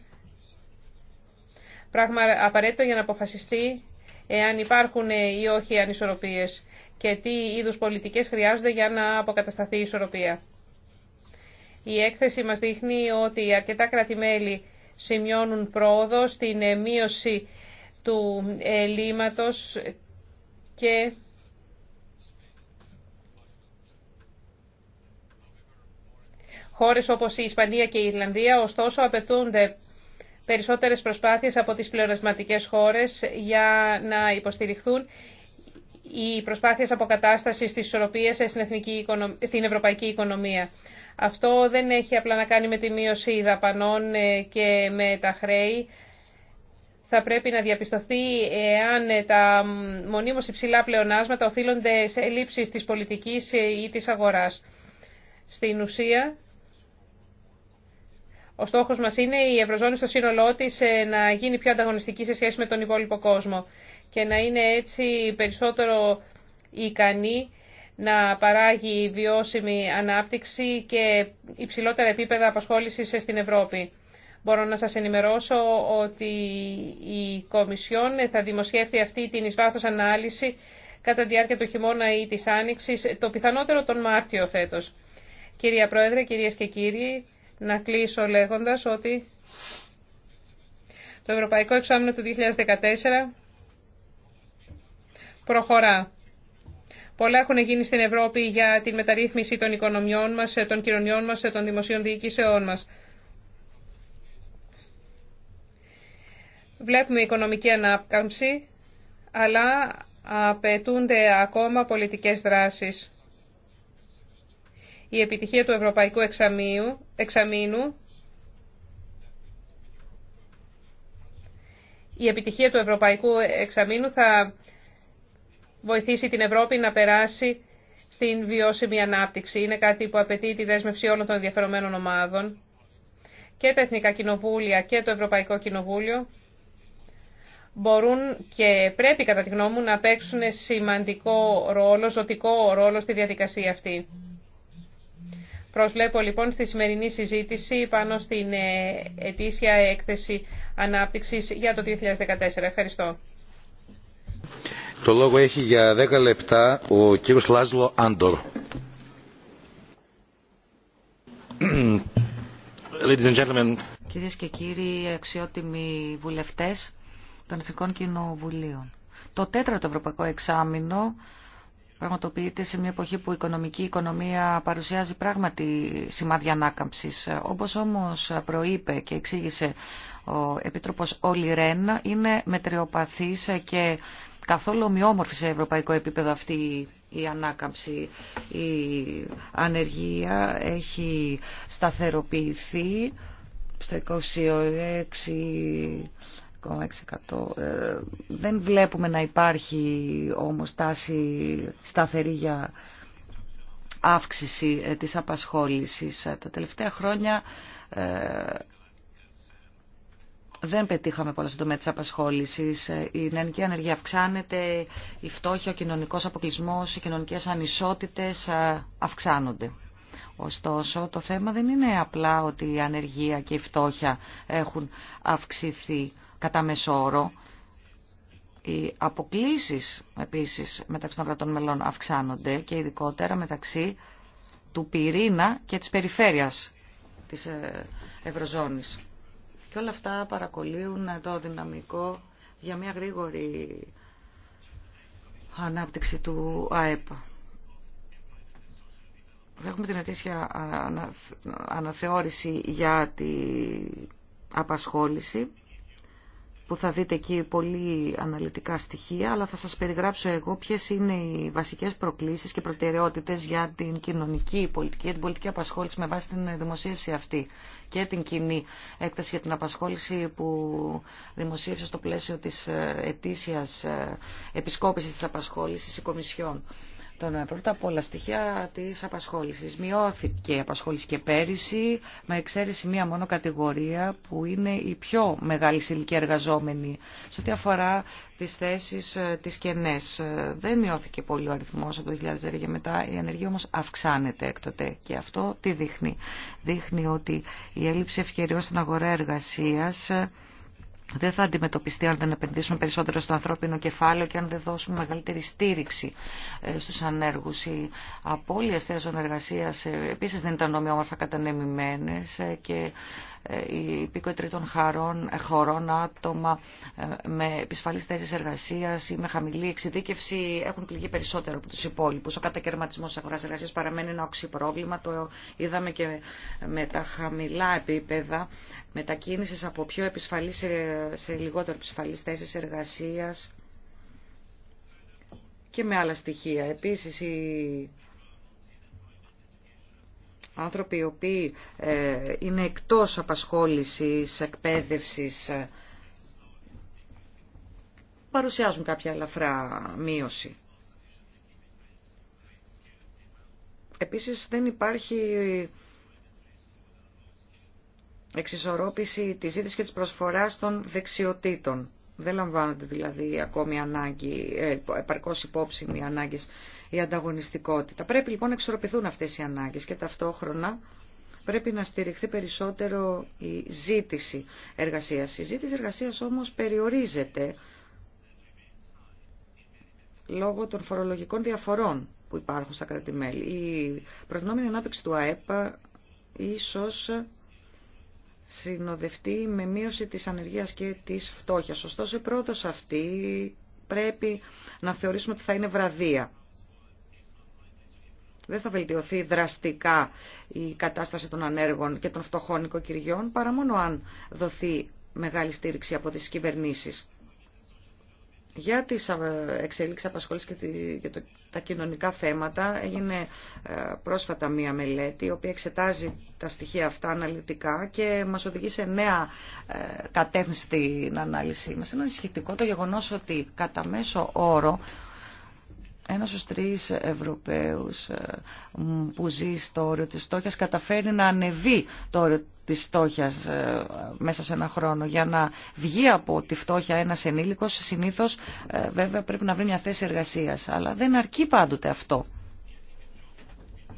Πράγμα απαραίτητο για να αποφασιστεί εάν υπάρχουν ε, ή όχι ανισορροπίες και τι είδους πολιτικές χρειάζονται για να αποκατασταθεί η ισορροπία. Η έκθεση μας δείχνει ότι αρκετά κρατημέλη σημειώνουν πρόοδο στην ε, μείωση του ελλείμματος και χώρες όπως η Ισπανία και η Ιρλανδία ωστόσο απαιτούνται περισσότερες προσπάθειες από τις πλεονασματικές χώρες για να υποστηριχθούν οι προσπάθειες αποκατάστασης της ισορροπίας στην, στην ευρωπαϊκή οικονομία. Αυτό δεν έχει απλά να κάνει με τη μείωση δαπανών ε, και με τα χρέη. Θα πρέπει να διαπιστωθεί εάν τα μονίμως υψηλά πλεονάσματα οφείλονται σε ελλείψεις της πολιτικής ε, ή της αγοράς. Στην ουσία, ο στόχος μας είναι η Ευρωζώνη στο σύνολό της ε, να γίνει πιο ανταγωνιστική σε σχέση με τον υπόλοιπο κόσμο και να είναι έτσι περισσότερο ικανή να παράγει βιώσιμη ανάπτυξη και υψηλότερα επίπεδα απασχόλησης στην Ευρώπη. Μπορώ να σας ενημερώσω ότι η Κομισιόν θα δημοσιεύσει αυτή την εισβάθος ανάλυση κατά τη διάρκεια του χειμώνα ή της άνοιξης, το πιθανότερο τον Μάρτιο φέτος. Κυρία Πρόεδρε, κυρίες και κύριοι, να κλείσω λέγοντας ότι το Ευρωπαϊκό Εξάμεινο του 2014 προχωρά. Πολλά έχουν γίνει στην Ευρώπη για τη μεταρρύθμιση των οικονομιών μας, των κοινωνιών μας, των δημοσίων διοικήσεών μας. Βλέπουμε οικονομική ανάπτυξη, αλλά απαιτούνται ακόμα πολιτικές δράσεις η επιτυχία του Ευρωπαϊκού εξαμίου, η επιτυχία του Ευρωπαϊκού Εξαμίνου θα βοηθήσει την Ευρώπη να περάσει στην βιώσιμη ανάπτυξη. Είναι κάτι που απαιτεί τη δέσμευση όλων των ενδιαφερομένων ομάδων και τα Εθνικά Κοινοβούλια και το Ευρωπαϊκό Κοινοβούλιο μπορούν και πρέπει κατά τη γνώμη μου να παίξουν σημαντικό ρόλο, ζωτικό ρόλο στη διαδικασία αυτή. Προσβλέπω λοιπόν στη σημερινή συζήτηση πάνω στην ε, ετήσια έκθεση ανάπτυξης για το 2014. Ευχαριστώ. Το λόγο έχει για 10 λεπτά ο κύριος Λάζλο Άντορ. Κυρίες και κύριοι αξιότιμοι βουλευτές των Εθνικών Κοινοβουλίων. Το τέταρτο ευρωπαϊκό εξάμεινο πραγματοποιείται σε μια εποχή που η οικονομική οικονομία παρουσιάζει πράγματι σημάδια ανάκαμψη. Όπως όμως προείπε και εξήγησε ο επίτροπο Όλη Ρέν, είναι μετριοπαθή και καθόλου ομοιόμορφη σε ευρωπαϊκό επίπεδο αυτή η ανάκαμψη. Η ανεργία έχει σταθεροποιηθεί στο 26 ε, δεν βλέπουμε να υπάρχει όμως τάση σταθερή για αύξηση ε, της απασχόλησης. Ε, τα τελευταία χρόνια δεν πετύχαμε πολλά στον τομέα της απασχόλησης. Η νεανική ανεργία αυξάνεται, η φτώχεια, ο κοινωνικός αποκλεισμός, οι κοινωνικές ανισότητες αυξάνονται. Ωστόσο, το θέμα δεν είναι απλά ότι η ανεργία και η φτώχεια έχουν αυξηθεί κατά όρο. Οι αποκλήσεις επίσης μεταξύ των κρατών μελών αυξάνονται και ειδικότερα μεταξύ του πυρήνα και της περιφέρειας της ε, Ευρωζώνης. Και όλα αυτά παρακολύουν ε, το δυναμικό για μια γρήγορη ανάπτυξη του ΑΕΠ. Έχουμε την αιτήσια αναθεώρηση για την απασχόληση που θα δείτε εκεί πολύ αναλυτικά στοιχεία, αλλά θα σας περιγράψω εγώ ποιες είναι οι βασικές προκλήσεις και προτεραιότητες για την κοινωνική πολιτική, για την πολιτική απασχόληση με βάση την δημοσίευση αυτή και την κοινή έκταση για την απασχόληση που δημοσίευσε στο πλαίσιο της ε, ετήσιας ε, επισκόπησης της απασχόλησης η Κομισιόν. Τον πρώτα απ' όλα στοιχεία της απασχόλησης. Μειώθηκε η απασχόληση και πέρυσι, με εξαίρεση μία μόνο κατηγορία που είναι η πιο μεγάλη ηλικία εργαζόμενη σε ό,τι αφορά τις θέσεις ε, τη κενές. Ε, δεν μειώθηκε πολύ ο αριθμός από το 2010 και μετά, η ανεργία όμω αυξάνεται έκτοτε. Και αυτό τι δείχνει. Δείχνει ότι η έλλειψη ευκαιριών στην αγορά εργασία δεν θα αντιμετωπιστεί αν δεν επενδύσουμε περισσότερο στο ανθρώπινο κεφάλαιο και αν δεν δώσουμε μεγαλύτερη στήριξη ε, στους ανέργους. Οι απώλειες θέσεων εργασίας ε, επίσης δεν ήταν ομοιόμορφα κατανεμημένες ε, και οι ε, υπήκοοι τρίτων χαρών, ε, χωρών, άτομα ε, με επισφαλείς θέση εργασία ή με χαμηλή εξειδίκευση έχουν πληγεί περισσότερο από τους υπόλοιπου. Ο κατακαιρματισμό τη αγορά εργασία παραμένει ένα οξύ πρόβλημα. Το είδαμε και με τα χαμηλά επίπεδα μετακίνηση από πιο επισφαλή σε, λιγότερο επισφαλείς θέση εργασία και με άλλα στοιχεία. Επίσης, η άνθρωποι οι οποίοι ε, είναι εκτός απασχόλησης, εκπαίδευσης, ε, παρουσιάζουν κάποια ελαφρά μείωση. Επίσης δεν υπάρχει εξισορρόπηση της ζήτησης και της προσφοράς των δεξιοτήτων. Δεν λαμβάνονται δηλαδή ακόμη ανάγκη, επαρκώ επαρκώς υπόψη οι ανάγκε, η ανταγωνιστικότητα. Πρέπει λοιπόν να εξορροπηθούν αυτές οι ανάγκες και ταυτόχρονα πρέπει να στηριχθεί περισσότερο η ζήτηση εργασίας. Η ζήτηση εργασίας όμως περιορίζεται λόγω των φορολογικών διαφορών που υπάρχουν στα κράτη-μέλη. Η προτινόμενη ανάπτυξη του ΑΕΠΑ ίσως συνοδευτεί με μείωση της ανεργίας και της φτώχειας. Ωστόσο η πρόοδος αυτή πρέπει να θεωρήσουμε ότι θα είναι βραδία. Δεν θα βελτιωθεί δραστικά η κατάσταση των ανέργων και των φτωχών οικοκυριών παρά μόνο αν δοθεί μεγάλη στήριξη από τις κυβερνήσεις για τις εξελίξεις απασχόλησης και, τα κοινωνικά θέματα έγινε ε, πρόσφατα μία μελέτη η οποία εξετάζει τα στοιχεία αυτά αναλυτικά και μας οδηγεί σε νέα ε, κατεύθυνση στην ανάλυση μας. Είναι ανησυχητικό το γεγονός ότι κατά μέσο όρο ένας στους τρεις Ευρωπαίους ε, που ζει στο όριο της φτώχειας καταφέρει να ανεβεί το όριο της φτώχειας ε, μέσα σε ένα χρόνο. Για να βγει από τη φτώχεια ένας ενήλικος συνήθως ε, βέβαια πρέπει να βρει μια θέση εργασίας. Αλλά δεν αρκεί πάντοτε αυτό.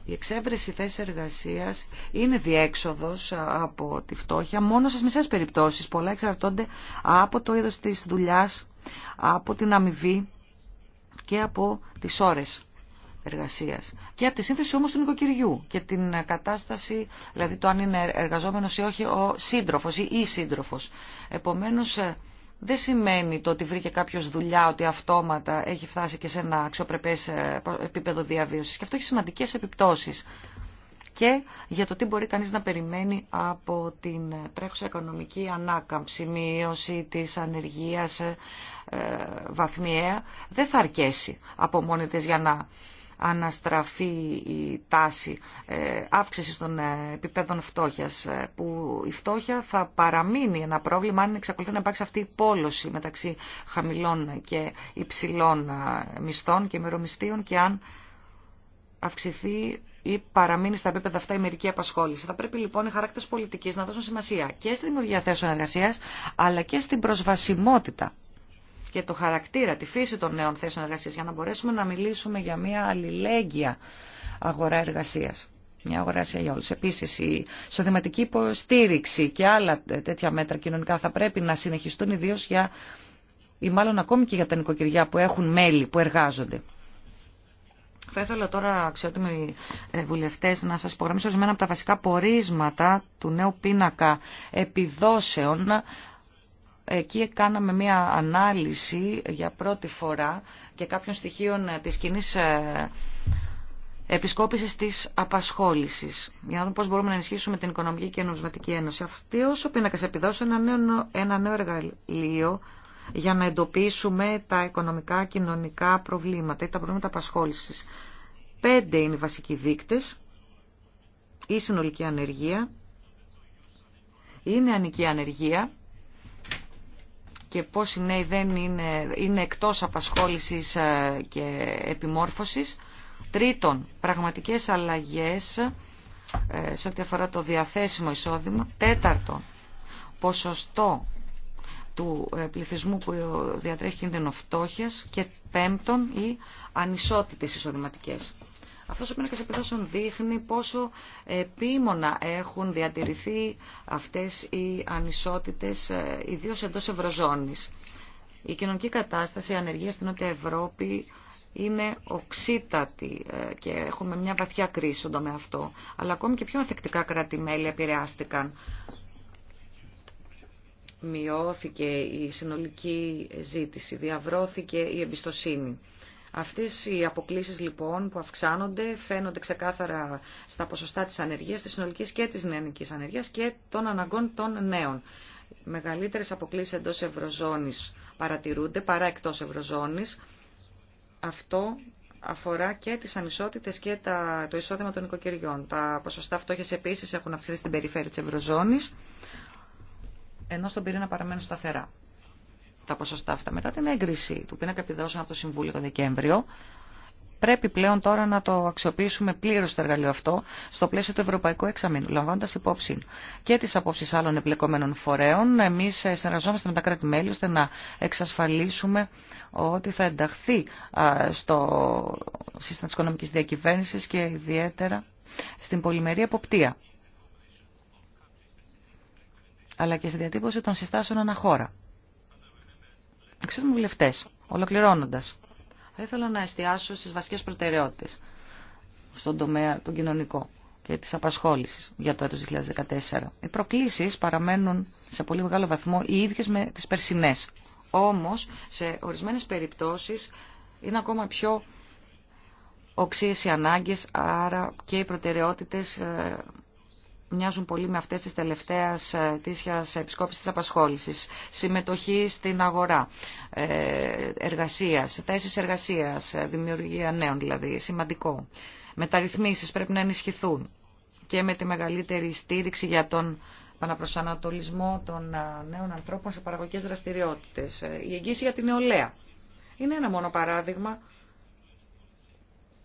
Η εξέβρεση θέση εργασίας είναι διέξοδος από τη φτώχεια μόνο στις μισές περιπτώσεις. Πολλά εξαρτώνται από το είδος της δουλειάς, από την αμοιβή και από τις ώρες εργασίας και από τη σύνθεση όμως του νοικοκυριού και την κατάσταση, δηλαδή το αν είναι εργαζόμενος ή όχι ο σύντροφος ή η σύντροφος. Επομένως ε, δεν σημαίνει το ότι βρήκε κάποιο δουλειά ότι αυτόματα έχει φτάσει και σε ένα αξιοπρεπές ε, επίπεδο διαβίωσης και αυτό έχει σημαντικές επιπτώσεις και για το τι μπορεί κανείς να περιμένει από την τρέχουσα οικονομική ανάκαμψη, μείωση της ανεργίας ε, βαθμιαία, δεν θα αρκέσει από μόνη της για να αναστραφεί η τάση ε, αύξηση των ε, επιπέδων φτώχειας, που η φτώχεια θα παραμείνει ένα πρόβλημα αν εξακολουθεί να υπάρξει αυτή η πόλωση μεταξύ χαμηλών και υψηλών μισθών και μερομιστίων και αν αυξηθεί ή παραμείνει στα επίπεδα αυτά η μερική απασχόληση. Θα πρέπει λοιπόν οι χαράκτε πολιτική να δώσουν σημασία και στη δημιουργία θέσεων εργασία, αλλά και στην προσβασιμότητα και το χαρακτήρα, τη φύση των νέων θέσεων εργασία, για να μπορέσουμε να μιλήσουμε για μια αλληλέγγυα αγορά εργασία. Μια αγορά σε για όλου. Επίση, η σωδηματική υποστήριξη και άλλα τέτοια μέτρα κοινωνικά θα πρέπει να συνεχιστούν ιδίω για ή μάλλον ακόμη και για τα νοικοκυριά που έχουν μέλη που εργάζονται. Θα ήθελα τώρα, αξιότιμοι ε, βουλευτέ, να σα υπογραμμίσω ορισμένα από τα βασικά πορίσματα του νέου πίνακα επιδόσεων. Εκεί κάναμε μία ανάλυση για πρώτη φορά και κάποιων στοιχείων ε, της κοινή ε, επισκόπησης της απασχόλησης. Για να δούμε πώς μπορούμε να ενισχύσουμε την Οικονομική και Νομισματική Ένωση. Αυτή ο πίνακας επιδόσεων ένα ένα νέο εργαλείο για να εντοπίσουμε τα οικονομικά, κοινωνικά προβλήματα ή τα προβλήματα απασχόλησης. Πέντε είναι οι βασικοί δείκτες. Η συνολική ανεργία, η νεανική ανεργία και πώς οι νέοι δεν είναι, ανεργια ειναι ανικη απασχόλησης ε, και επιμόρφωσης. Τρίτον, πραγματικές αλλαγές ε, σε ό,τι αφορά το διαθέσιμο εισόδημα. Τέταρτον, ποσοστό του ε, πληθυσμού που διατρέχει κίνδυνο φτώχεια και πέμπτον οι ανισότητες εισοδηματικέ. Αυτός ο πίνακα επιδόσεων δείχνει πόσο επίμονα έχουν διατηρηθεί αυτές οι ανισότητες, ε, ιδιω εντο Ευρωζώνη. Η κοινωνική κατάσταση, η ανεργία στην Νότια Ευρώπη είναι οξύτατη ε, και έχουμε μια βαθιά κρίση στον αυτό. Αλλά ακόμη και πιο ανθεκτικά κράτη-μέλη επηρεάστηκαν μειώθηκε η συνολική ζήτηση, διαβρώθηκε η εμπιστοσύνη. Αυτές οι αποκλήσεις λοιπόν που αυξάνονται φαίνονται ξεκάθαρα στα ποσοστά της ανεργίας, της συνολικής και της νεανικής ανεργίας και των αναγκών των νέων. Μεγαλύτερες αποκλήσεις εντός Ευρωζώνης παρατηρούνται παρά εκτός Ευρωζώνης. Αυτό αφορά και τις ανισότητες και τα, το εισόδημα των οικοκυριών. Τα ποσοστά φτώχειας επίσης έχουν αυξηθεί στην περιφέρεια της Ευρωζώνης ενώ στον πυρήνα παραμένουν σταθερά τα ποσοστά αυτά. Μετά την έγκριση του πίνακα επιδόσεων από το Συμβούλιο το Δεκέμβριο, πρέπει πλέον τώρα να το αξιοποιήσουμε πλήρω το εργαλείο αυτό στο πλαίσιο του Ευρωπαϊκού Εξαμήνου, λαμβάνοντα υπόψη και τι απόψει άλλων εμπλεκομένων φορέων. Εμεί συνεργαζόμαστε με τα κράτη-μέλη ώστε να εξασφαλίσουμε ότι θα ενταχθεί στο σύστημα τη οικονομική διακυβέρνηση και ιδιαίτερα στην πολυμερή εποπτεία αλλά και στη διατύπωση των συστάσεων αναχώρα. Αξίζουμε βουλευτέ, ολοκληρώνοντα. Θα ήθελα να εστιάσω στι βασικέ προτεραιότητε στον τομέα τον κοινωνικό και τη απασχόλησης για το έτος 2014. Οι προκλήσεις παραμένουν σε πολύ μεγάλο βαθμό οι ίδιες με τις περσινές. Όμως, σε ορισμένες περιπτώσεις είναι ακόμα πιο οξύες οι ανάγκες, άρα και οι προτεραιότητες ε, μοιάζουν πολύ με αυτές τις τελευταίες ε, τήσιας επισκόπησης της απασχόλησης. Συμμετοχή στην αγορά ε, εργασίας, θέσεις εργασίας, ε, δημιουργία νέων δηλαδή, σημαντικό. Μεταρρυθμίσεις πρέπει να ενισχυθούν και με τη μεγαλύτερη στήριξη για τον παναπροσανατολισμό των νέων ανθρώπων σε παραγωγικές δραστηριότητες. Η εγγύηση για την νεολαία. Είναι ένα μόνο παράδειγμα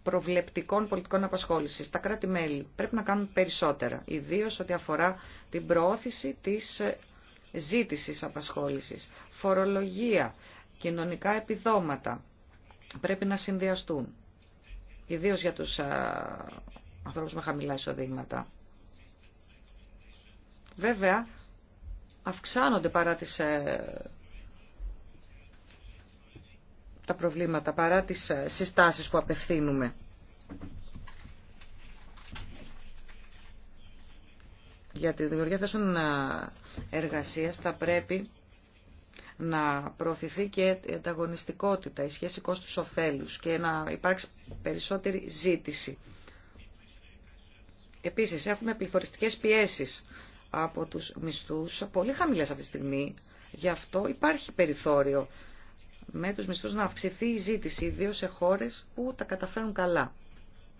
προβλεπτικών πολιτικών απασχόλησης. Τα κράτη-μέλη πρέπει να κάνουν περισσότερα, ιδίως ό,τι αφορά την προώθηση της ζήτησης απασχόλησης, φορολογία, κοινωνικά επιδόματα πρέπει να συνδυαστούν, ιδίως για τους ανθρώπους με χαμηλά εισοδήματα. Βέβαια, αυξάνονται παρά τις ε, τα προβλήματα παρά τις ε, συστάσεις που απευθύνουμε. Για τη δημιουργία θέσεων ε, εργασίας θα πρέπει να προωθηθεί και η ανταγωνιστικότητα, η σχέση κόστους ωφέλους και να υπάρξει περισσότερη ζήτηση. Επίσης έχουμε πληθωριστικές πιέσεις από τους μισθούς, πολύ χαμηλές αυτή τη στιγμή, γι' αυτό υπάρχει περιθώριο με τους μισθούς να αυξηθεί η ζήτηση, ιδίως σε χώρες που τα καταφέρουν καλά.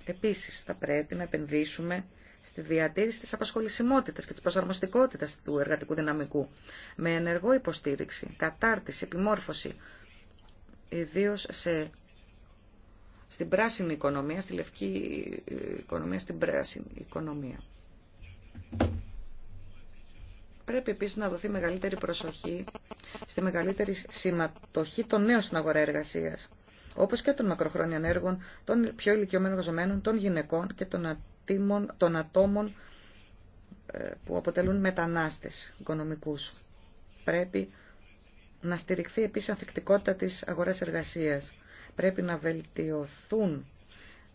Επίσης, θα πρέπει να επενδύσουμε στη διατήρηση της απασχολησιμότητας και της προσαρμοστικότητας του εργατικού δυναμικού, με ενεργό υποστήριξη, κατάρτιση, επιμόρφωση, ιδίως σε, στην πράσινη οικονομία, στη λευκή ε, οικονομία, στην πράσινη οικονομία. Πρέπει επίσης να δοθεί μεγαλύτερη προσοχή στη μεγαλύτερη συμμετοχή των νέων στην αγορά εργασίας, όπως και των μακροχρόνιων έργων, των πιο ηλικιωμένων εργαζομένων, των γυναικών και των, ατήμων, των ατόμων ε, που αποτελούν μετανάστες οικονομικούς. Πρέπει να στηριχθεί επίσης η ανθεκτικότητα της αγοράς εργασίας. Πρέπει να βελτιωθούν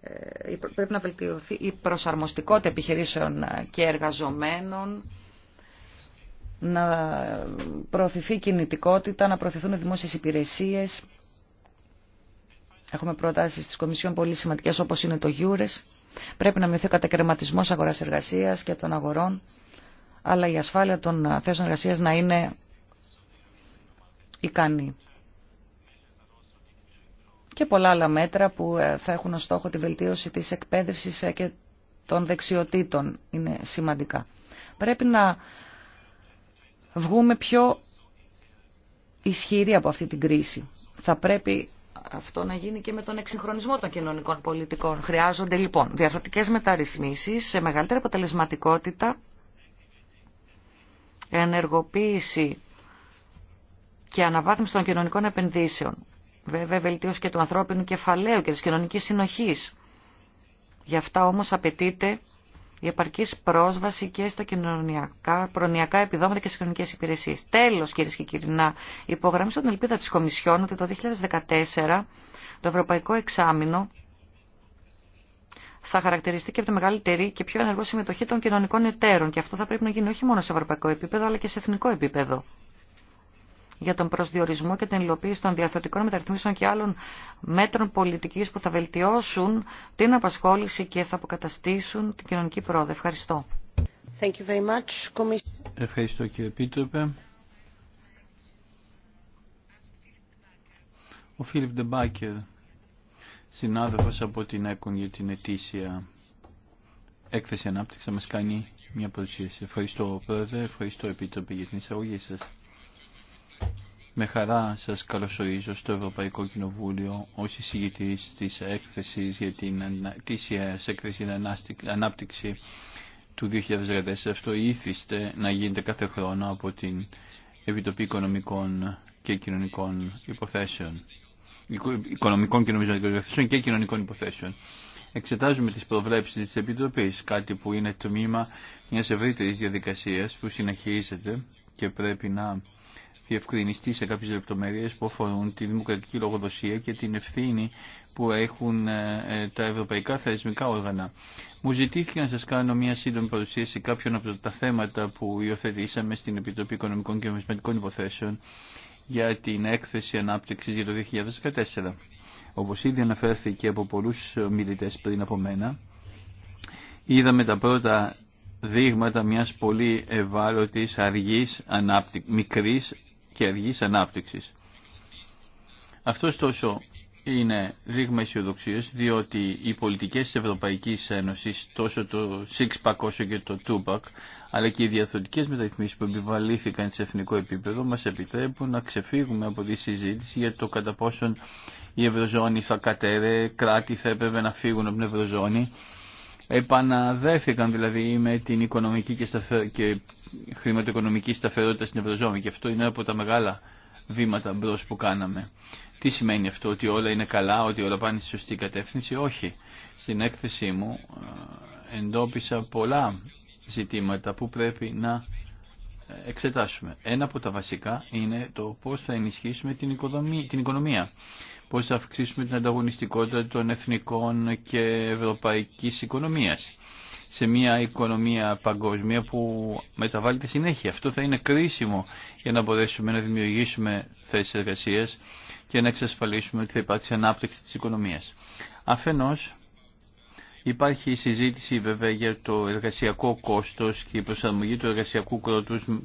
ε, πρέπει να βελτιωθεί η προσαρμοστικότητα επιχειρήσεων και εργαζομένων να προωθηθεί κινητικότητα, να προωθηθούν δημόσιες υπηρεσίες. Έχουμε προτάσεις της Κομισιόν πολύ σημαντικές όπως είναι το Γιούρες. Πρέπει να μειωθεί ο κατακαιρματισμός αγοράς εργασίας και των αγορών, αλλά η ασφάλεια των θέσεων εργασίας να είναι ικανή. Και πολλά άλλα μέτρα που ε, θα έχουν ως στόχο τη βελτίωση της εκπαίδευσης ε, και των δεξιοτήτων είναι σημαντικά. Πρέπει να βγούμε πιο ισχυροί από αυτή την κρίση. Θα πρέπει αυτό να γίνει και με τον εξυγχρονισμό των κοινωνικών πολιτικών. Χρειάζονται λοιπόν διαφορετικές μεταρρυθμίσεις σε μεγαλύτερη αποτελεσματικότητα, ενεργοποίηση και αναβάθμιση των κοινωνικών επενδύσεων. Βέβαια, βελτίωση και του ανθρώπινου κεφαλαίου και της κοινωνικής συνοχής. Γι' αυτά όμως απαιτείται η επαρκή πρόσβαση και στα κοινωνιακά, προνοιακά επιδόματα και στι κοινωνικέ υπηρεσίε. Τέλο, κυρίε και κύριοι, να υπογραμμίσω την ελπίδα τη Κομισιόν ότι το 2014 το Ευρωπαϊκό Εξάμεινο θα χαρακτηριστεί και από τη μεγαλύτερη και πιο ενεργό συμμετοχή των κοινωνικών εταίρων. Και αυτό θα πρέπει να γίνει όχι μόνο σε ευρωπαϊκό επίπεδο, αλλά και σε εθνικό επίπεδο για τον προσδιορισμό και την υλοποίηση των διαθετικών μεταρρυθμίσεων και άλλων μέτρων πολιτικής που θα βελτιώσουν την απασχόληση και θα αποκαταστήσουν την κοινωνική πρόοδο. Ευχαριστώ. Thank you very much. Ευχαριστώ κύριε πίτροπε. Ο Φίλιπ Ντεμπάκερ, συνάδελφος από την ΕΚΟΝ για την ετήσια έκθεση ανάπτυξη, θα μας κάνει μια παρουσίαση. Ευχαριστώ πρόεδρε, ευχαριστώ Επίτροπε για την εισαγωγή σας. Με χαρά σας καλωσορίζω στο Ευρωπαϊκό Κοινοβούλιο ως εισηγητής της έκθεσης για την ε, έκθεση ανάπτυξη του 2014. Αυτό ήθιστε να γίνεται κάθε χρόνο από την Επιτροπή Οικονομικών και Κοινωνικών Υποθέσεων. Οικονομικών και υποθέσεων και κοινωνικών υποθέσεων. Εξετάζουμε τις προβλέψεις της Επιτροπής, κάτι που είναι το τμήμα μιας ευρύτερης διαδικασίας που συνεχίζεται και πρέπει να διευκρινιστεί σε κάποιες λεπτομέρειες που αφορούν τη δημοκρατική λογοδοσία και την ευθύνη που έχουν ε, ε, τα ευρωπαϊκά θεσμικά όργανα. Μου ζητήθηκε να σας κάνω μια σύντομη παρουσίαση κάποιων από τα θέματα που υιοθετήσαμε στην Επιτροπή Οικονομικών και Ομισματικών Υποθέσεων για την έκθεση ανάπτυξης για το 2014. Όπως ήδη αναφέρθηκε από πολλούς μιλητές πριν από μένα, είδαμε τα πρώτα δείγματα μιας πολύ ευάλωτης, αργής, ανάπτυ... μικρής και αργής ανάπτυξης. Αυτό τόσο είναι δείγμα αισιοδοξία, διότι οι πολιτικές τη Ευρωπαϊκής Ένωση, τόσο το six όσο και το ΤΟΥΠΑΚ αλλά και οι διαθωτικέ μεταρρυθμίσει που επιβαλήθηκαν σε εθνικό επίπεδο, μας επιτρέπουν να ξεφύγουμε από τη συζήτηση για το κατά πόσον η Ευρωζώνη θα κατέρε, κράτη θα έπρεπε να φύγουν από την Ευρωζώνη επαναδέθηκαν δηλαδή με την οικονομική και, σταθε... και χρηματοοικονομική σταθερότητα στην Ευρωζώνη και αυτό είναι από τα μεγάλα βήματα μπρος που κάναμε. Τι σημαίνει αυτό, ότι όλα είναι καλά, ότι όλα πάνε στη σωστή κατεύθυνση. Όχι. Στην έκθεσή μου ε, εντόπισα πολλά ζητήματα που πρέπει να εξετάσουμε. Ένα από τα βασικά είναι το πώς θα ενισχύσουμε την οικονομία πώς θα αυξήσουμε την ανταγωνιστικότητα των εθνικών και ευρωπαϊκής οικονομίας σε μια οικονομία παγκόσμια που μεταβάλλεται συνέχεια. Αυτό θα είναι κρίσιμο για να μπορέσουμε να δημιουργήσουμε θέσεις εργασίας και να εξασφαλίσουμε ότι θα υπάρξει ανάπτυξη της οικονομίας. Αφενός, Υπάρχει η συζήτηση βέβαια για το εργασιακό κόστος και η προσαρμογή του εργασιακού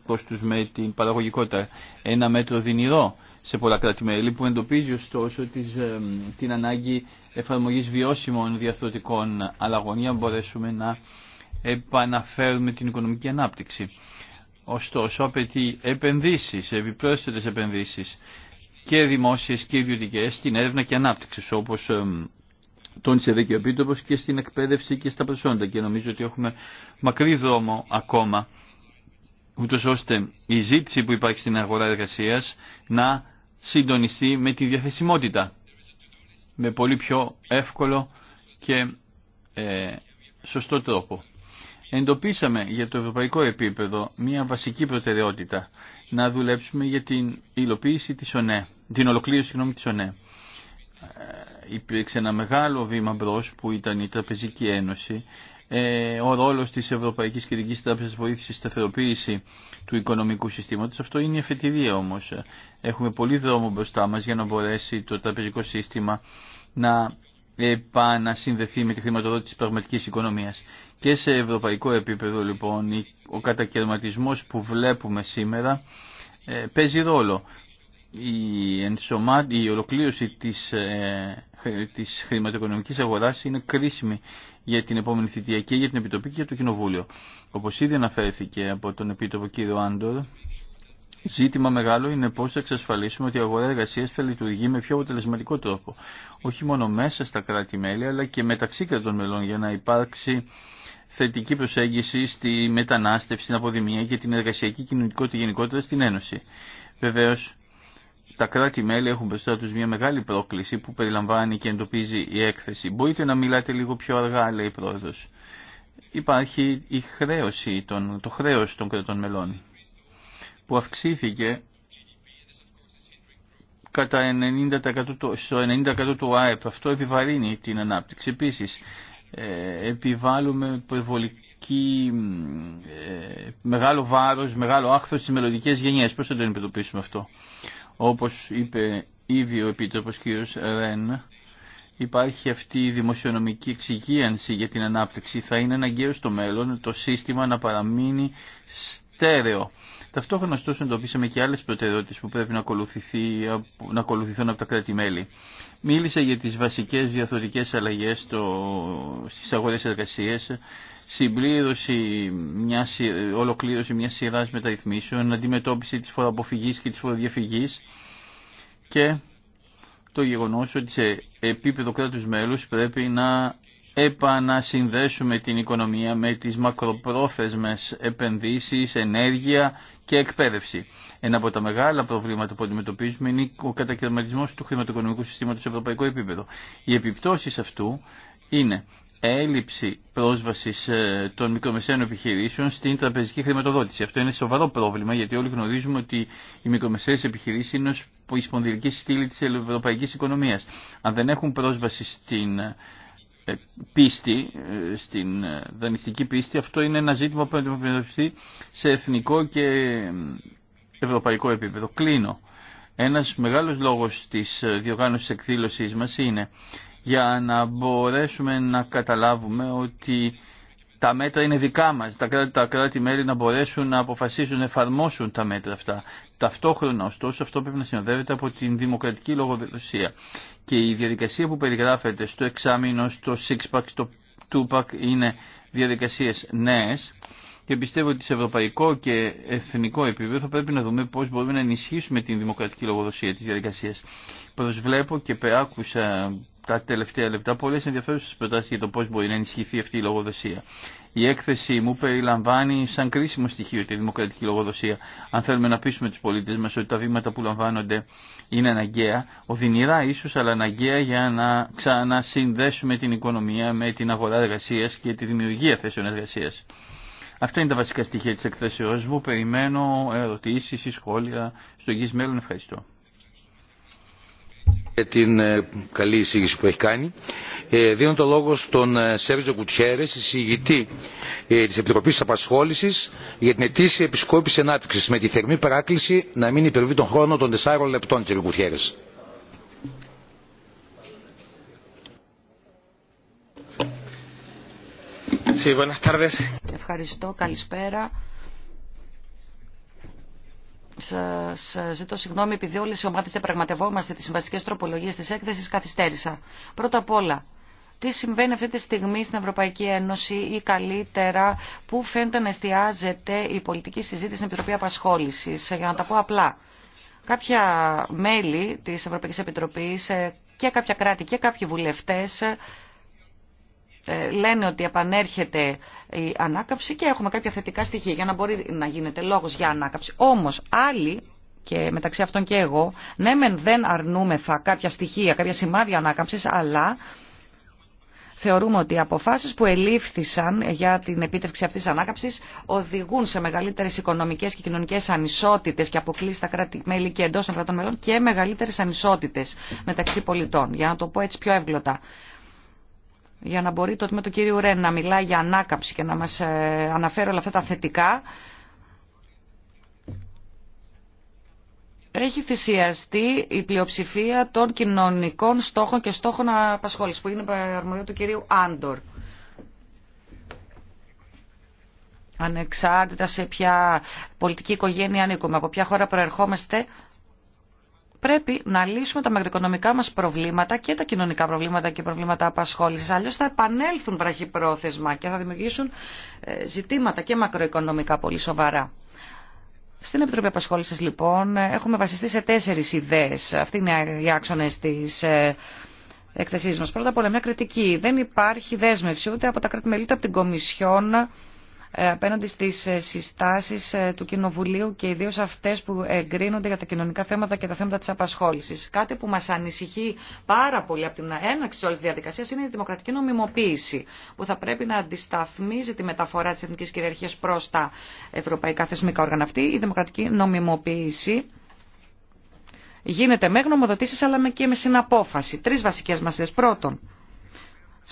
κόστους με την παραγωγικότητα. Ένα μέτρο δυνηρό σε πολλά κράτη-μέλη που εντοπίζει ωστόσο τις, ε, την ανάγκη εφαρμογής βιώσιμων διαθροτικών αλλαγών για να μπορέσουμε να επαναφέρουμε την οικονομική ανάπτυξη. Ωστόσο απαιτεί επενδύσεις, επιπρόσθετες επενδύσεις και δημόσιες και ιδιωτικέ στην έρευνα και ανάπτυξη όπως ε, τόνισε ο επίτροπο και στην εκπαίδευση και στα προσόντα. Και νομίζω ότι έχουμε μακρύ δρόμο ακόμα, ούτω ώστε η ζήτηση που υπάρχει στην αγορά εργασία να συντονιστεί με τη διαθεσιμότητα με πολύ πιο εύκολο και ε, σωστό τρόπο. Εντοπίσαμε για το ευρωπαϊκό επίπεδο μια βασική προτεραιότητα να δουλέψουμε για την υλοποίηση της την ολοκλήρωση συγγνώμη, της ΟΝΕ. Ε, υπήρξε ένα μεγάλο βήμα μπρος που ήταν η Τραπεζική Ένωση ε, ο ρόλος της Ευρωπαϊκής Κεντρικής Τράπεζας βοήθησε στη σταθεροποίηση του οικονομικού συστήματος. Αυτό είναι η εφετηρία όμως. Έχουμε πολύ δρόμο μπροστά μας για να μπορέσει το τραπεζικό σύστημα να επανασυνδεθεί με τη χρηματοδότηση της πραγματικής οικονομίας. Και σε ευρωπαϊκό επίπεδο λοιπόν ο κατακαιρματισμός που βλέπουμε σήμερα ε, παίζει ρόλο. Η, ενσωμά... ολοκλήρωση της, ε, της χρηματοοικονομικής αγοράς είναι κρίσιμη για την επόμενη θητεία και για την Επιτροπή και για το Κοινοβούλιο. Όπω ήδη αναφέρθηκε από τον Επίτροπο κύριο Άντορ, Ζήτημα μεγάλο είναι πώ θα εξασφαλίσουμε ότι η αγορά εργασία θα λειτουργεί με πιο αποτελεσματικό τρόπο. Όχι μόνο μέσα στα κράτη-μέλη, αλλά και μεταξύ κρατών μελών για να υπάρξει θετική προσέγγιση στη μετανάστευση, στην αποδημία και την εργασιακή κοινωνικότητα γενικότερα στην Ένωση. Βεβαίω, τα κράτη-μέλη έχουν μπροστά τους μια μεγάλη πρόκληση που περιλαμβάνει και εντοπίζει η έκθεση. Μπορείτε να μιλάτε λίγο πιο αργά, λέει η πρόεδρος. Υπάρχει η χρέωση, των, το χρέος των κρατών μελών που αυξήθηκε κατά 90% στο 90% του ΑΕΠ. Αυτό επιβαρύνει την ανάπτυξη. Επίσης, ε, επιβάλλουμε ε, μεγάλο βάρο, μεγάλο άχθο στι μελλοντικέ γενιές. Πώ θα το αντιμετωπίσουμε αυτό. Όπως είπε ήδη ο Επίτροπος κ. Ρεν, υπάρχει αυτή η δημοσιονομική εξυγίανση για την ανάπτυξη. Θα είναι αναγκαίο στο μέλλον το σύστημα να παραμείνει στέρεο Ταυτόχρονα ωστόσο εντοπίσαμε και άλλε προτεραιότητε που πρέπει να, να ακολουθηθούν από τα κράτη-μέλη. Μίλησα για τι βασικέ διαθωτικέ αλλαγέ στι στις αγορές συμπλήρωση μια, ολοκλήρωση μιας σειρά μεταρρυθμίσεων, αντιμετώπιση τη φοροαποφυγής και τη φοροδιαφυγής και το γεγονό ότι σε επίπεδο κράτου μέλους πρέπει να επανασυνδέσουμε την οικονομία με τις μακροπρόθεσμες επενδύσεις, ενέργεια και εκπαίδευση. Ένα από τα μεγάλα προβλήματα που αντιμετωπίζουμε είναι ο κατακαιρματισμό του χρηματοοικονομικού συστήματο σε ευρωπαϊκό επίπεδο. Οι επιπτώσει αυτού είναι έλλειψη πρόσβαση ε, των μικρομεσαίων επιχειρήσεων στην τραπεζική χρηματοδότηση. Αυτό είναι σοβαρό πρόβλημα γιατί όλοι γνωρίζουμε ότι οι μικρομεσαίε επιχειρήσει είναι η σπονδυλική στήλη τη ευρωπαϊκή οικονομία. Αν δεν έχουν πρόσβαση στην ε, πίστη, ε, στην ε, δανειστική πίστη, αυτό είναι ένα ζήτημα που αντιμετωπιστεί σε εθνικό και ευρωπαϊκό επίπεδο. Κλείνω. Ένας μεγάλος λόγος της διοργάνωσης εκδήλωσή μας είναι για να μπορέσουμε να καταλάβουμε ότι τα μέτρα είναι δικά μας, τα κράτη-μέλη να μπορέσουν να αποφασίσουν να εφαρμόσουν τα μέτρα αυτά. Ταυτόχρονα, ωστόσο, αυτό πρέπει να συνοδεύεται από την δημοκρατική λογοδοσία. Και η διαδικασία που περιγράφεται στο εξάμεινο, στο six-pack, στο two-pack είναι διαδικασίες νέες και πιστεύω ότι σε ευρωπαϊκό και εθνικό επίπεδο θα πρέπει να δούμε πώς μπορούμε να ενισχύσουμε την δημοκρατική λογοδοσία της διαδικασίας. Προσβλέπω και άκουσα τα τελευταία λεπτά πολλές ενδιαφέρουσες προτάσεις για το πώς μπορεί να ενισχυθεί αυτή η λογοδοσία η έκθεση μου περιλαμβάνει σαν κρίσιμο στοιχείο τη δημοκρατική λογοδοσία. Αν θέλουμε να πείσουμε του πολίτες μα ότι τα βήματα που λαμβάνονται είναι αναγκαία, οδυνηρά ίσως αλλά αναγκαία για να ξανασυνδέσουμε την οικονομία με την αγορά εργασία και τη δημιουργία θέσεων εργασία. Αυτά είναι τα βασικά στοιχεία τη εκθέσεώς μου. Περιμένω ερωτήσει, ή σχόλια στο γη μέλλον. Ευχαριστώ για ε, την ε, καλή εισήγηση που έχει κάνει. Ε, δίνω το λόγο στον Σέρζο Κουτιέρε, εισηγητή τη Επιτροπή Απασχόληση για την ετήσια επισκόπηση ανάπτυξη με τη θερμή παράκληση να μην υπερβεί τον χρόνο των 4 λεπτών, κύριε Κουτιέρες. Ευχαριστώ, καλησπέρα. Σας ε, ζητώ συγγνώμη επειδή όλες οι ομάδες πραγματευόμαστε τις συμβαστικές τροπολογίες της έκθεσης καθυστέρησα. Πρώτα απ' όλα, τι συμβαίνει αυτή τη στιγμή στην Ευρωπαϊκή Ένωση ή καλύτερα που φαίνεται να εστιάζεται η πολιτική συζήτηση στην Επιτροπή Απασχόλησης. Ε, για να τα πω απλά, κάποια μέλη της Ευρωπαϊκής Επιτροπής ε, και κάποια κράτη και κάποιοι βουλευτές ε, λένε ότι επανέρχεται η ανάκαμψη και έχουμε κάποια θετικά στοιχεία για να μπορεί να γίνεται λόγος για ανάκαμψη. Όμως άλλοι και μεταξύ αυτών και εγώ, ναι μεν δεν αρνούμεθα κάποια στοιχεία, κάποια σημάδια ανάκαμψης, αλλά θεωρούμε ότι οι αποφάσεις που ελήφθησαν για την επίτευξη αυτής της ανάκαμψης οδηγούν σε μεγαλύτερες οικονομικές και κοινωνικές ανισότητες και αποκλείσει στα κράτη-μέλη και εντός των κρατών μελών και μεγαλύτερες ανισότητες μεταξύ πολιτών, για να το πω έτσι πιο εύγλωτα για να μπορεί το τμήμα του κύριου Ρέν να μιλά για ανάκαμψη και να μας ε, αναφέρει όλα αυτά τα θετικά. Έχει θυσιαστεί η πλειοψηφία των κοινωνικών στόχων και στόχων απασχόλησης που είναι αρμοδία του κυρίου Άντορ. Ανεξάρτητα σε ποια πολιτική οικογένεια ανήκουμε, από ποια χώρα προερχόμαστε, πρέπει να λύσουμε τα μακροοικονομικά μας προβλήματα και τα κοινωνικά προβλήματα και προβλήματα απασχόλησης. Αλλιώς θα επανέλθουν βραχυπρόθεσμα και θα δημιουργήσουν ε, ζητήματα και μακροοικονομικά πολύ σοβαρά. Στην Επιτροπή Απασχόλησης λοιπόν έχουμε βασιστεί σε τέσσερις ιδέες. Αυτή είναι οι άξονες της έκθεσής ε, μας. Πρώτα απ' όλα μια κριτική. Δεν υπάρχει δέσμευση ούτε από τα κράτη-μέλη ούτε από την Κομισιόν ε, απέναντι στις ε, συστάσεις ε, του Κοινοβουλίου και ιδίως αυτές που εγκρίνονται για τα κοινωνικά θέματα και τα θέματα της απασχόλησης. Κάτι που μας ανησυχεί πάρα πολύ από την έναξη τη όλης διαδικασίας είναι η δημοκρατική νομιμοποίηση που θα πρέπει να αντισταθμίζει τη μεταφορά της εθνικής κυριαρχίας προς τα ευρωπαϊκά θεσμικά όργανα. Αυτή η δημοκρατική νομιμοποίηση γίνεται με γνωμοδοτήσεις αλλά και με συναπόφαση. Τρεις βασικές μας Πρώτον,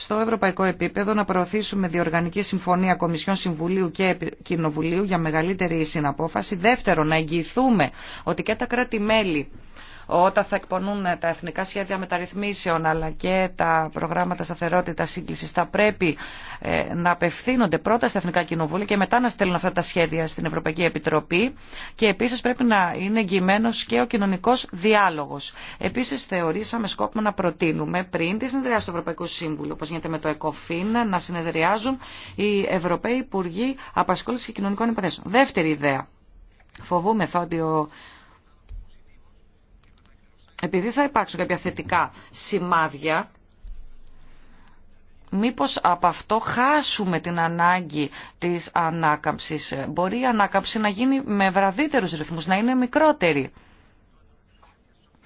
στο ευρωπαϊκό επίπεδο να προωθήσουμε διοργανική συμφωνία Κομισιών Συμβουλίου και Κοινοβουλίου για μεγαλύτερη συναπόφαση. Δεύτερον, να εγγυηθούμε ότι και τα κράτη-μέλη όταν θα εκπονούν τα εθνικά σχέδια μεταρρυθμίσεων αλλά και τα προγράμματα σταθερότητα σύγκληση, θα πρέπει ε, να απευθύνονται πρώτα στα εθνικά κοινοβούλια και μετά να στέλνουν αυτά τα σχέδια στην Ευρωπαϊκή Επιτροπή και επίση πρέπει να είναι εγγυημένο και ο κοινωνικό διάλογο. Επίση, θεωρήσαμε σκόπιμο να προτείνουμε πριν τη συνεδριάση του Ευρωπαϊκού Σύμβουλου, όπω γίνεται με το ΕΚΟΦΗΝ, να συνεδριάζουν οι Ευρωπαίοι Υπουργοί Απασχόληση και Κοινωνικών Υποθέσεων. Δεύτερη ιδέα. Φοβούμεθα ότι επειδή θα υπάρξουν κάποια θετικά σημάδια, μήπως από αυτό χάσουμε την ανάγκη της ανάκαμψης. Μπορεί η ανάκαμψη να γίνει με βραδύτερους ρυθμούς, να είναι μικρότερη.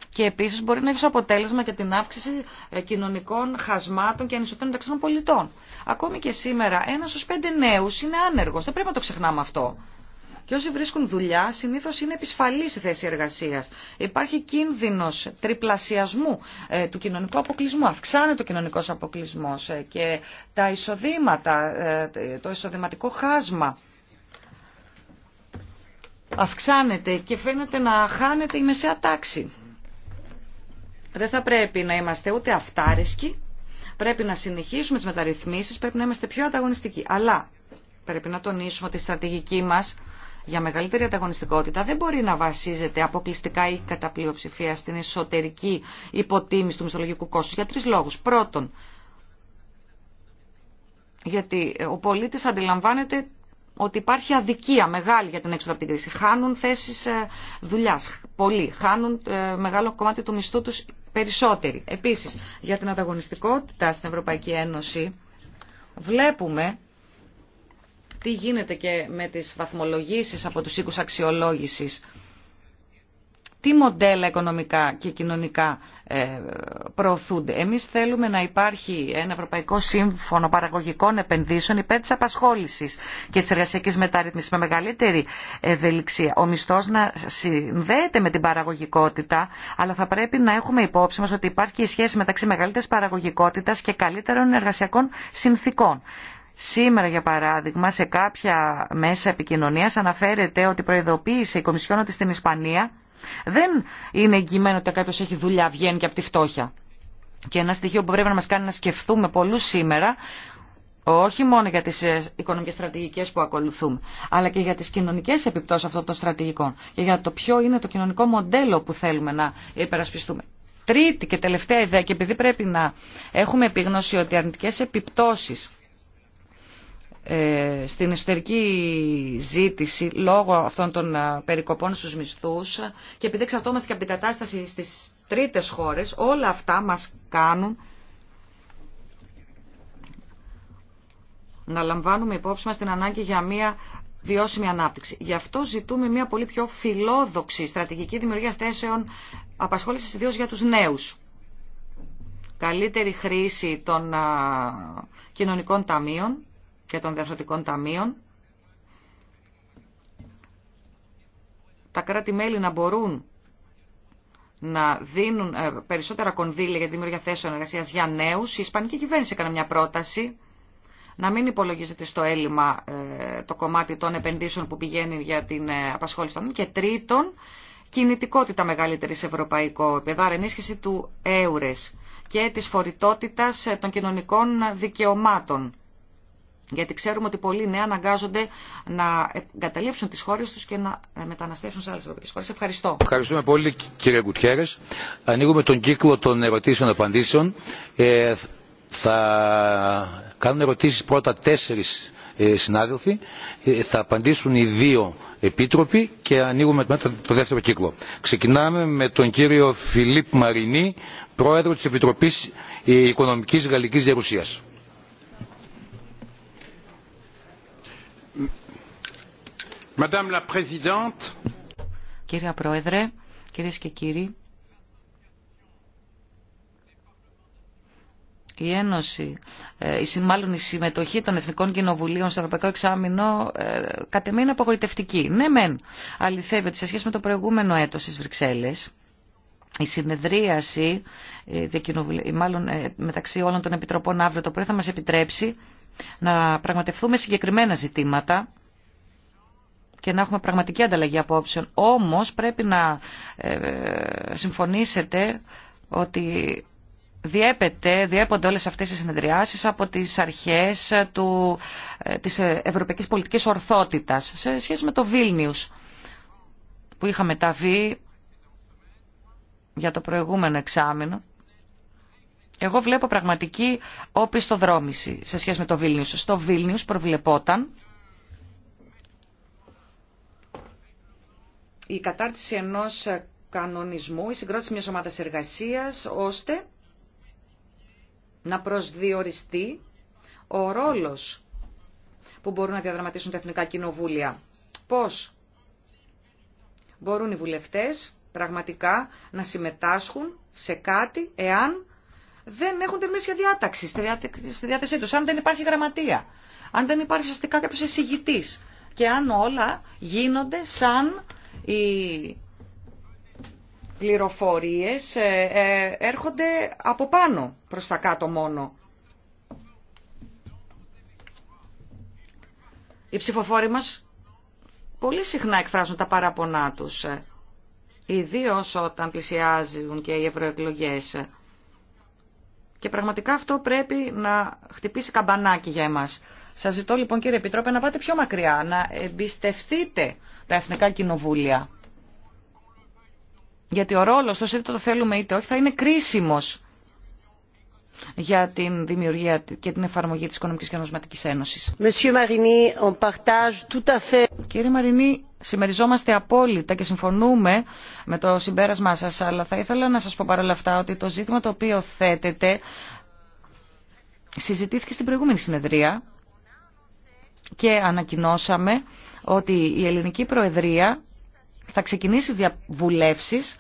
Και επίσης μπορεί να έχει αποτέλεσμα και την αύξηση ε, κοινωνικών χασμάτων και ανισοτήτων μεταξύ των πολιτών. Ακόμη και σήμερα ένας στους πέντε νέους είναι άνεργος. Δεν πρέπει να το ξεχνάμε αυτό και όσοι βρίσκουν δουλειά συνήθω είναι επισφαλή η θέση εργασία. Υπάρχει κίνδυνο τριπλασιασμού ε, του κοινωνικού αποκλεισμού. Αυξάνεται ο κοινωνικός αποκλεισμός ε, και τα εισοδήματα, ε, το εισοδηματικό χάσμα αυξάνεται και φαίνεται να χάνεται η μεσαία τάξη. Δεν θα πρέπει να είμαστε ούτε αυτάρισκοι. πρέπει να συνεχίσουμε τις μεταρρυθμίσεις, πρέπει να είμαστε πιο ανταγωνιστικοί. Αλλά πρέπει να τονίσουμε ότι η στρατηγική μας για μεγαλύτερη ανταγωνιστικότητα δεν μπορεί να βασίζεται αποκλειστικά ή κατά πλειοψηφία στην εσωτερική υποτίμηση του μισθολογικού κόστου για τρει λόγου. Πρώτον, γιατί ε, ο πολίτη αντιλαμβάνεται ότι υπάρχει αδικία μεγάλη για την έξοδο από την κρίση. Χάνουν θέσει ε, δουλειά. Πολλοί. Χάνουν ε, μεγάλο κομμάτι του μισθού του περισσότεροι. Επίση, για την ανταγωνιστικότητα στην Ευρωπαϊκή Ένωση βλέπουμε τι γίνεται και με τις βαθμολογήσεις από τους οίκους αξιολόγησης. Τι μοντέλα οικονομικά και κοινωνικά ε, προωθούνται. Εμείς θέλουμε να υπάρχει ένα Ευρωπαϊκό Σύμφωνο Παραγωγικών Επενδύσεων υπέρ της απασχόλησης και της εργασιακής μεταρρύθμισης με μεγαλύτερη ευελιξία. Ο μισθός να συνδέεται με την παραγωγικότητα, αλλά θα πρέπει να έχουμε υπόψη μας ότι υπάρχει η σχέση μεταξύ μεγαλύτερης παραγωγικότητας και καλύτερων εργασιακών συνθήκων. Σήμερα, για παράδειγμα, σε κάποια μέσα επικοινωνία, αναφέρεται ότι προειδοποίησε η Κομισιόν ότι στην Ισπανία δεν είναι εγγυημένο ότι κάποιο έχει δουλειά, βγαίνει και από τη φτώχεια. Και ένα στοιχείο που πρέπει να μα κάνει να σκεφτούμε πολλού σήμερα, όχι μόνο για τι ε, οικονομικέ στρατηγικέ που ακολουθούμε, αλλά και για τι κοινωνικέ επιπτώσει αυτών των στρατηγικών και για το ποιο είναι το κοινωνικό μοντέλο που θέλουμε να υπερασπιστούμε. Τρίτη και τελευταία ιδέα, και επειδή πρέπει να έχουμε επίγνωση ότι αρνητικέ επιπτώσει. Ε, στην εσωτερική ζήτηση λόγω αυτών των ε, περικοπών στους μισθούς και επειδή εξαρτώμαστε και από την κατάσταση στις τρίτες χώρες, όλα αυτά μας κάνουν να λαμβάνουμε υπόψη μας την ανάγκη για μια βιώσιμη ανάπτυξη. Γι' αυτό ζητούμε μια πολύ πιο φιλόδοξη στρατηγική δημιουργία θέσεων απασχόλησης ιδίως για τους νέους. Καλύτερη χρήση των ε, κοινωνικών ταμείων και των διαφθορτικών ταμείων. Τα κράτη-μέλη να μπορούν να δίνουν ε, περισσότερα κονδύλια για τη δημιουργία θέσεων εργασίας για νέους. Η Ισπανική κυβέρνηση έκανε μια πρόταση να μην υπολογίζεται στο έλλειμμα ε, το κομμάτι των επενδύσεων που πηγαίνει για την ε, απασχόληση των και τρίτον κινητικότητα μεγαλύτερη σε ευρωπαϊκό επίπεδο, ενίσχυση του έουρες και της φορητότητας των κοινωνικών δικαιωμάτων γιατί ξέρουμε ότι πολλοί νέοι αναγκάζονται να εγκαταλείψουν τις χώρες τους και να μεταναστεύσουν σε άλλες ευρωπαϊκές χώρες. Ευχαριστώ. Ευχαριστούμε πολύ κύριε Κουτιέρες. Ανοίγουμε τον κύκλο των ερωτήσεων-απαντήσεων. Ε, θα κάνουν ερωτήσεις πρώτα τέσσερις ε, συνάδελφοι. Ε, θα απαντήσουν οι δύο επίτροποι και ανοίγουμε μετά το δεύτερο κύκλο. Ξεκινάμε με τον κύριο Φιλίπ Μαρινή, πρόεδρο της Επιτροπής ε, Οικονομική Γαλλικής Γερουσίας. Madame la Présidente. Κύριε Πρόεδρε, κυρίες και κύριοι, η Ένωση, ε, η, μάλλον η συμμετοχή των Εθνικών Κοινοβουλίων στο Ευρωπαϊκό Εξάμεινο ε, κατ' εμένα είναι απογοητευτική. Ναι μεν, αληθεύεται σε σχέση με το προηγούμενο έτος στις Βρυξέλλες, η συνεδρίαση, μάλλον ε, μεταξύ όλων των επιτροπών αύριο το πρωί θα μας επιτρέψει να πραγματευτούμε συγκεκριμένα ζητήματα και να έχουμε πραγματική ανταλλαγή απόψεων. Όμως πρέπει να ε, συμφωνήσετε ότι διέπεται, διέπονται όλες αυτές οι συνεδριάσεις από τις αρχές του, ε, της ευρωπαϊκής πολιτικής ορθότητας σε σχέση με το Βίλνιους που τα ταβεί για το προηγούμενο εξάμεινο. Εγώ βλέπω πραγματική όπιστοδρόμηση σε σχέση με το Βίλνιους. Στο Βίλνιους προβλεπόταν η κατάρτιση ενός κανονισμού, η συγκρότηση μιας ομάδας εργασίας, ώστε να προσδιοριστεί ο ρόλος που μπορούν να διαδραματίσουν τα εθνικά κοινοβούλια. Πώς μπορούν οι βουλευτές πραγματικά να συμμετάσχουν σε κάτι εάν δεν έχουν τη μέση διάταξη στη διάθεσή τους, αν δεν υπάρχει γραμματεία, αν δεν υπάρχει ουσιαστικά κάποιος εισηγητής και αν όλα γίνονται σαν οι πληροφορίες ε, ε, έρχονται από πάνω προς τα κάτω μόνο. Οι ψηφοφόροι μας πολύ συχνά εκφράζουν τα παραπονά τους, ε, ιδίως όταν πλησιάζουν και οι ευρωεκλογές. Και πραγματικά αυτό πρέπει να χτυπήσει καμπανάκι για εμάς. Σα ζητώ λοιπόν κύριε Επιτρόπε να πάτε πιο μακριά, να εμπιστευτείτε τα εθνικά κοινοβούλια. Γιατί ο ρόλο του είτε το θέλουμε είτε όχι, θα είναι κρίσιμο για την δημιουργία και την εφαρμογή τη Οικονομικής και Νομισματικής Ένωσης. Κύριε Μαρινή, συμμεριζόμαστε απόλυτα και συμφωνούμε με το συμπέρασμά σα, αλλά θα ήθελα να σα πω παρόλα αυτά ότι το ζήτημα το οποίο θέτεται συζητήθηκε στην προηγούμενη συνεδρία και ανακοινώσαμε ότι η ελληνική προεδρία θα ξεκινήσει διαβουλεύσεις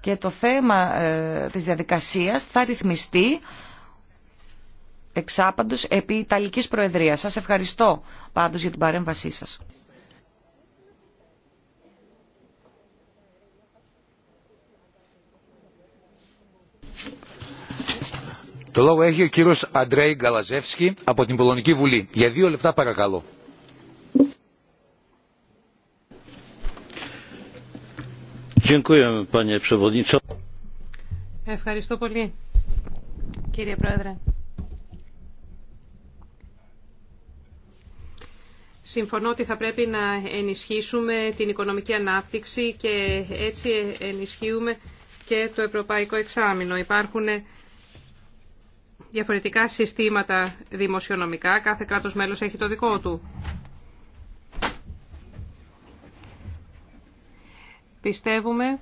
και το θέμα ε, της διαδικασίας θα ρυθμιστεί εξάπαντος επί Ιταλικής Προεδρίας. Σας ευχαριστώ πάντως για την παρέμβασή σας. Το λόγο έχει ο κύριος Αντρέι Γκαλαζεύσκη από την Πολωνική Βουλή. Για δύο λεπτά παρακαλώ. Ευχαριστώ πολύ, κύριε Πρόεδρε. Συμφωνώ ότι θα πρέπει να ενισχύσουμε την οικονομική ανάπτυξη και έτσι ενισχύουμε και το Ευρωπαϊκό Εξάμεινο. Υπάρχουν διαφορετικά συστήματα δημοσιονομικά. Κάθε κράτος μέλος έχει το δικό του. Πιστεύουμε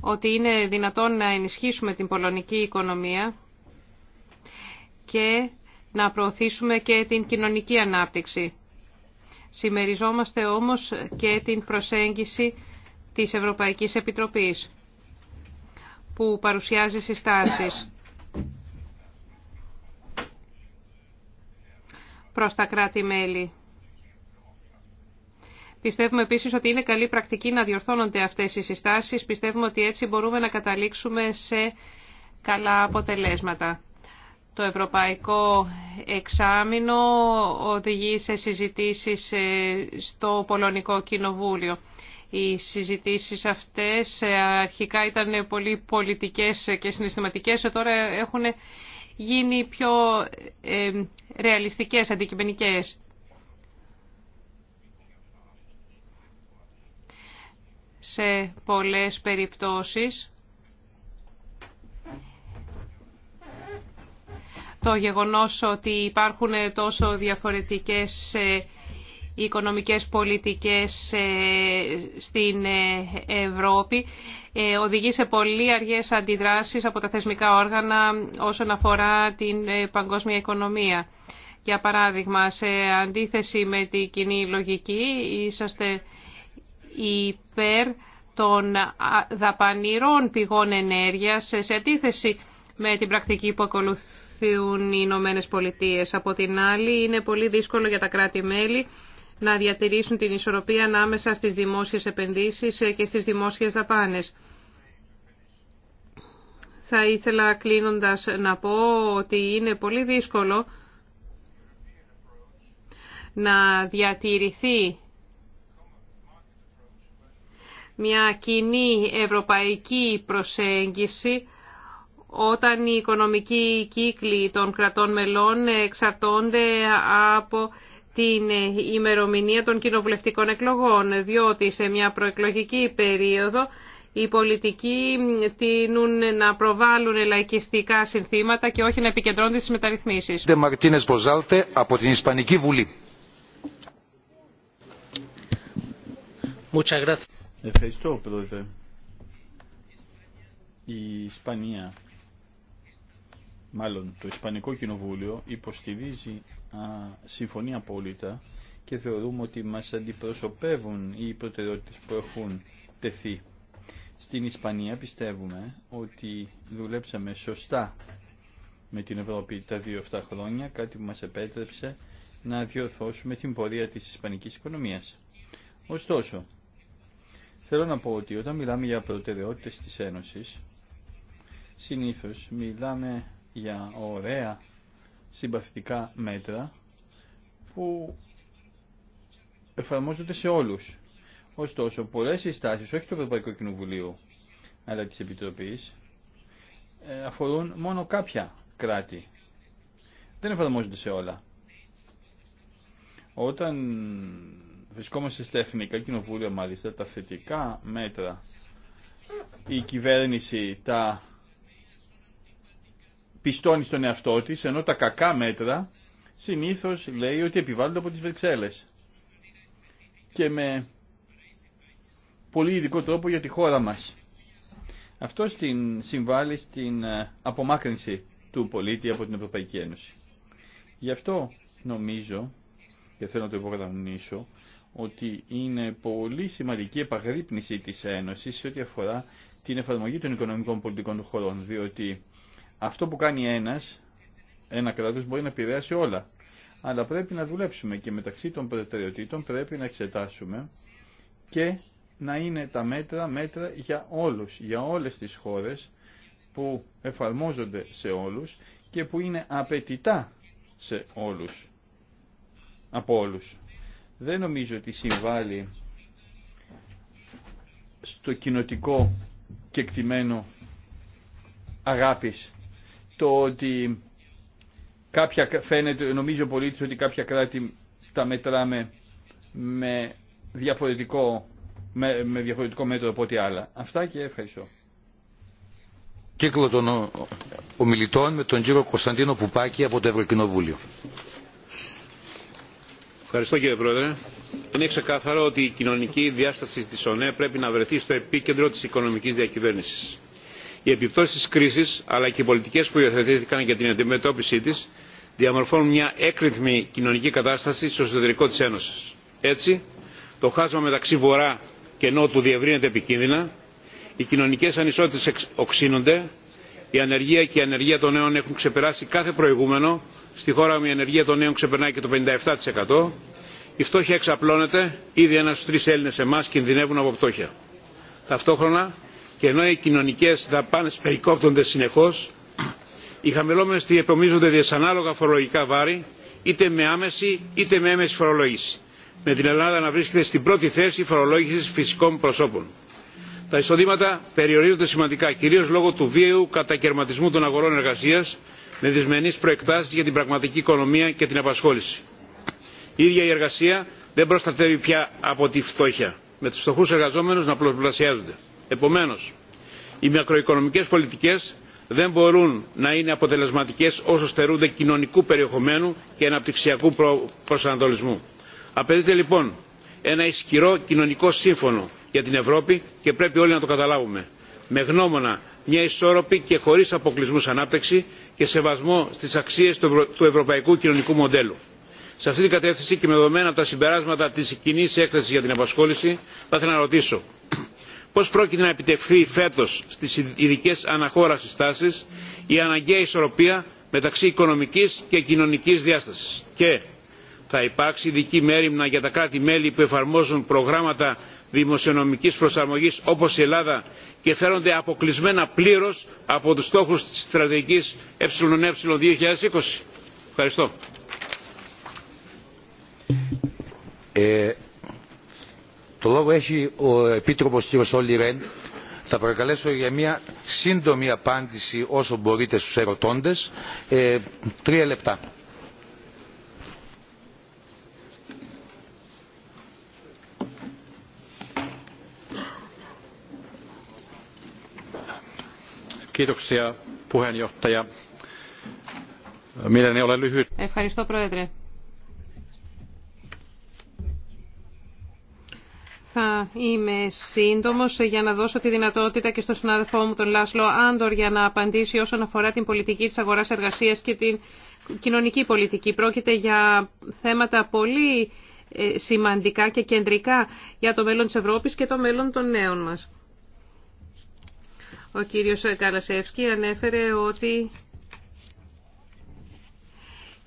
ότι είναι δυνατόν να ενισχύσουμε την πολωνική οικονομία και να προωθήσουμε και την κοινωνική ανάπτυξη. Σημεριζόμαστε όμως και την προσέγγιση της Ευρωπαϊκής Επιτροπής που παρουσιάζει συστάσεις. προς τα κράτη-μέλη. Πιστεύουμε επίσης ότι είναι καλή πρακτική να διορθώνονται αυτές οι συστάσεις. Πιστεύουμε ότι έτσι μπορούμε να καταλήξουμε σε καλά αποτελέσματα. Το Ευρωπαϊκό Εξάμεινο οδηγεί σε συζητήσεις ε, στο Πολωνικό Κοινοβούλιο. Οι συζητήσεις αυτές ε, αρχικά ήταν πολύ πολιτικές και συναισθηματικές, ε, τώρα έχουν γίνει πιο ε, ρεαλιστικές, αντικειμενικές. Σε πολλές περιπτώσεις το γεγονός ότι υπάρχουν τόσο διαφορετικές ε, οικονομικές πολιτικές ε, στην ε, Ευρώπη ε, οδηγεί σε πολύ αργές αντιδράσεις από τα θεσμικά όργανα όσον αφορά την ε, παγκόσμια οικονομία. Για παράδειγμα, σε αντίθεση με τη κοινή λογική, είσαστε υπέρ των δαπανηρών πηγών ενέργειας σε αντίθεση με την πρακτική που ακολουθούν οι Ηνωμένε Πολιτείε. Από την άλλη, είναι πολύ δύσκολο για τα κράτη-μέλη να διατηρήσουν την ισορροπία ανάμεσα στις δημόσιες επενδύσεις και στις δημόσιες δαπάνες. Θα ήθελα κλείνοντας να πω ότι είναι πολύ δύσκολο να διατηρηθεί μια κοινή ευρωπαϊκή προσέγγιση όταν οι οικονομικοί κύκλοι των κρατών μελών εξαρτώνται από την ε, ημερομηνία των κοινοβουλευτικών εκλογών, διότι σε μια προεκλογική περίοδο οι πολιτικοί τείνουν να προβάλλουν λαϊκιστικά συνθήματα και όχι να επικεντρώνονται στις μεταρρυθμίσεις. Μαρτίνες Μποζάλτε από την Ισπανική Βουλή. Ευχαριστώ, Πρόεδρε. Η Ισπανία, μάλλον το Ισπανικό Κοινοβούλιο, υποστηρίζει συμφωνεί απόλυτα και θεωρούμε ότι μας αντιπροσωπεύουν οι προτεραιότητες που έχουν τεθεί. Στην Ισπανία πιστεύουμε ότι δουλέψαμε σωστά με την Ευρώπη τα δύο αυτά χρόνια, κάτι που μας επέτρεψε να διορθώσουμε την πορεία της ισπανικής οικονομίας. Ωστόσο, θέλω να πω ότι όταν μιλάμε για προτεραιότητες της Ένωσης, συνήθως μιλάμε για ωραία συμπαθητικά μέτρα που εφαρμόζονται σε όλους. Ωστόσο, πολλές συστάσεις, όχι του Ευρωπαϊκού Κοινοβουλίου, αλλά της Επιτροπής, ε, αφορούν μόνο κάποια κράτη. Δεν εφαρμόζονται σε όλα. Όταν βρισκόμαστε στα εθνικά κοινοβούλια, μάλιστα, τα θετικά μέτρα, η κυβέρνηση τα πιστώνει στον εαυτό τη ενώ τα κακά μέτρα συνήθως λέει ότι επιβάλλονται από τις Βρυξέλλε. Και με πολύ ειδικό τρόπο για τη χώρα μας. Αυτό στην, συμβάλλει στην ε, απομάκρυνση του πολίτη από την Ευρωπαϊκή Ένωση. Γι' αυτό νομίζω, και θέλω να το υπογραμμίσω, ότι είναι πολύ σημαντική επαγρύπνηση της Ένωσης σε ό,τι αφορά την εφαρμογή των οικονομικών πολιτικών χωρών, διότι αυτό που κάνει ένας, ένα κράτος μπορεί να επηρεάσει όλα. Αλλά πρέπει να δουλέψουμε και μεταξύ των προτεραιοτήτων πρέπει να εξετάσουμε και να είναι τα μέτρα, μέτρα για όλους, για όλες τις χώρες που εφαρμόζονται σε όλους και που είναι απαιτητά σε όλους, από όλους. Δεν νομίζω ότι συμβάλλει στο κοινοτικό κεκτημένο αγάπης το ότι κάποια φαίνεται, νομίζω πολίτης ότι κάποια κράτη τα μετράμε με διαφορετικό, με, με διαφορετικό μέτρο από ό,τι άλλα. Αυτά και ευχαριστώ. Κύκλο των ομιλητών με τον κύριο Κωνσταντίνο Πουπάκη από το Ευρωκοινοβούλιο. Ευχαριστώ κύριε Πρόεδρε. Είναι ξεκάθαρο ότι η κοινωνική διάσταση της ΟΝΕ πρέπει να βρεθεί στο επίκεντρο της οικονομικής διακυβέρνησης οι επιπτώσει τη κρίση αλλά και οι πολιτικέ που υιοθετήθηκαν για την αντιμετώπιση τη διαμορφώνουν μια έκρηθμη κοινωνική κατάσταση στο εσωτερικό τη Ένωση. Έτσι, το χάσμα μεταξύ Βορρά και Νότου διευρύνεται επικίνδυνα, οι κοινωνικέ ανισότητε οξύνονται, η ανεργία και η ανεργία των νέων έχουν ξεπεράσει κάθε προηγούμενο, στη χώρα μου η ανεργία των νέων ξεπερνάει και το 57%, η φτώχεια εξαπλώνεται, ήδη ένα στου τρει Έλληνε εμά κινδυνεύουν από φτώχεια. Ταυτόχρονα, και ενώ οι κοινωνικές δαπάνες περικόπτονται συνεχώς, οι χαμηλόμενες διεπομίζονται δυσανάλογα φορολογικά βάρη, είτε με άμεση είτε με έμεση φορολόγηση, με την Ελλάδα να βρίσκεται στην πρώτη θέση φορολόγησης φυσικών προσώπων. Τα εισοδήματα περιορίζονται σημαντικά, κυρίως λόγω του βίαιου κατακαιρματισμού των αγορών εργασίας, με δυσμενείς προεκτάσεις για την πραγματική οικονομία και την απασχόληση. Η ίδια η εργασία δεν προστατεύει πια από τη φτώχεια, με του φτωχού εργαζόμενους να πολλαπλασιάζονται επομένως οι μακροοικονομικές πολιτικές δεν μπορούν να είναι αποτελεσματικές όσο στερούνται κοινωνικού περιεχομένου και αναπτυξιακού προσανατολισμού. απαιτείται λοιπόν ένα ισχυρό κοινωνικό σύμφωνο για την ευρώπη και πρέπει όλοι να το καταλάβουμε με γνώμονα μια ισόρροπη και χωρίς αποκλεισμούς ανάπτυξη και σεβασμό στις αξίες του ευρωπαϊκού κοινωνικού μοντέλου. Σε αυτή την κατεύθυνση και με δεδομένα τα συμπεράσματα της κοινή έκθεσης για την απασχόληση θα ήθελα ρωτήσω πώς πρόκειται να επιτευχθεί φέτος στις ειδικέ αναχώρασης τάσεις η αναγκαία ισορροπία μεταξύ οικονομικής και κοινωνικής διάστασης και θα υπάρξει ειδική μέρημνα για τα κράτη-μέλη που εφαρμόζουν προγράμματα δημοσιονομικής προσαρμογής όπως η Ελλάδα και φέρονται αποκλεισμένα πλήρως από τους στόχους της στρατηγικής ΕΕ 2020. Ευχαριστώ. Ε, το λόγο έχει ο Επίτροπος κ. Όλη Ρεν. Θα προκαλέσω για μια σύντομη απάντηση όσο μπορείτε στους ερωτώντες. Ε, τρία λεπτά. Ευχαριστώ, Πρόεδρε. Θα είμαι σύντομο για να δώσω τη δυνατότητα και στον συνάδελφό μου τον Λάσλο Άντορ για να απαντήσει όσον αφορά την πολιτική της αγοράς εργασία και την κοινωνική πολιτική. Πρόκειται για θέματα πολύ ε, σημαντικά και κεντρικά για το μέλλον της Ευρώπης και το μέλλον των νέων μας. Ο κύριος Καλασεύσκη ανέφερε ότι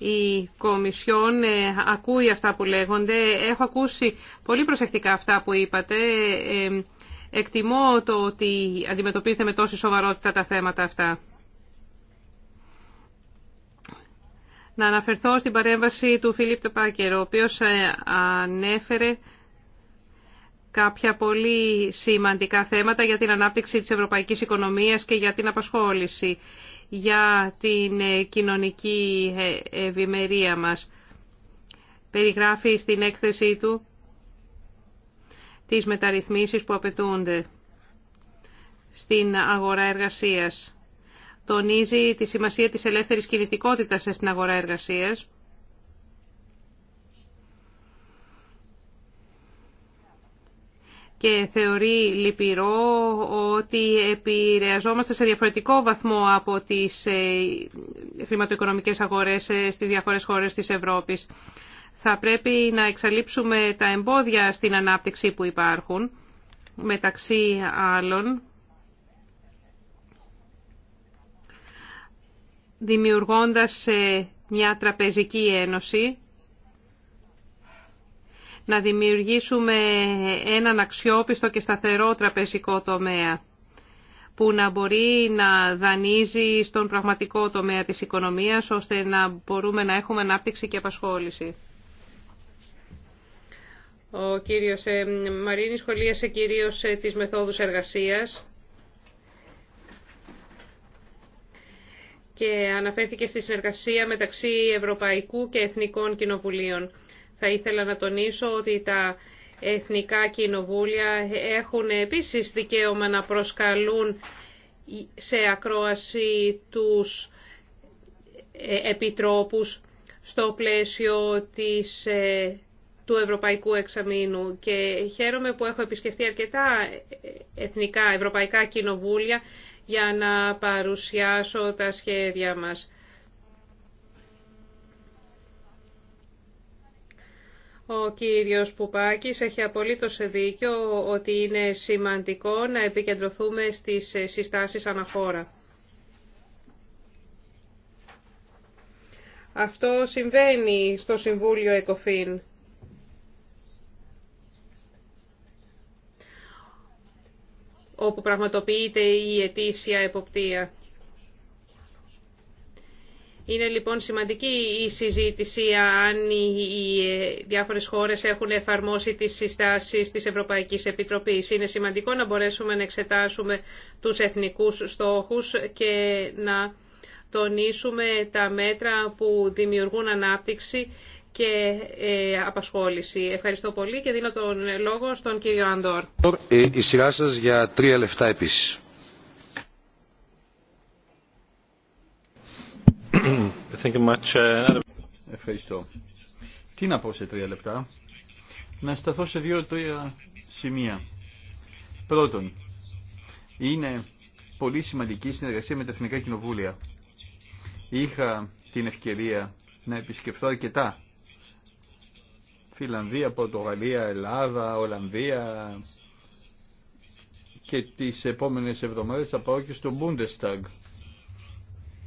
η Κομισιόν ε, ακούει αυτά που λέγονται. Έχω ακούσει πολύ προσεκτικά αυτά που είπατε. Ε, εκτιμώ το ότι αντιμετωπίζετε με τόση σοβαρότητα τα θέματα αυτά. Να αναφερθώ στην παρέμβαση του Φίλιπ Τεπάκερ, ο οποίος ε, ανέφερε κάποια πολύ σημαντικά θέματα για την ανάπτυξη της ευρωπαϊκής οικονομίας και για την απασχόληση για την ε, κοινωνική ε, ευημερία μας. Περιγράφει στην έκθεσή του τις μεταρρυθμίσεις που απαιτούνται στην αγορά εργασίας. Τονίζει τη σημασία της ελεύθερης κινητικότητας στην αγορά εργασίας και θεωρεί λυπηρό ότι επηρεαζόμαστε σε διαφορετικό βαθμό από τις ε, χρηματοοικονομικές αγορές ε, στις διαφορές χώρες της Ευρώπης. Θα πρέπει να εξαλείψουμε τα εμπόδια στην ανάπτυξη που υπάρχουν, μεταξύ άλλων, δημιουργώντας ε, μια τραπεζική ένωση να δημιουργήσουμε έναν αξιόπιστο και σταθερό τραπεζικό τομέα που να μπορεί να δανείζει στον πραγματικό τομέα της οικονομίας, ώστε να μπορούμε να έχουμε ανάπτυξη και απασχόληση. Ο κύριος ε, Μαρίνη σχολίασε κυρίως ε, τις μεθόδους εργασίας και αναφέρθηκε στη συνεργασία μεταξύ Ευρωπαϊκού και Εθνικών Κοινοβουλίων. Θα ήθελα να τονίσω ότι τα εθνικά κοινοβούλια έχουν επίσης δικαίωμα να προσκαλούν σε ακρόαση τους ε, επιτρόπους στο πλαίσιο της, ε, του Ευρωπαϊκού Εξαμήνου και χαίρομαι που έχω επισκεφτεί αρκετά ε, εθνικά ευρωπαϊκά κοινοβούλια για να παρουσιάσω τα σχέδια μας. Ο κύριος Πουπάκης έχει απολύτως δίκιο ότι είναι σημαντικό να επικεντρωθούμε στις συστάσεις αναφόρα. Αυτό συμβαίνει στο Συμβούλιο ΕΚΟΦΗΝ. όπου πραγματοποιείται η ετήσια εποπτεία. Είναι λοιπόν σημαντική η συζήτηση αν οι ε, διάφορες χώρες έχουν εφαρμόσει τις συστάσεις της Ευρωπαϊκής Επιτροπής. Είναι σημαντικό να μπορέσουμε να εξετάσουμε τους εθνικούς στόχους και να τονίσουμε τα μέτρα που δημιουργούν ανάπτυξη και ε, απασχόληση. Ευχαριστώ πολύ και δίνω τον λόγο στον κύριο Αντόρ. Ε, η σειρά σας για τρία λεφτά επίση. Uh, Ευχαριστώ. Τι να πω σε τρία λεπτά. Να σταθώ σε δύο-τρία σημεία. Πρώτον, είναι πολύ σημαντική η συνεργασία με τα Εθνικά Κοινοβούλια. Είχα την ευκαιρία να επισκεφθώ αρκετά. Φιλανδία, Πορτογαλία, Ελλάδα, Ολλανδία και τις επόμενες εβδομάδες θα πάω και στο Bundestag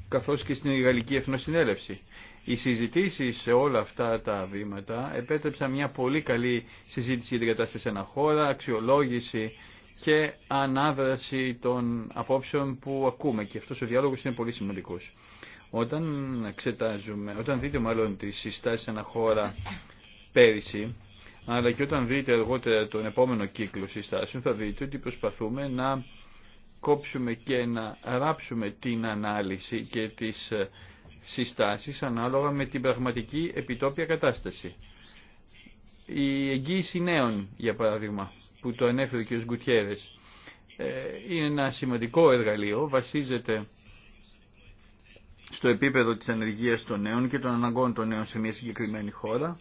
καθώς και στην Γαλλική Εθνοσυνέλευση. Οι συζητήσεις σε όλα αυτά τα βήματα επέτρεψαν μια πολύ καλή συζήτηση για την κατάσταση σε ένα χώρα, αξιολόγηση και ανάδραση των απόψεων που ακούμε και αυτός ο διάλογος είναι πολύ σημαντικός. Όταν όταν δείτε μάλλον τη συστάσεις σε ένα χώρα πέρυσι, αλλά και όταν δείτε αργότερα τον επόμενο κύκλο συστάσεων θα δείτε ότι προσπαθούμε να κόψουμε και να ράψουμε την ανάλυση και τις ε, συστάσεις ανάλογα με την πραγματική επιτόπια κατάσταση. Η εγγύηση νέων, για παράδειγμα, που το ανέφερε και ο Σγκουτιέρες, ε, είναι ένα σημαντικό εργαλείο, βασίζεται στο επίπεδο της ανεργίας των νέων και των αναγκών των νέων σε μια συγκεκριμένη χώρα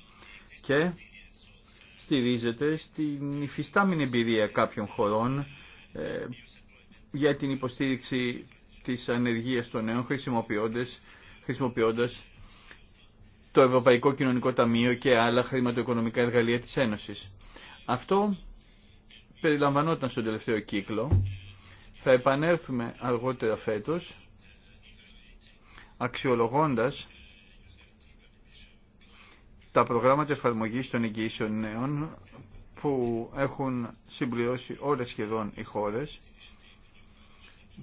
και στηρίζεται στην υφιστάμενη εμπειρία κάποιων χωρών ε, για την υποστήριξη της ανεργίας των νέων χρησιμοποιώντας, το Ευρωπαϊκό Κοινωνικό Ταμείο και άλλα χρηματοοικονομικά εργαλεία της Ένωσης. Αυτό περιλαμβανόταν στον τελευταίο κύκλο. Θα επανέλθουμε αργότερα φέτος, αξιολογώντας τα προγράμματα εφαρμογής των εγγυήσεων νέων που έχουν συμπληρώσει όλες σχεδόν οι χώρες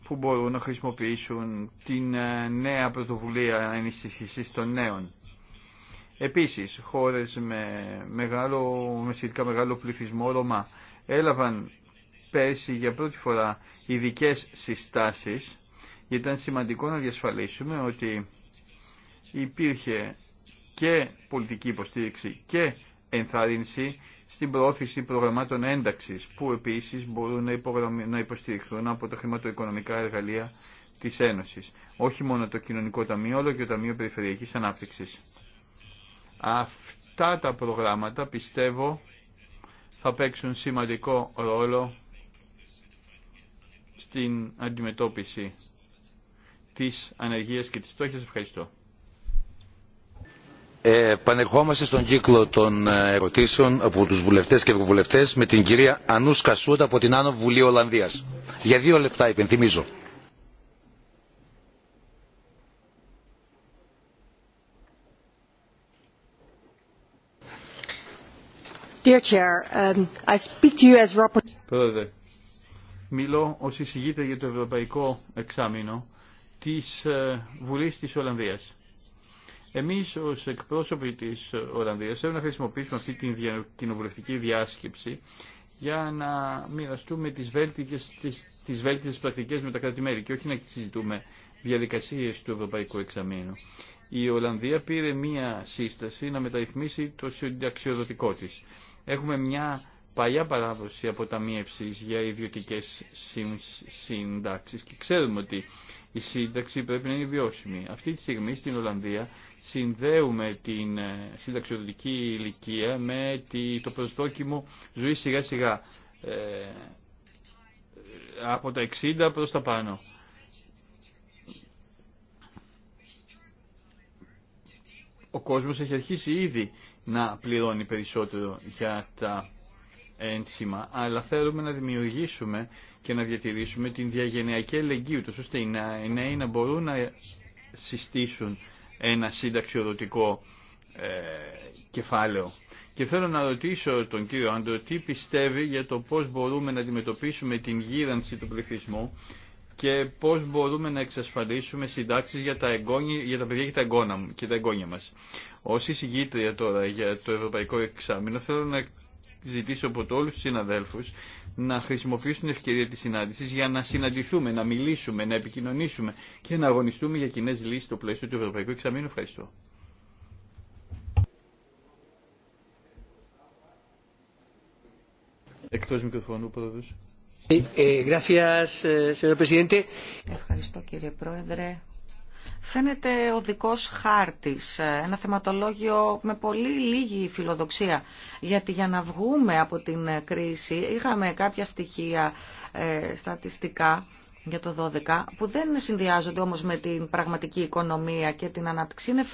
που μπορούν να χρησιμοποιήσουν την ε, νέα πρωτοβουλία ενίσχυσης των νέων. Επίσης, χώρες με, μεγάλο, με σχετικά μεγάλο πληθυσμό Ρωμά έλαβαν πέρσι για πρώτη φορά ειδικέ συστάσεις γιατί ήταν σημαντικό να διασφαλίσουμε ότι υπήρχε και πολιτική υποστήριξη και ενθάρρυνση στην πρόθεση προγραμμάτων ένταξης που επίσης μπορούν να υποστηριχθούν από τα χρηματοοικονομικά εργαλεία της Ένωσης. Όχι μόνο το Κοινωνικό Ταμείο, αλλά και το Ταμείο Περιφερειακής Ανάπτυξης. Αυτά τα προγράμματα πιστεύω θα παίξουν σημαντικό ρόλο στην αντιμετώπιση της ανεργίας και της στόχης. Ευχαριστώ. Ε, πανερχόμαστε στον κύκλο των ε, ερωτήσεων από τους βουλευτές και ευρωβουλευτές με την κυρία Ανούς Κασούτα από την Άνω Βουλή Ολλανδίας. Για δύο λεπτά υπενθυμίζω. Dear um, Πρόεδρε, μιλώ ως εισηγήτρια για το Ευρωπαϊκό Εξάμεινο της ε, Βουλής της Ολλανδίας εμείς ως εκπρόσωποι της Ολλανδίας θέλουμε να χρησιμοποιήσουμε αυτή την κοινοβουλευτική διάσκεψη για να μοιραστούμε τις βέλτιες, τις, τις πρακτικές με τα κράτη-μέλη και όχι να συζητούμε διαδικασίες του Ευρωπαϊκού Εξαμήνου. Η Ολλανδία πήρε μία σύσταση να μεταρρυθμίσει το συνταξιοδοτικό της. Έχουμε μια παλιά παράδοση αποταμίευσης για ιδιωτικές συντάξεις και ξέρουμε ότι η σύνταξη πρέπει να είναι βιώσιμη. Αυτή τη στιγμή στην Ολλανδία συνδέουμε την ε, συνταξιοδοτική ηλικία με το προσδόκιμο ζωή σιγά σιγά ε, από τα 60 προς τα πάνω. Ο κόσμος έχει αρχίσει ήδη να πληρώνει περισσότερο για τα αλλά θέλουμε να δημιουργήσουμε και να διατηρήσουμε την διαγενειακή ελεγγύη, τους, ώστε οι νέοι να μπορούν να συστήσουν ένα συνταξιοδοτικό ε, κεφάλαιο. Και θέλω να ρωτήσω τον κύριο Άντρο τι πιστεύει για το πώς μπορούμε να αντιμετωπίσουμε την γύρανση του πληθυσμού και πώς μπορούμε να εξασφαλίσουμε συντάξεις για τα, για τα παιδιά και τα, εγγόνα, και τα εγγόνια μας. Ως εισηγήτρια τώρα για το Ευρωπαϊκό Εξάμεινο θέλω να ζητήσω από το όλους τους συναδέλφους να χρησιμοποιήσουν την ευκαιρία της συνάντησης για να συναντηθούμε, να μιλήσουμε, να επικοινωνήσουμε και να αγωνιστούμε για κοινέ λύσεις στο πλαίσιο του Ευρωπαϊκού Εξαμήνου. Ευχαριστώ. Εκτός μικροφωνού, πρόεδρος. Ε, ε, ε, Ευχαριστώ κύριε Πρόεδρε φαίνεται ο δικός χάρτης, ένα θεματολόγιο με πολύ λίγη φιλοδοξία. Γιατί για να βγούμε από την κρίση είχαμε κάποια στοιχεία ε, στατιστικά για το 12 που δεν συνδυάζονται όμως με την πραγματική οικονομία και την ανάπτυξη. Είναι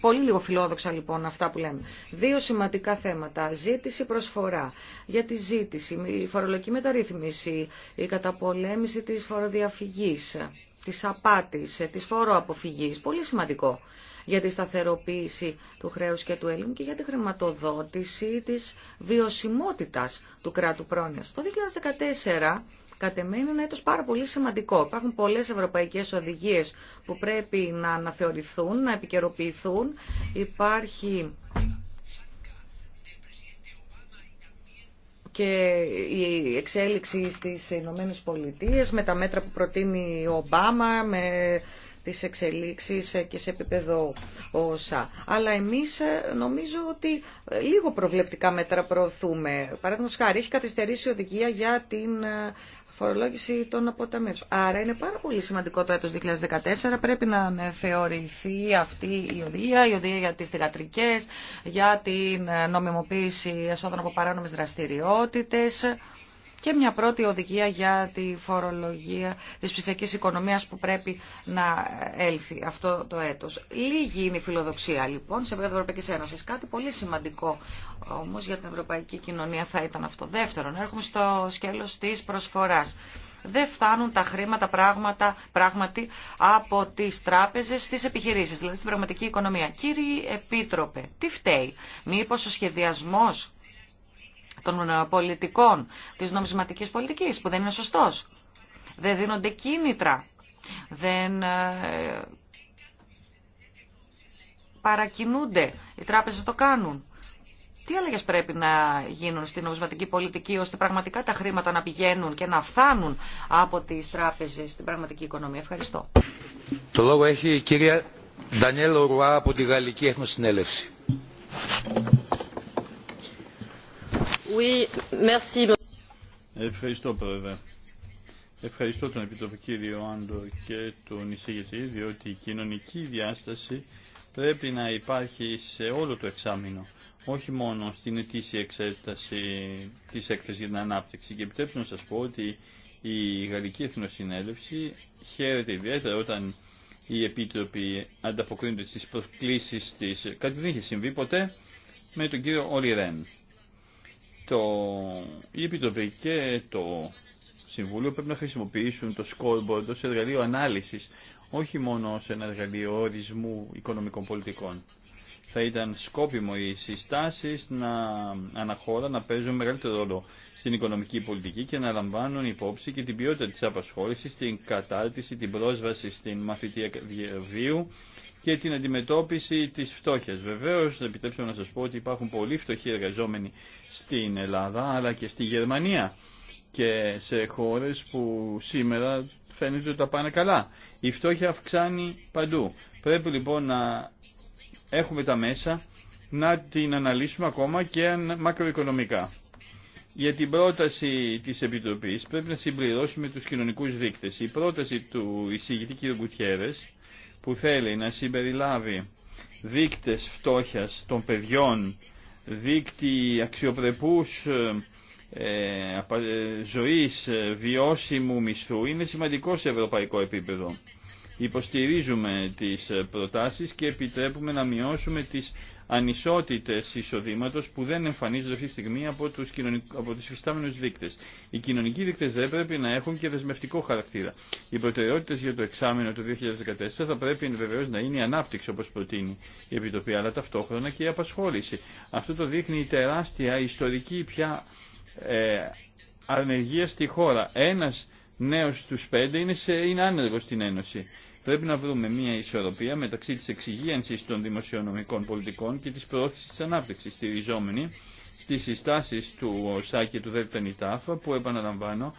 πολύ λίγο φιλόδοξα λοιπόν αυτά που λέμε. Δύο σημαντικά θέματα. Ζήτηση προσφορά. Για τη ζήτηση, η φορολογική μεταρρύθμιση, η καταπολέμηση της φοροδιαφυγής της απάτης, ε, της φοροαποφυγής. Πολύ σημαντικό για τη σταθεροποίηση του χρέους και του έλλειμου και για τη χρηματοδότηση της βιωσιμότητας του κράτου πρόνοιας. Το 2014 κατεμένει είναι ένα έτος πάρα πολύ σημαντικό. Υπάρχουν πολλές ευρωπαϊκές οδηγίες που πρέπει να αναθεωρηθούν, να επικαιροποιηθούν. Υπάρχει και η εξέλιξη στις Ηνωμένε Πολιτείε με τα μέτρα που προτείνει ο Ομπάμα, με τις εξελίξεις και σε επίπεδο όσα. Αλλά εμείς ε, νομίζω ότι ε, λίγο προβλεπτικά μέτρα προωθούμε. Παραδείγματος χάρη έχει καθυστερήσει η οδηγία για την ε, φορολόγηση των αποταμίευσεων. Άρα είναι πάρα πολύ σημαντικό το έτος 2014. Πρέπει να θεωρηθεί αυτή η οδηγία, η οδηγία για τις θηγατρικές, για την νομιμοποίηση εσόδων από παράνομες δραστηριότητες και μια πρώτη οδηγία για τη φορολογία της ψηφιακής οικονομίας που πρέπει να έλθει αυτό το έτος. Λίγη είναι η φιλοδοξία λοιπόν σε επίπεδο Ευρωπαϊκή Ένωση. Κάτι πολύ σημαντικό όμως για την ευρωπαϊκή κοινωνία θα ήταν αυτό. Δεύτερον, έρχομαι στο σκέλος της προσφοράς. Δεν φτάνουν τα χρήματα πράγματα, πράγματι από τις τράπεζες στις επιχειρήσεις, δηλαδή στην πραγματική οικονομία. Κύριε Επίτροπε, τι φταίει. Μήπως ο σχεδιασμός των πολιτικών, της νομισματικής πολιτικής, που δεν είναι σωστός. Δεν δίνονται κίνητρα, δεν ε, παρακινούνται, οι τράπεζες το κάνουν. Τι αλλαγέ πρέπει να γίνουν στην νομισματική πολιτική ώστε πραγματικά τα χρήματα να πηγαίνουν και να φθάνουν από τι τράπεζε στην πραγματική οικονομία. Ευχαριστώ. Το λόγο έχει η κυρία Ντανιέλο Ρουά από τη Γαλλική Ευχαριστώ, Πρόεδρε. Ευχαριστώ τον Επίτροπο κύριο Άντορ και τον εισηγητή, διότι η κοινωνική διάσταση πρέπει να υπάρχει σε όλο το εξάμεινο, όχι μόνο στην ετήσια εξέταση της έκθεσης για την ανάπτυξη. Και επιτρέψτε να σας πω ότι η Γαλλική Εθνοσυνέλευση χαίρεται ιδιαίτερα όταν οι επίτροποι ανταποκρίνονται στις προσκλήσεις της, κάτι δεν είχε συμβεί ποτέ, με τον κύριο Όλι Ρέν το, η Επιτροπή και το Συμβούλιο πρέπει να χρησιμοποιήσουν το scoreboard ως εργαλείο ανάλυσης, όχι μόνο ως ένα εργαλείο ορισμού οικονομικών πολιτικών. Θα ήταν σκόπιμο οι συστάσεις να αναχώρα να παίζουν μεγαλύτερο ρόλο στην οικονομική πολιτική και να λαμβάνουν υπόψη και την ποιότητα της απασχόλησης, την κατάρτιση, την πρόσβαση στην μαθητεία βίου, και την αντιμετώπιση της φτώχειας. Βεβαίως, επιτρέψτε να σας πω ότι υπάρχουν πολλοί φτωχοί εργαζόμενοι στην Ελλάδα, αλλά και στη Γερμανία και σε χώρες που σήμερα φαίνεται ότι τα πάνε καλά. Η φτώχεια αυξάνει παντού. Πρέπει λοιπόν να έχουμε τα μέσα να την αναλύσουμε ακόμα και μακροοικονομικά. Για την πρόταση της Επιτροπής πρέπει να συμπληρώσουμε τους κοινωνικούς δείκτες. Η πρόταση του εισηγητή κ. Κουτιέρες που θέλει να συμπεριλάβει δίκτες φτώχειας των παιδιών, δείκτη αξιοπρεπούς ε, ε, ε ζωής ε, βιώσιμου μισθού είναι σημαντικό σε ευρωπαϊκό επίπεδο. Υποστηρίζουμε τις ε, προτάσεις και επιτρέπουμε να μειώσουμε τις ανισότητες εισοδήματος που δεν εμφανίζονται αυτή τη στιγμή από, τους από τις φυστάμενους δείκτες. Οι κοινωνικοί δείκτες δεν πρέπει να έχουν και δεσμευτικό χαρακτήρα. Οι προτεραιότητες για το εξάμεινο του 2014 θα πρέπει βεβαίω να είναι η ανάπτυξη όπως προτείνει η Επιτροπή, αλλά ταυτόχρονα και η απασχόληση. Αυτό το δείχνει η τεράστια ιστορική πια ε, αρνεργία στη χώρα. Ένας νέος στους πέντε είναι, σε, είναι άνεργος στην Ένωση. Πρέπει να βρούμε μια ισορροπία μεταξύ της εξυγίανσης των δημοσιονομικών πολιτικών και της πρόθεσης της ανάπτυξης, στηριζόμενη στις συστάσεις του ΟΣΑ και του ΔΕΛΤΑΝΙΤΑΦ, που επαναλαμβάνω,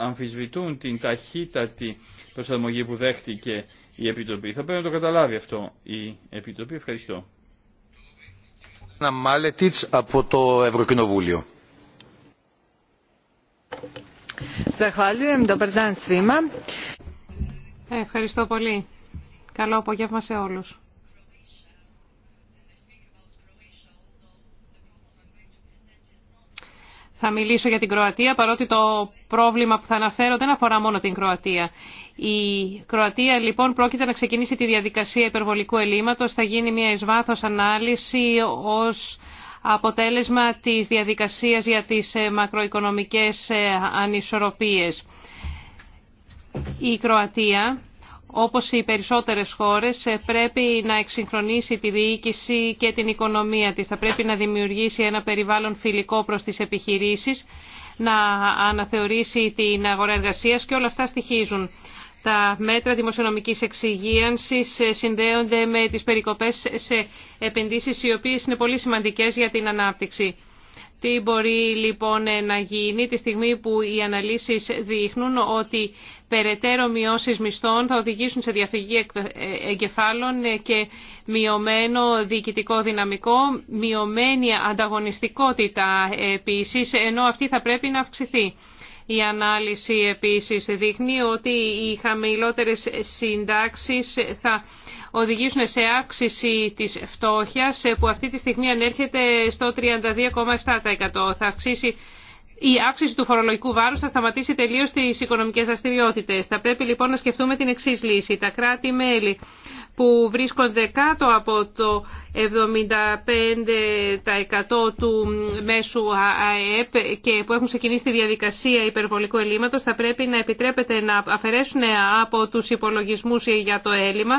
αμφισβητούν την ταχύτατη προσαρμογή που δέχτηκε η Επιτροπή. Θα πρέπει να το καταλάβει αυτό η Επιτροπή. Ευχαριστώ. Ε, ευχαριστώ πολύ. Καλό απόγευμα σε όλους. Θα μιλήσω για την Κροατία, παρότι το πρόβλημα που θα αναφέρω δεν αφορά μόνο την Κροατία. Η Κροατία λοιπόν πρόκειται να ξεκινήσει τη διαδικασία υπερβολικού ελλείμματος, θα γίνει μια εσβάθος ανάλυση ως αποτέλεσμα της διαδικασίας για τις ε, μακροοικονομικές ε, ανισορροπίες. Η Κροατία, όπως οι περισσότερες χώρες, πρέπει να εξυγχρονίσει τη διοίκηση και την οικονομία της. Θα πρέπει να δημιουργήσει ένα περιβάλλον φιλικό προς τις επιχειρήσεις, να αναθεωρήσει την αγορά εργασίας και όλα αυτά στοιχίζουν. Τα μέτρα δημοσιονομικής εξυγίανσης συνδέονται με τις περικοπές σε επενδύσεις οι οποίες είναι πολύ σημαντικές για την ανάπτυξη. Τι μπορεί λοιπόν να γίνει τη στιγμή που οι αναλύσεις δείχνουν ότι περαιτέρω μειώσει μισθών θα οδηγήσουν σε διαφυγή εγκεφάλων και μειωμένο διοικητικό δυναμικό, μειωμένη ανταγωνιστικότητα επίσης, ενώ αυτή θα πρέπει να αυξηθεί. Η ανάλυση επίσης δείχνει ότι οι χαμηλότερες συντάξεις θα οδηγήσουν σε αύξηση της φτώχειας που αυτή τη στιγμή ανέρχεται στο 32,7%. Θα η αύξηση του φορολογικού βάρους θα σταματήσει τελείως τις οικονομικές δραστηριότητε. Θα πρέπει λοιπόν να σκεφτούμε την εξή λύση. Τα κράτη-μέλη που βρίσκονται κάτω από το 75% του μέσου ΑΕΠ και που έχουν ξεκινήσει τη διαδικασία υπερβολικού ελλείμματος θα πρέπει να επιτρέπεται να αφαιρέσουν από τους υπολογισμούς για το έλλειμμα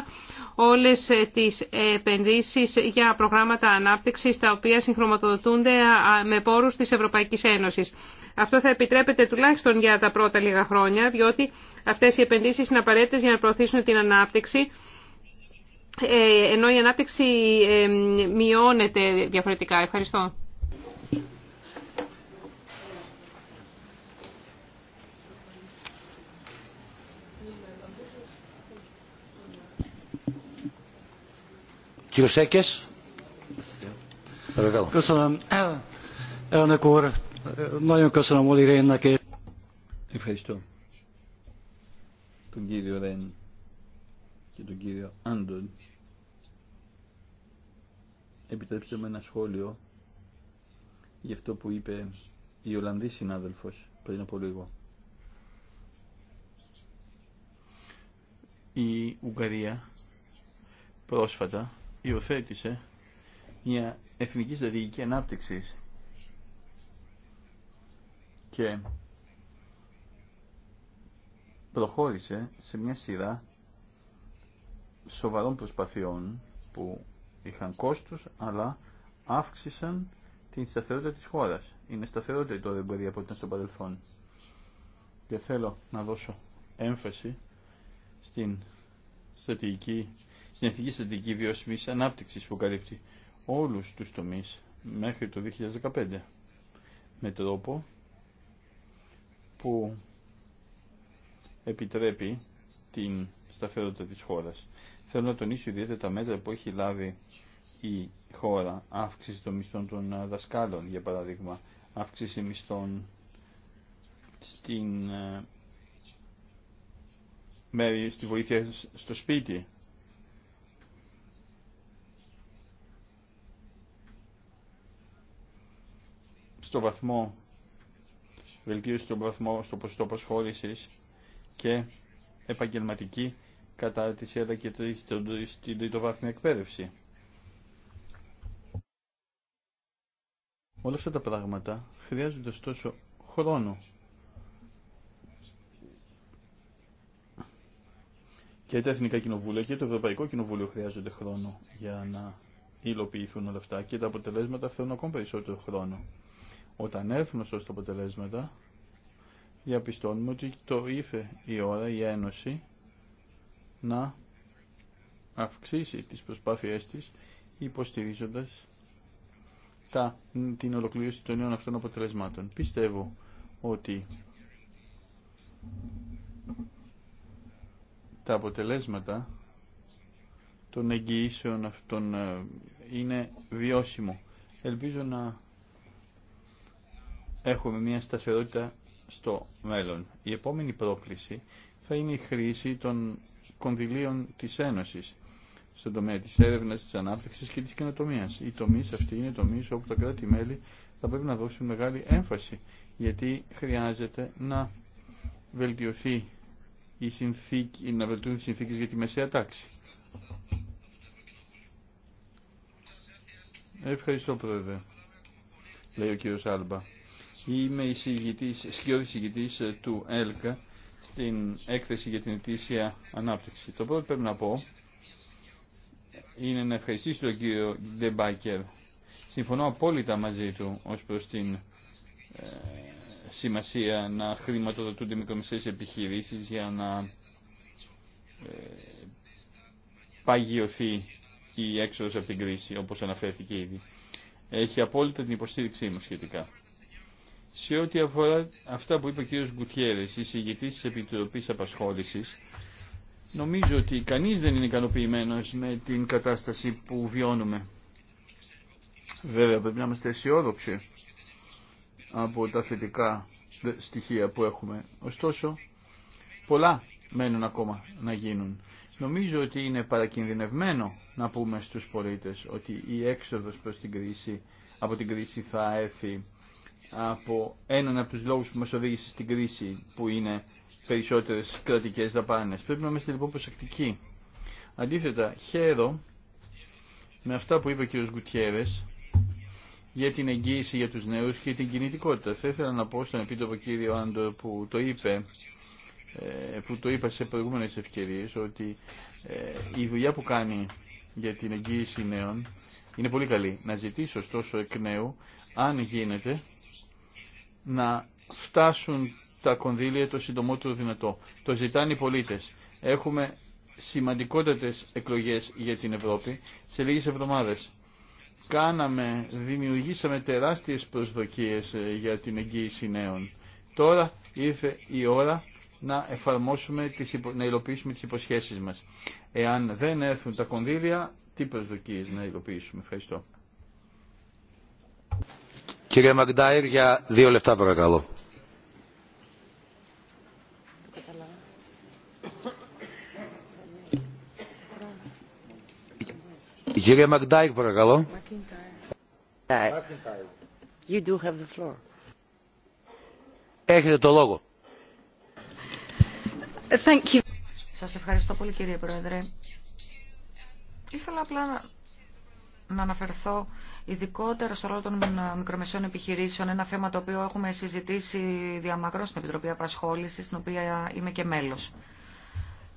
όλες ε, τις επενδύσεις για προγράμματα ανάπτυξης τα οποία συγχρωματοδοτούνται με πόρους της Ευρωπαϊκής Ένωσης. Αυτό θα επιτρέπεται τουλάχιστον για τα πρώτα λίγα χρόνια, διότι αυτές οι επενδύσεις είναι απαραίτητες για να προωθήσουν την ανάπτυξη, ε, ενώ η ανάπτυξη ε, μειώνεται διαφορετικά. Ευχαριστώ. Κύριος Ευχαριστώ τον κύριο Ρεν και τον κύριο Άντων. Επιτρέψτε με ένα σχόλιο για αυτό που είπε η Ολλανδή συνάδελφος πριν από λίγο. Η Ουγγαρία πρόσφατα υιοθέτησε μια εθνική στρατηγική ανάπτυξη και προχώρησε σε μια σειρά σοβαρών προσπαθειών που είχαν κόστους αλλά αύξησαν την σταθερότητα της χώρας. Είναι σταθερότερη τώρα η εμπορία από ό,τι ήταν στο παρελθόν. Και θέλω να δώσω έμφαση στην στρατηγική στην εθνική στρατηγική βιώσιμη ανάπτυξης που καλύπτει όλους τους τομείς μέχρι το 2015 με τρόπο που επιτρέπει την σταθερότητα της χώρας. Θέλω να τονίσω ιδιαίτερα τα μέτρα που έχει λάβει η χώρα, αύξηση των μισθών των ε, δασκάλων, για παράδειγμα, αύξηση μισθών στην ε, μέρη στη βοήθεια στο σπίτι, στο βαθμό βελτίωση στο βαθμό στο ποσοστό προσχώρηση και επαγγελματική κατάρτιση αλλά και στην τριτοβάθμια εκπαίδευση. Όλα αυτά τα πράγματα χρειάζονται ωστόσο χρόνο. Και τα Εθνικά Κοινοβούλια και το Ευρωπαϊκό Κοινοβούλιο χρειάζονται χρόνο για να υλοποιηθούν όλα αυτά και τα αποτελέσματα θέλουν ακόμα περισσότερο χρόνο. Όταν έρθουν στο τα αποτελέσματα, διαπιστώνουμε ότι το ήρθε η ώρα η Ένωση να αυξήσει τις προσπάθειές της υποστηρίζοντας τα, την ολοκλήρωση των νέων αυτών αποτελεσμάτων. Πιστεύω ότι τα αποτελέσματα των εγγυήσεων αυτών ε, είναι βιώσιμο. Ελπίζω να έχουμε μια σταθερότητα στο μέλλον. Η επόμενη πρόκληση θα είναι η χρήση των κονδυλίων της Ένωσης στον τομέα της έρευνας, της ανάπτυξης και της καινοτομίας. Οι τομείς αυτοί είναι τομείς όπου τα κράτη-μέλη θα πρέπει να δώσουν μεγάλη έμφαση, γιατί χρειάζεται να βελτιωθεί η συνθήκη, να βελτιωθούν οι συνθήκες για τη μεσαία τάξη. Ευχαριστώ, Πρόεδρε, λέει ο κύριος Άλμπα. Είμαι σκιώδης ηγητής ε, του ΕΛΚΑ στην έκθεση για την ετήσια ανάπτυξη. Το πρώτο που πρέπει να πω είναι να ευχαριστήσω τον κύριο Ντεμπάκερ. Συμφωνώ απόλυτα μαζί του ως προς την ε, σημασία να χρηματοδοτούνται μικρομεσαίες επιχειρήσεις για να ε, παγιωθεί η έξοδος από την κρίση, όπως αναφέρθηκε ήδη. Έχει απόλυτα την υποστήριξή μου σχετικά. Σε ό,τι αφορά αυτά που είπε ο κ. η συγκεκριτή της Επιτροπής Απασχόλησης, νομίζω ότι κανείς δεν είναι ικανοποιημένο με την κατάσταση που βιώνουμε. Βέβαια, πρέπει να είμαστε αισιόδοξοι από τα θετικά στοιχεία που έχουμε. Ωστόσο, πολλά μένουν ακόμα να γίνουν. Νομίζω ότι είναι παρακινδυνευμένο να πούμε στους πολίτες ότι η έξοδος προς την κρίση, από την κρίση θα έρθει από έναν από τους λόγους που μας οδήγησε στην κρίση που είναι περισσότερες κρατικές δαπάνες. Πρέπει να είμαστε λοιπόν προσεκτικοί. Αντίθετα, χαίρο με αυτά που είπε ο κ. Γκουτιέρες για την εγγύηση για τους νέους και την κινητικότητα. Θα ήθελα να πω στον επίτροπο κύριο Άντορ που το είπε ε, που το είπα σε προηγούμενες ευκαιρίες ότι ε, η δουλειά που κάνει για την εγγύηση νέων είναι πολύ καλή. Να ζητήσω ωστόσο εκ νέου αν γίνεται να φτάσουν τα κονδύλια το συντομότερο δυνατό. Το ζητάνε οι πολίτες. Έχουμε σημαντικότατες εκλογές για την Ευρώπη σε λίγες εβδομάδες. Κάναμε, δημιουργήσαμε τεράστιες προσδοκίες ε, για την εγγύηση νέων. Τώρα ήρθε η ώρα να, εφαρμόσουμε τις, να υλοποιήσουμε τις υποσχέσεις μας. Εάν δεν έρθουν τα κονδύλια, τι προσδοκίες να υλοποιήσουμε. Ευχαριστώ. Κύριε Μαγντάιρ, για δύο λεπτά παρακαλώ. Κύριε κυρία Μαγντάιρ, παρακαλώ. Έχετε το λόγο. Thank Σας ευχαριστώ πολύ κύριε Πρόεδρε. Ήθελα απλά να αναφερθώ ειδικότερα στο ρόλο των ε, μικρομεσαίων επιχειρήσεων, ένα θέμα το οποίο έχουμε συζητήσει διαμακρό στην Επιτροπή απασχόληση, στην οποία είμαι και μέλος.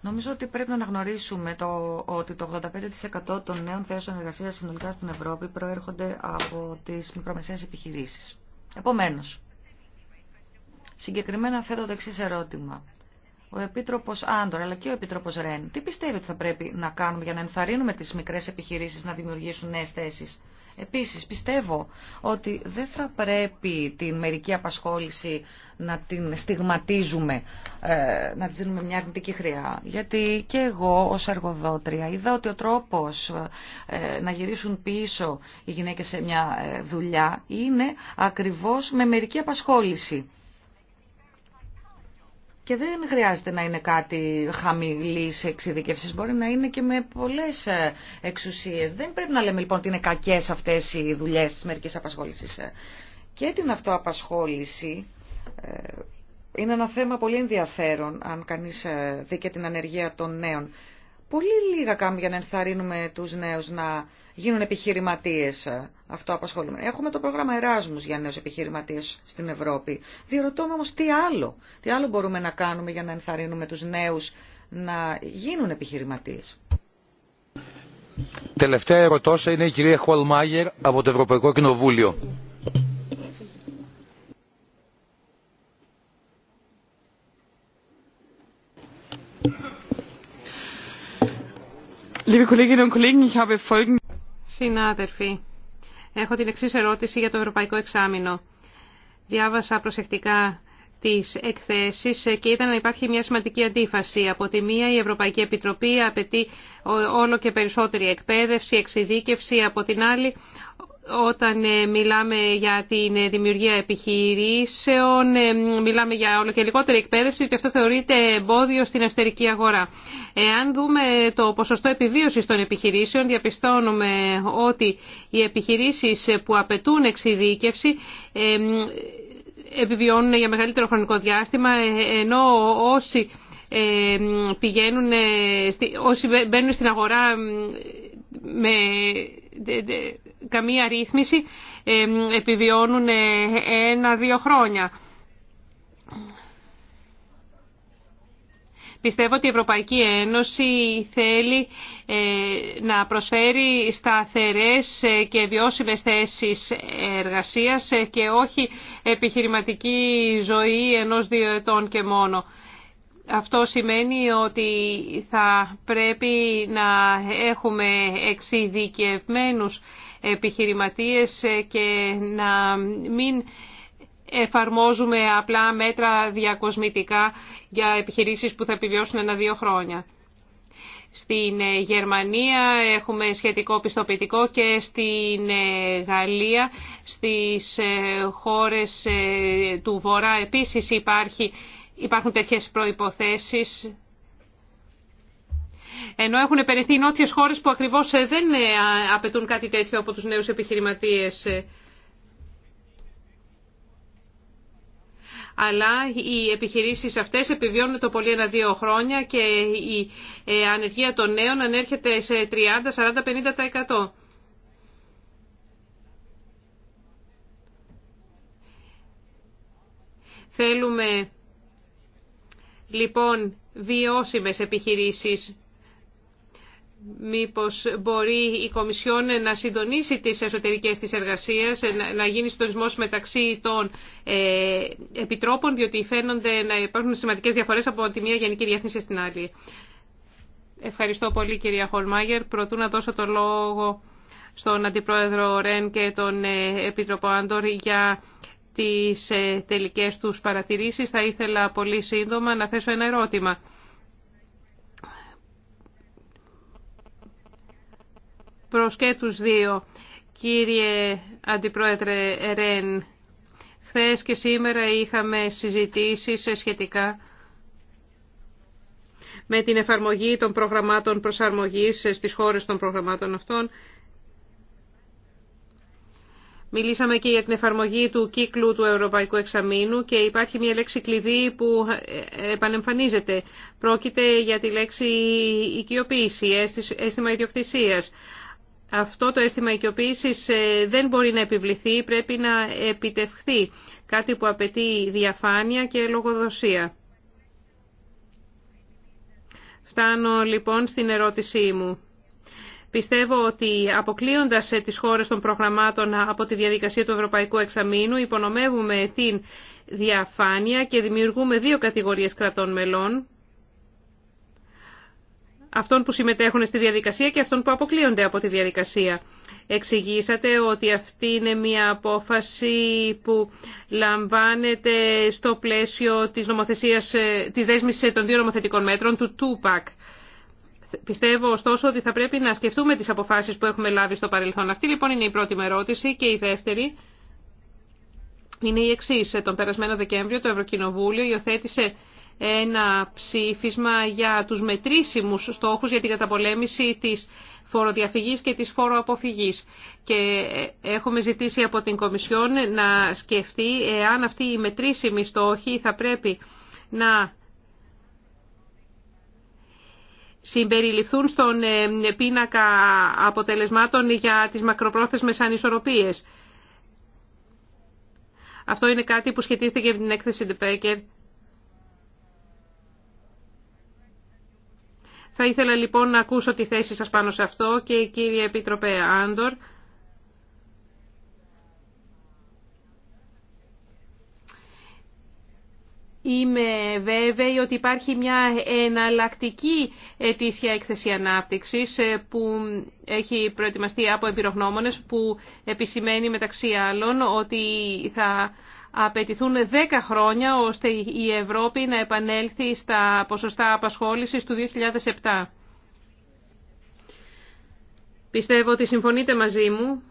Νομίζω ότι πρέπει να αναγνωρίσουμε το, ότι το 85% των νέων θέσεων εργασίας συνολικά στην Ευρώπη προέρχονται από τις μικρομεσαίες επιχειρήσει. Επομένω. συγκεκριμένα θέτω το εξή ερώτημα ο Επίτροπο Άντορ αλλά και ο Επίτροπο Ρεν, τι πιστεύετε ότι θα πρέπει να κάνουμε για να ενθαρρύνουμε τι μικρέ επιχειρήσει να δημιουργήσουν νέε θέσει. Επίση, πιστεύω ότι δεν θα πρέπει την μερική απασχόληση να την στιγματίζουμε, ε, να τη δίνουμε μια αρνητική χρειά. Γιατί και εγώ ως εργοδότρια είδα ότι ο τρόπος ε, να γυρίσουν πίσω οι γυναίκε σε μια ε, δουλειά είναι ακριβώ με μερική απασχόληση. Και δεν χρειάζεται να είναι κάτι χαμηλή εξειδικεύση. Μπορεί να είναι και με πολλέ ε, εξουσίε. Δεν πρέπει να λέμε λοιπόν ότι είναι κακέ αυτέ οι δουλειέ τη μερική απασχόληση. Ε, και την αυτοαπασχόληση ε, είναι ένα θέμα πολύ ενδιαφέρον αν κανεί δει και την ανεργία των νέων πολύ λίγα κάνουμε για να ενθαρρύνουμε τους νέους να γίνουν επιχειρηματίες. Αυτό απασχολούμε. Έχουμε το πρόγραμμα Εράσμου για νέους επιχειρηματίες στην Ευρώπη. Διερωτώμε όμω τι άλλο. Τι άλλο μπορούμε να κάνουμε για να ενθαρρύνουμε τους νέους να γίνουν επιχειρηματίες. Τελευταία ερωτώσα είναι η κυρία Χολμάγερ από το Ευρωπαϊκό Κοινοβούλιο. Liebe Kolleginnen und Kollegen, ich habe Συνάδελφοι, έχω την εξή ερώτηση για το Ευρωπαϊκό Εξάμεινο. Διάβασα προσεκτικά τις εκθέσεις και ήταν να υπάρχει μια σημαντική αντίφαση. Από τη μία η Ευρωπαϊκή Επιτροπή απαιτεί όλο και περισσότερη εκπαίδευση, εξειδίκευση. Από την άλλη όταν ε, μιλάμε για την ε, δημιουργία επιχειρήσεων, ε, μιλάμε για όλο και λιγότερη εκπαίδευση, ότι αυτό θεωρείται εμπόδιο στην εσωτερική αγορά. Εάν δούμε το ποσοστό επιβίωσης των επιχειρήσεων, διαπιστώνουμε ότι οι επιχειρήσεις που απαιτούν εξειδίκευση επιβιώνουν για μεγαλύτερο χρονικό διάστημα, ενώ όσοι πηγαίνουν, όσοι μπαίνουν στην αγορά με καμία ρύθμιση επιβιώνουν ε, ένα-δύο χρόνια. Πιστεύω ότι η Ευρωπαϊκή Ένωση θέλει ε, να προσφέρει σταθερές ε, και βιώσιμες θέσεις εργασίας και όχι επιχειρηματική ζωή ενός-δύο ετών και μόνο. Αυτό σημαίνει ότι θα πρέπει να έχουμε εξειδικευμένους επιχειρηματίες ε, και να μην εφαρμόζουμε απλά μέτρα διακοσμητικά για επιχειρήσεις που θα επιβιώσουν ένα-δύο χρόνια. Στην ε, Γερμανία έχουμε σχετικό πιστοποιητικό και στην ε, Γαλλία, στις χώρες του Βορρά επίσης υπάρχει, υπάρχουν τέτοιες προϋποθέσεις ενώ έχουν οι νότιες χώρες που ακριβώς ε, δεν ε, απαιτούν κάτι τέτοιο από τους νέους επιχειρηματίες. Ε. αλλά οι επιχειρήσεις αυτές επιβιώνουν το πολύ ένα-δύο χρόνια και η ανεργία των νέων ανέρχεται σε 30, 40, 50%. Θέλουμε λοιπόν βιώσιμες επιχειρήσεις Μήπως μπορεί η Κομισιόν να συντονίσει τις εσωτερικές της εργασίες, να γίνει συντονισμός μεταξύ των ε, επιτρόπων, διότι φαίνονται να υπάρχουν σημαντικές διαφορές από τη μία γενική διεύθυνση στην άλλη. Ευχαριστώ πολύ κυρία Χολμάγερ. Προτού να δώσω το λόγο στον Αντιπρόεδρο Ρεν και τον ε, Επίτροπο Άντορ για τις ε, τελικές τους παρατηρήσεις, θα ήθελα πολύ σύντομα να θέσω ένα ερώτημα. προς και τους δύο. Κύριε Αντιπρόεδρε Ρεν, χθες και σήμερα είχαμε συζητήσεις σχετικά με την εφαρμογή των προγραμμάτων προσαρμογής στις χώρες των προγραμμάτων αυτών. Μιλήσαμε και για την εφαρμογή του κύκλου του Ευρωπαϊκού Εξαμήνου και υπάρχει μια λέξη κλειδί που ε, ε, επανεμφανίζεται. Πρόκειται για τη λέξη οικειοποίηση, αίσθημα ιδιοκτησίας αυτό το αίσθημα οικειοποίησης ε, δεν μπορεί να επιβληθεί, πρέπει να επιτευχθεί. Κάτι που απαιτεί διαφάνεια και λογοδοσία. Φτάνω λοιπόν στην ερώτησή μου. Πιστεύω ότι αποκλείοντας ε, τις χώρες των προγραμμάτων από τη διαδικασία του Ευρωπαϊκού Εξαμήνου υπονομεύουμε την διαφάνεια και δημιουργούμε δύο κατηγορίες κρατών μελών αυτών που συμμετέχουν στη διαδικασία και αυτών που αποκλείονται από τη διαδικασία. Εξηγήσατε ότι αυτή είναι μια απόφαση που λαμβάνεται στο πλαίσιο της, νομοθεσίας, ε, της δέσμης των δύο νομοθετικών μέτρων του ΤΟΥΠΑΚ. Πιστεύω ωστόσο ότι θα πρέπει να σκεφτούμε τις αποφάσεις που έχουμε λάβει στο παρελθόν. Αυτή λοιπόν είναι η πρώτη μου ερώτηση και η δεύτερη είναι η εξή. Τον περασμένο Δεκέμβριο το Ευρωκοινοβούλιο υιοθέτησε ένα ψήφισμα για τους μετρήσιμους στόχους για την καταπολέμηση της φοροδιαφυγής και της φοροαποφυγής. Και ε, έχουμε ζητήσει από την Κομισιόν να σκεφτεί εάν αυτοί οι μετρήσιμοι στόχοι θα πρέπει να συμπεριληφθούν στον ε, πίνακα αποτελεσμάτων για τις μακροπρόθεσμες ανισορροπίες. Αυτό είναι κάτι που σχετίζεται και με την έκθεση Πέκερ Θα ήθελα λοιπόν να ακούσω τη θέση σας πάνω σε αυτό και η κύριε Επίτροπε Άντορ. Είμαι βέβαιη ότι υπάρχει μια εναλλακτική ετήσια έκθεση ανάπτυξης ε, που έχει προετοιμαστεί από εμπειρογνώμονες που επισημαίνει μεταξύ άλλων ότι θα απαιτηθούν 10 χρόνια ώστε η Ευρώπη να επανέλθει στα ποσοστά απασχόλησης του 2007. Πιστεύω ότι συμφωνείτε μαζί μου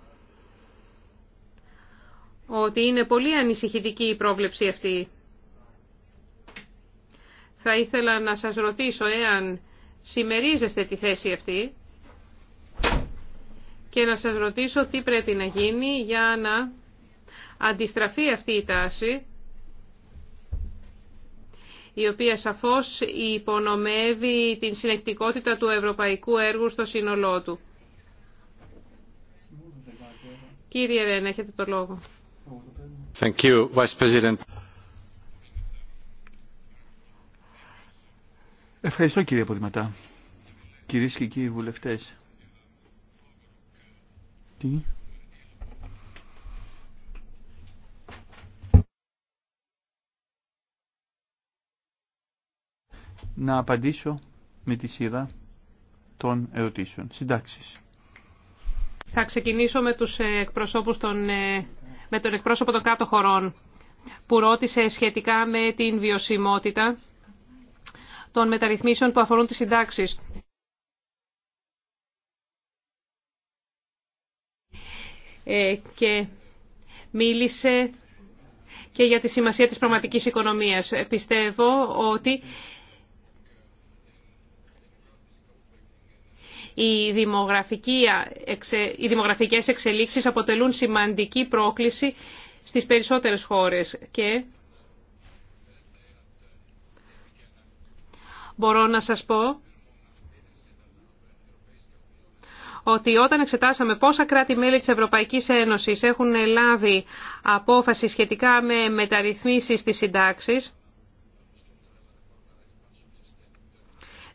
ότι είναι πολύ ανησυχητική η πρόβλεψη αυτή. Θα ήθελα να σας ρωτήσω εάν συμμερίζεστε τη θέση αυτή και να σας ρωτήσω τι πρέπει να γίνει για να αντιστραφεί αυτή η τάση, η οποία σαφώς υπονομεύει την συνεκτικότητα του ευρωπαϊκού έργου στο σύνολό του. Κύριε Ρεν, έχετε το λόγο. Thank you, Vice President. Ευχαριστώ κύριε Ποδηματά. Κυρίες και κύριοι βουλευτές. Τι? να απαντήσω με τη σειρά των ερωτήσεων. Συντάξεις. Θα ξεκινήσω με, τους ε, εκπροσώπους των, ε, με τον εκπρόσωπο των κάτω χωρών που ρώτησε σχετικά με την βιωσιμότητα των μεταρρυθμίσεων που αφορούν τις συντάξεις. Ε, και μίλησε και για τη σημασία της πραγματικής οικονομίας. Πιστεύω ότι Οι, οι δημογραφικές εξελίξεις αποτελούν σημαντική πρόκληση στις περισσότερες χώρες και μπορώ να σας πω ότι όταν εξετάσαμε πόσα κράτη-μέλη της Ευρωπαϊκής Ένωσης έχουν λάβει απόφαση σχετικά με μεταρρυθμίσεις της συντάξης,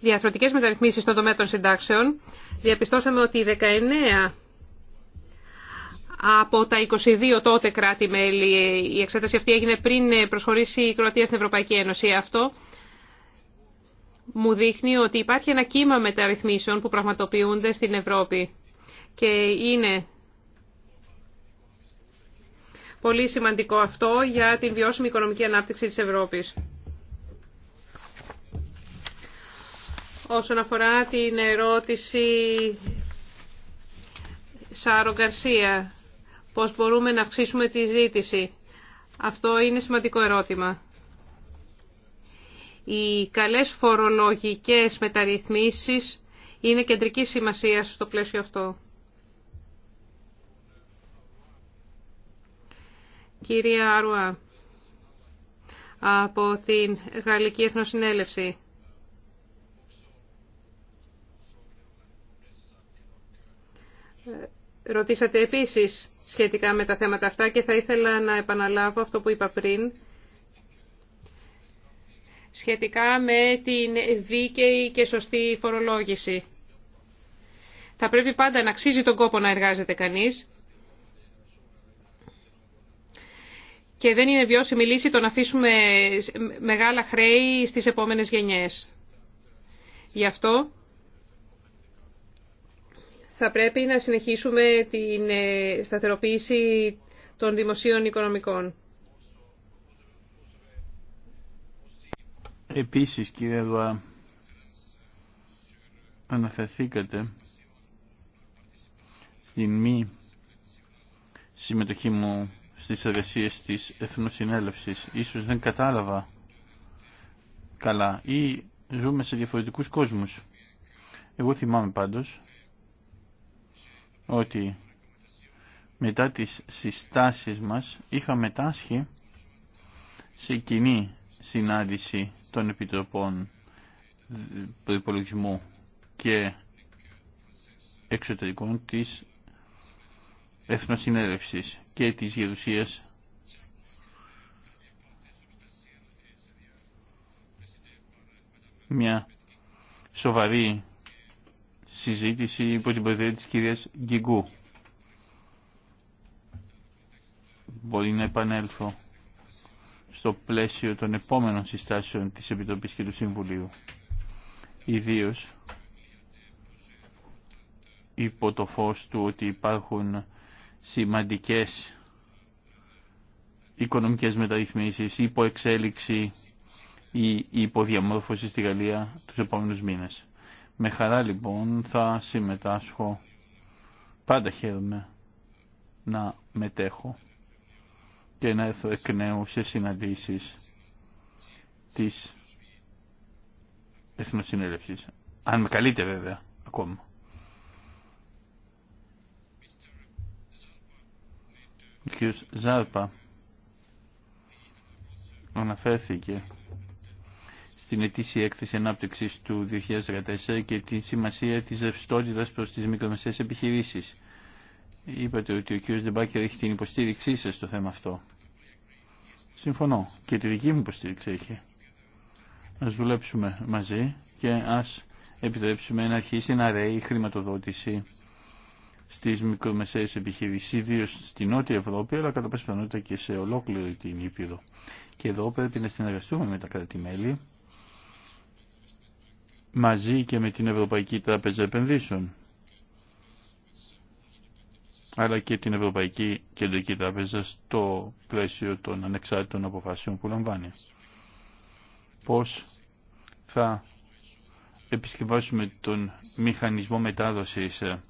διαθροτικές μεταρρυθμίσεις στον τομέα των συντάξεων, διαπιστώσαμε ότι 19 από τα 22 τότε κράτη-μέλη. Η εξέταση αυτή έγινε πριν προσχωρήσει η Κροατία στην Ευρωπαϊκή Ένωση. Αυτό μου δείχνει ότι υπάρχει ένα κύμα μεταρρυθμίσεων που πραγματοποιούνται στην Ευρώπη και είναι πολύ σημαντικό αυτό για την βιώσιμη οικονομική ανάπτυξη της Ευρώπης. όσον αφορά την ερώτηση Σάρο Γκαρσία, πώς μπορούμε να αυξήσουμε τη ζήτηση. Αυτό είναι σημαντικό ερώτημα. Οι καλές φορολογικές μεταρρυθμίσεις είναι κεντρική σημασία στο πλαίσιο αυτό. Κυρία Αρουά, από την Γαλλική Εθνοσυνέλευση. Ρωτήσατε επίσης σχετικά με τα θέματα αυτά και θα ήθελα να επαναλάβω αυτό που είπα πριν σχετικά με την δίκαιη και σωστή φορολόγηση. Θα πρέπει πάντα να αξίζει τον κόπο να εργάζεται κανείς και δεν είναι βιώσιμη λύση το να αφήσουμε μεγάλα χρέη στις επόμενες γενιές. Γι' αυτό θα πρέπει να συνεχίσουμε την ε, σταθεροποίηση των δημοσίων οικονομικών. Επίσης κύριε Δουά, αναφερθήκατε στην μη συμμετοχή μου στις εργασίες της Εθνοσυνέλευσης. Ίσως δεν κατάλαβα καλά ή ζούμε σε διαφορετικούς κόσμους. Εγώ θυμάμαι πάντως ότι μετά τις συστάσεις μας είχαμε τάσχει σε κοινή συνάντηση των επιτροπών προϋπολογισμού και εξωτερικών της Εθνοσυνέλευσης και της Γερουσίας μια σοβαρή συζήτηση υπό την προεδρία της κυρίας Γκυγκού. Μπορεί να επανέλθω στο πλαίσιο των επόμενων συστάσεων της Επιτροπής και του Συμβουλίου. Ιδίως υπό το φως του ότι υπάρχουν σημαντικές οικονομικές μεταρρυθμίσεις, εξέλιξη ή υποδιαμόρφωση στη Γαλλία τους επόμενους μήνες. Με χαρά λοιπόν θα συμμετάσχω, πάντα χαίρομαι να μετέχω και να έρθω εκ νέου σε συναντήσεις της Εθνοσυνέλευσης. Αν με καλείτε βέβαια ακόμα. Ο κ. Ζάρπα αναφέρθηκε στην ετήσια έκθεση ανάπτυξη του 2014 και τη σημασία τη ρευστότητα προ τι μικρομεσαίε επιχειρήσει. Είπατε ότι ο κ. Δεμπάκερ έχει την υποστήριξή σα στο θέμα αυτό. Συμφωνώ. Και τη δική μου υποστήριξη έχει. Α δουλέψουμε μαζί και α επιτρέψουμε να αρχίσει να ρέει η χρηματοδότηση στι μικρομεσαίε επιχειρήσει, ιδίω στην Νότια Ευρώπη, αλλά κατά πάσα και σε ολόκληρη την Ήπειρο. Και εδώ πρέπει να συνεργαστούμε με τα κράτη-μέλη μαζί και με την Ευρωπαϊκή Τράπεζα Επενδύσεων αλλά και την Ευρωπαϊκή Κεντρική Τράπεζα στο πλαίσιο των ανεξάρτητων αποφάσεων που λαμβάνει. Πώς θα επισκευάσουμε τον μηχανισμό μετάδοσης ε,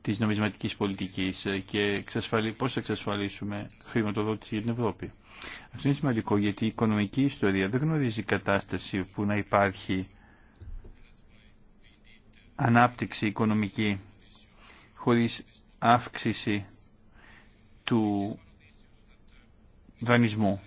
της νομισματικής πολιτικής ε, και πώς θα εξασφαλίσουμε χρηματοδότηση για την Ευρώπη. Αυτό είναι σημαντικό γιατί η οικονομική ιστορία δεν γνωρίζει κατάσταση που να υπάρχει ανάπτυξη οικονομική χωρίς αύξηση του δανεισμού.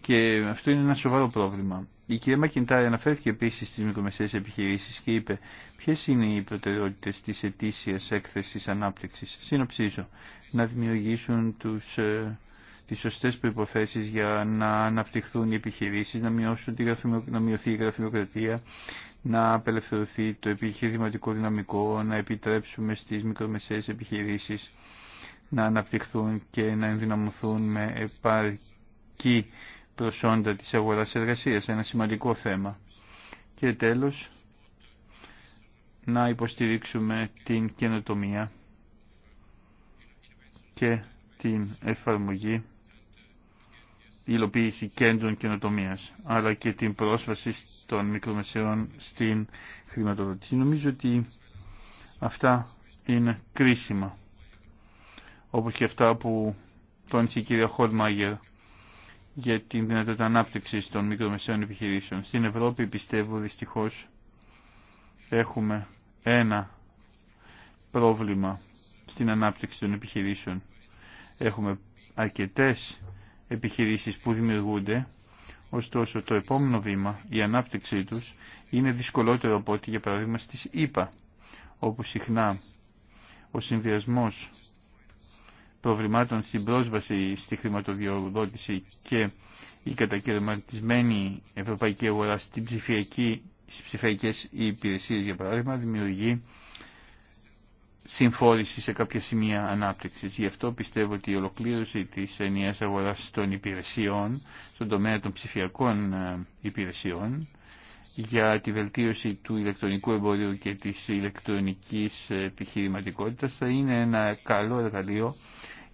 Και αυτό είναι ένα σοβαρό πρόβλημα. Η κυρία Μακιντάρη αναφέρθηκε επίσης στις μικρομεσαίες επιχειρήσεις και είπε ποιες είναι οι προτεραιότητες της ετήσιας έκθεσης ανάπτυξης. Συνοψίζω, να δημιουργήσουν τους ε, τις σωστές προϋποθέσεις για να αναπτυχθούν οι επιχειρήσεις, να, μειώσουν να μειωθεί η γραφειοκρατία, να απελευθερωθεί το επιχειρηματικό δυναμικό, να επιτρέψουμε στις μικρομεσαίες επιχειρήσεις να αναπτυχθούν και να ενδυναμωθούν με επαρκή προσόντα της αγοράς εργασίας, ένα σημαντικό θέμα. Και τέλος, να υποστηρίξουμε την καινοτομία και την εφαρμογή υλοποίηση κέντρων καινοτομία, αλλά και την πρόσβαση των μικρομεσαίων στην χρηματοδότηση. Νομίζω ότι αυτά είναι κρίσιμα, όπως και αυτά που τόνισε η κυρία Χολμάγερ για την δυνατότητα ανάπτυξη των μικρομεσαίων επιχειρήσεων. Στην Ευρώπη πιστεύω δυστυχώς έχουμε ένα πρόβλημα στην ανάπτυξη των επιχειρήσεων. Έχουμε αρκετές επιχειρήσεις που δημιουργούνται, ωστόσο το επόμενο βήμα, η ανάπτυξή τους, είναι δυσκολότερο από ό,τι για παράδειγμα στις ΗΠΑ, όπου συχνά ο συνδυασμός προβλημάτων στην πρόσβαση στη χρηματοδιοδότηση και η κατακαιρματισμένη ευρωπαϊκή αγορά στην ψηφιακή, στις ψηφιακές υπηρεσίες για παράδειγμα δημιουργεί συμφόρηση σε κάποια σημεία ανάπτυξης. Γι' αυτό πιστεύω ότι η ολοκλήρωση της ενιαίας αγοράς των υπηρεσιών, στον τομέα των ψηφιακών ε, υπηρεσιών, για τη βελτίωση του ηλεκτρονικού εμπορίου και της ηλεκτρονικής επιχειρηματικότητα θα είναι ένα καλό εργαλείο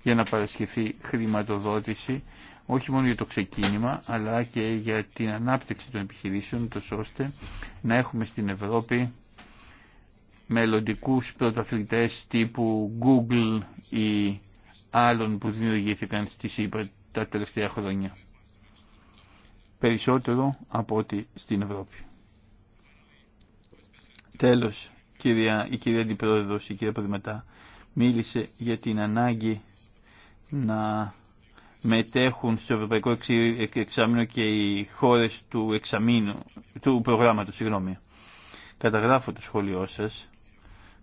για να παρασκευθεί χρηματοδότηση όχι μόνο για το ξεκίνημα αλλά και για την ανάπτυξη των επιχειρήσεων τόσο ώστε να έχουμε στην Ευρώπη μελλοντικούς πρωταθλητές τύπου Google ή άλλων που δημιουργήθηκαν στη ΣΥΠΑ τα τελευταία χρόνια. Περισσότερο από ό,τι στην Ευρώπη. Τέλος, η κυρία Αντιπρόεδρος, η κυρία μίλησε για την ανάγκη να μετέχουν στο Ευρωπαϊκό Εξάμεινο και οι χώρες του εξαμήνου, του προγράμματος, συγγνώμη. Καταγράφω το σχόλιο σας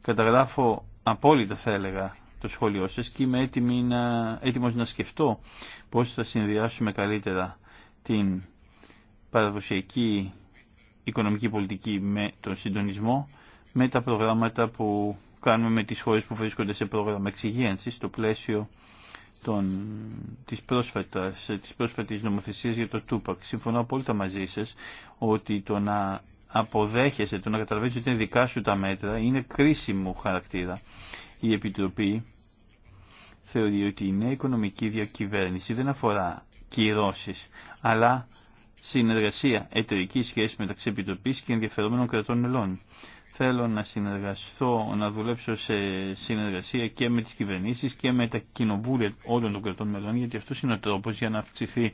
Καταγράφω απόλυτα θα έλεγα το σχόλιο σας και είμαι έτοιμη να, έτοιμος να σκεφτώ πώς θα συνδυάσουμε καλύτερα την παραδοσιακή οικονομική πολιτική με τον συντονισμό με τα προγράμματα που κάνουμε με τις χώρες που βρίσκονται σε πρόγραμμα εξυγίανσης στο πλαίσιο των, της, πρόσφατας, της πρόσφατης νομοθεσίας για το ΤΟΥΠΑΚ. Συμφωνώ απόλυτα μαζί σας ότι το να αποδέχεσαι, το να καταλαβαίνεις ότι είναι δικά σου τα μέτρα, είναι κρίσιμο χαρακτήρα. Η Επιτροπή θεωρεί ότι η νέα οικονομική διακυβέρνηση δεν αφορά κυρώσει αλλά συνεργασία, εταιρική σχέση μεταξύ επιτροπή και ενδιαφερόμενων κρατών μελών. Θέλω να συνεργαστώ, να δουλέψω σε συνεργασία και με τις κυβερνήσεις και με τα κοινοβούλια όλων των κρατών μελών, γιατί αυτό είναι ο τρόπος για να αυξηθεί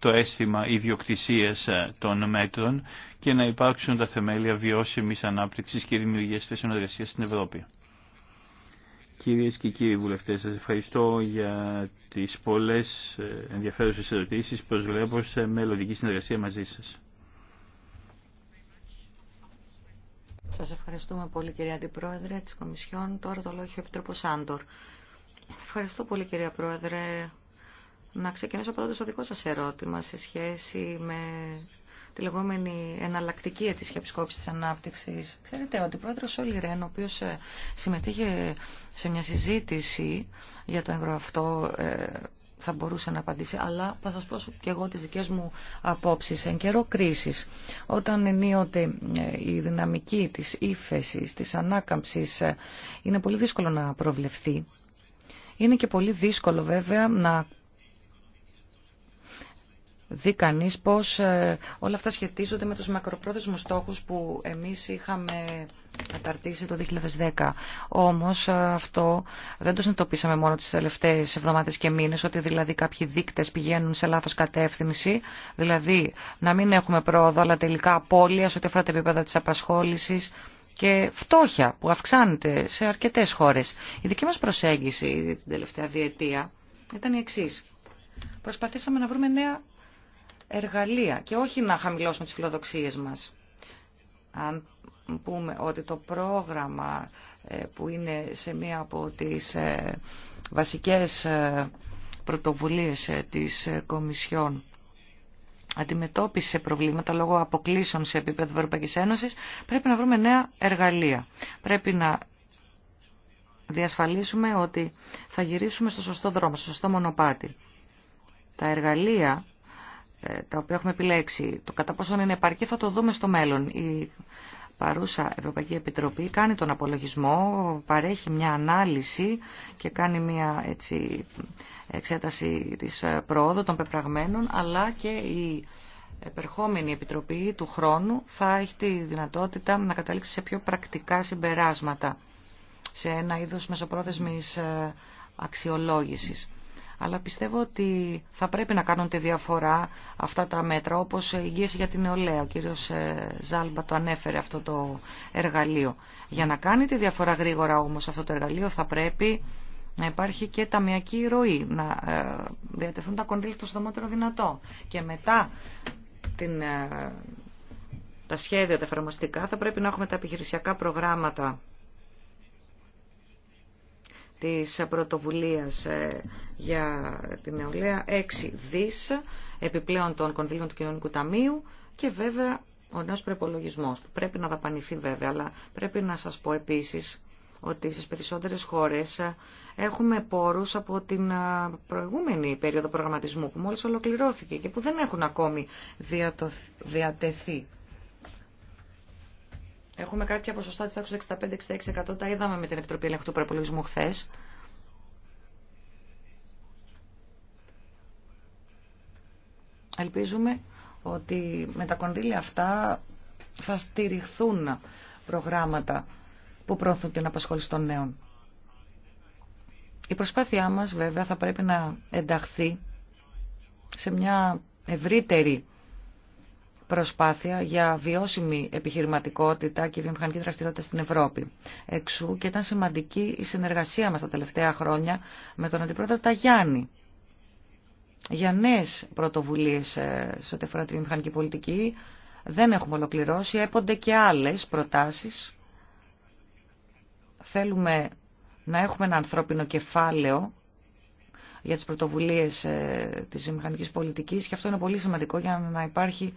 το αίσθημα ιδιοκτησίας ε, των μέτρων και να υπάρξουν τα θεμέλια βιώσιμης ανάπτυξης και δημιουργίας θέσεων εργασία στην Ευρώπη. Κυρίες και κύριοι βουλευτές, σας ευχαριστώ για τις πολλές ε, ενδιαφέρουσες ερωτήσεις. Προσβλέπω σε μελλοντική συνεργασία μαζί σας. Σας ευχαριστούμε πολύ κυρία Αντιπρόεδρε της Κομισιόν. Τώρα το λόγιο Επιτρόπος Άντορ. Ευχαριστώ πολύ κυρία Πρόεδρε, να ξεκινήσω πρώτα στο δικό σας ερώτημα σε σχέση με τη λεγόμενη εναλλακτική αιτήσια επισκόπηση της ανάπτυξης. Ξέρετε ότι ο πρόεδρος Όλη Ρέν, ο οποίος ε, συμμετείχε σε μια συζήτηση για το έγκρο αυτό, ε, θα μπορούσε να απαντήσει, αλλά θα σας πω και εγώ τις δικές μου απόψεις. Εν καιρό κρίσης, όταν ενίοτε ε, η δυναμική της ύφεση, της ανάκαμψης είναι πολύ δύσκολο να προβλεφθεί, είναι και πολύ δύσκολο βέβαια να δει κανείς πώς ε, όλα αυτά σχετίζονται με τους μακροπρόθεσμους στόχους που εμείς είχαμε καταρτήσει το 2010. Όμως ε, αυτό δεν το συνειδητοποίησαμε μόνο τις τελευταίες εβδομάδες και μήνες, ότι δηλαδή κάποιοι δείκτες πηγαίνουν σε λάθος κατεύθυνση, δηλαδή να μην έχουμε πρόοδο, αλλά τελικά απώλεια σε ό,τι αφορά τα επίπεδα της απασχόλησης, και φτώχεια που αυξάνεται σε αρκετές χώρες. Η δική μας προσέγγιση την τελευταία διετία ήταν η εξής. Προσπαθήσαμε να βρούμε νέα εργαλεία και όχι να χαμηλώσουμε τις φιλοδοξίες μας. Αν πούμε ότι το πρόγραμμα ε, που είναι σε μία από τις ε, βασικές ε, πρωτοβουλίες της Κομισιόν αντιμετώπισε προβλήματα λόγω αποκλήσεων σε επίπεδο Ευρωπαϊκής Ένωσης, πρέπει να βρούμε νέα εργαλεία. Πρέπει να διασφαλίσουμε ότι θα γυρίσουμε στο σωστό δρόμο, στο σωστό μονοπάτι. Τα εργαλεία ε, τα οποία έχουμε επιλέξει. Το κατά πόσο είναι επαρκή θα το δούμε στο μέλλον. Η παρούσα Ευρωπαϊκή Επιτροπή κάνει τον απολογισμό, παρέχει μια ανάλυση και κάνει μια έτσι, εξέταση της ε, προόδου των πεπραγμένων, αλλά και η επερχόμενη Επιτροπή του χρόνου θα έχει τη δυνατότητα να καταλήξει σε πιο πρακτικά συμπεράσματα, σε ένα είδος μεσοπρόθεσμης ε, αξιολόγησης αλλά πιστεύω ότι θα πρέπει να κάνουν τη διαφορά αυτά τα μέτρα, όπως η για την νεολαία. Ο κύριος ε, Ζάλμπα το ανέφερε αυτό το εργαλείο. Για να κάνει τη διαφορά γρήγορα όμως αυτό το εργαλείο θα πρέπει να υπάρχει και ταμιακή ροή, να ε, διατεθούν τα κονδύλια το συντομότερο δυνατό. Και μετά την, ε, τα σχέδια τα εφαρμοστικά θα πρέπει να έχουμε τα επιχειρησιακά προγράμματα της πρωτοβουλίας ε, για την νεολαία 6 δις επιπλέον των κονδύλων του Κοινωνικού Ταμείου και βέβαια ο νέος προπολογισμό που πρέπει να δαπανηθεί βέβαια, αλλά πρέπει να σας πω επίσης ότι στις περισσότερες χώρες έχουμε πόρους από την ε, προηγούμενη περίοδο προγραμματισμού που μόλις ολοκληρώθηκε και που δεν έχουν ακόμη διατεθεί Έχουμε κάποια ποσοστά τη ταξη 65 65-66%. Τα είδαμε με την Επιτροπή Ελέγχου του Προπολογισμού χθε. Ελπίζουμε ότι με τα κονδύλια αυτά θα στηριχθούν προγράμματα που προωθούν την απασχόληση των νέων. Η προσπάθειά μας βέβαια θα πρέπει να ενταχθεί σε μια ευρύτερη προσπάθεια για βιώσιμη επιχειρηματικότητα και βιομηχανική δραστηριότητα στην Ευρώπη. Εξού και ήταν σημαντική η συνεργασία μας τα τελευταία χρόνια με τον Αντιπρόεδρο Ταγιάννη για νέες πρωτοβουλίες ε, σε ό,τι αφορά τη βιομηχανική πολιτική. Δεν έχουμε ολοκληρώσει, έπονται και άλλες προτάσεις. Θέλουμε να έχουμε ένα ανθρώπινο κεφάλαιο για τις πρωτοβουλίες ε, της βιομηχανικής πολιτικής και αυτό είναι πολύ σημαντικό για να υπάρχει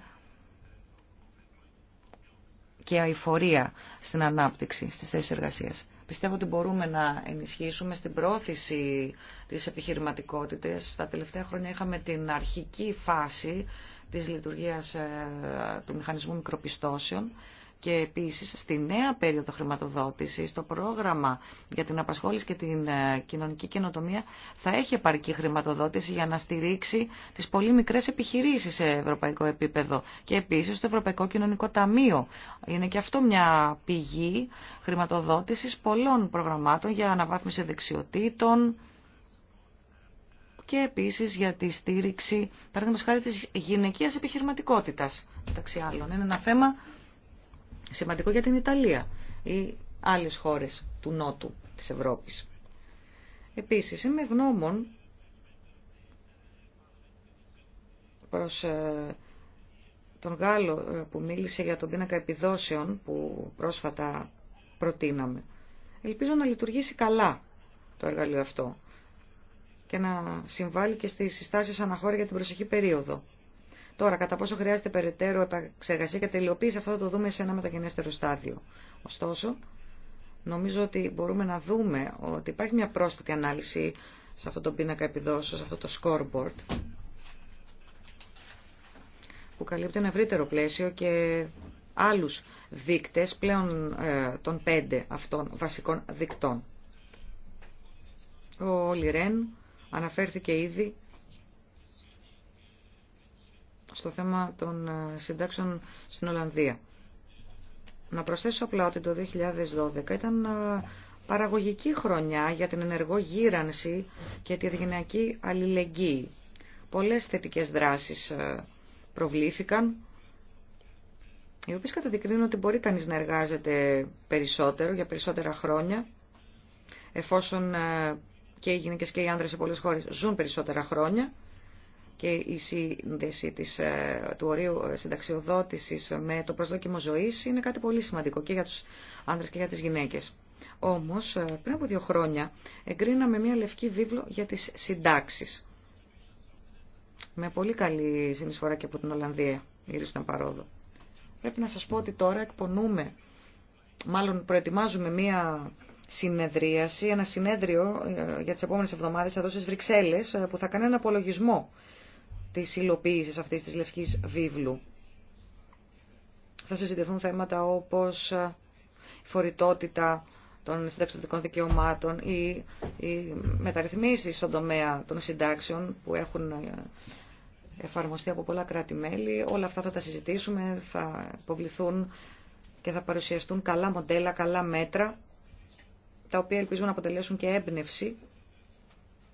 και αηφορία στην ανάπτυξη στις θέσεις εργασίας. Πιστεύω ότι μπορούμε να ενισχύσουμε στην πρόθεση της επιχειρηματικότητας. Στα τελευταία χρόνια είχαμε την αρχική φάση της λειτουργίας ε, του μηχανισμού μικροπιστώσεων και επίσης στη νέα περίοδο χρηματοδότησης το πρόγραμμα για την απασχόληση και την ε, κοινωνική καινοτομία θα έχει επαρκή χρηματοδότηση για να στηρίξει τις πολύ μικρές επιχειρήσεις σε ευρωπαϊκό επίπεδο και επίσης το Ευρωπαϊκό Κοινωνικό Ταμείο. Είναι και αυτό μια πηγή χρηματοδότησης πολλών προγραμμάτων για αναβάθμιση δεξιοτήτων, και επίσης για τη στήριξη, παραδείγματος χάρη της γυναικείας επιχειρηματικότητας, μεταξύ Είναι ένα θέμα Σημαντικό για την Ιταλία ή άλλες χώρες του Νότου της Ευρώπης. Επίσης, είμαι γνώμων προς ε, τον Γάλλο ε, που μίλησε για τον πίνακα επιδόσεων που πρόσφατα προτείναμε. Ελπίζω να λειτουργήσει καλά το εργαλείο αυτό και να συμβάλλει και στις συστάσεις αναχώρια για την προσεχή περίοδο. Τώρα, κατά πόσο χρειάζεται περαιτέρω επεξεργασία και τελειοποίηση, αυτό θα το δούμε σε ένα μεταγενέστερο στάδιο. Ωστόσο, νομίζω ότι μπορούμε να δούμε ότι υπάρχει μια πρόσθετη ανάλυση σε αυτό το πίνακα επιδόσεως, σε αυτό το scoreboard, που καλύπτει ένα ευρύτερο πλαίσιο και άλλους δείκτες, πλέον ε, των πέντε αυτών βασικών δικτών. Ο Λιρέν αναφέρθηκε ήδη στο θέμα των ε, συντάξεων στην Ολλανδία. Να προσθέσω απλά ότι το 2012 ήταν ε, παραγωγική χρονιά για την ενεργό γύρανση και τη γυναική αλληλεγγύη. Πολλές θετικές δράσεις ε, προβλήθηκαν, οι οποίες καταδεικνύουν ότι μπορεί κανείς να εργάζεται περισσότερο, για περισσότερα χρόνια, εφόσον και οι γυναίκες και οι άνδρες σε πολλές χώρες ζουν περισσότερα χρόνια και η σύνδεση της, ε, του ορίου ε, συνταξιοδότησης με το προσδόκιμο ζωής είναι κάτι πολύ σημαντικό και για τους άνδρες και για τις γυναίκες. Όμως, ε, πριν από δύο χρόνια, εγκρίναμε μια λευκή βίβλο για τις συντάξεις. Με πολύ καλή συνεισφορά και από την Ολλανδία, στην παρόδο. Πρέπει να σας πω ότι τώρα εκπονούμε, μάλλον προετοιμάζουμε μια συνεδρίαση, ένα συνέδριο για τις επόμενες εβδομάδες εδώ στις Βρυξέλλες που θα κάνει ένα απολογισμό της υλοποίηση αυτής της Λευκής Βίβλου. Θα συζητηθούν θέματα όπως ε, η φορητότητα των συνταξιδοτικών δικαιωμάτων ή οι μεταρρυθμίσεις στον τομέα των συντάξεων που έχουν ε, εφαρμοστεί από πολλά κράτη-μέλη. Όλα αυτά θα τα συζητήσουμε, θα υποβληθούν και θα παρουσιαστούν καλά μοντέλα, καλά μέτρα, τα οποία ελπίζουν να αποτελέσουν και έμπνευση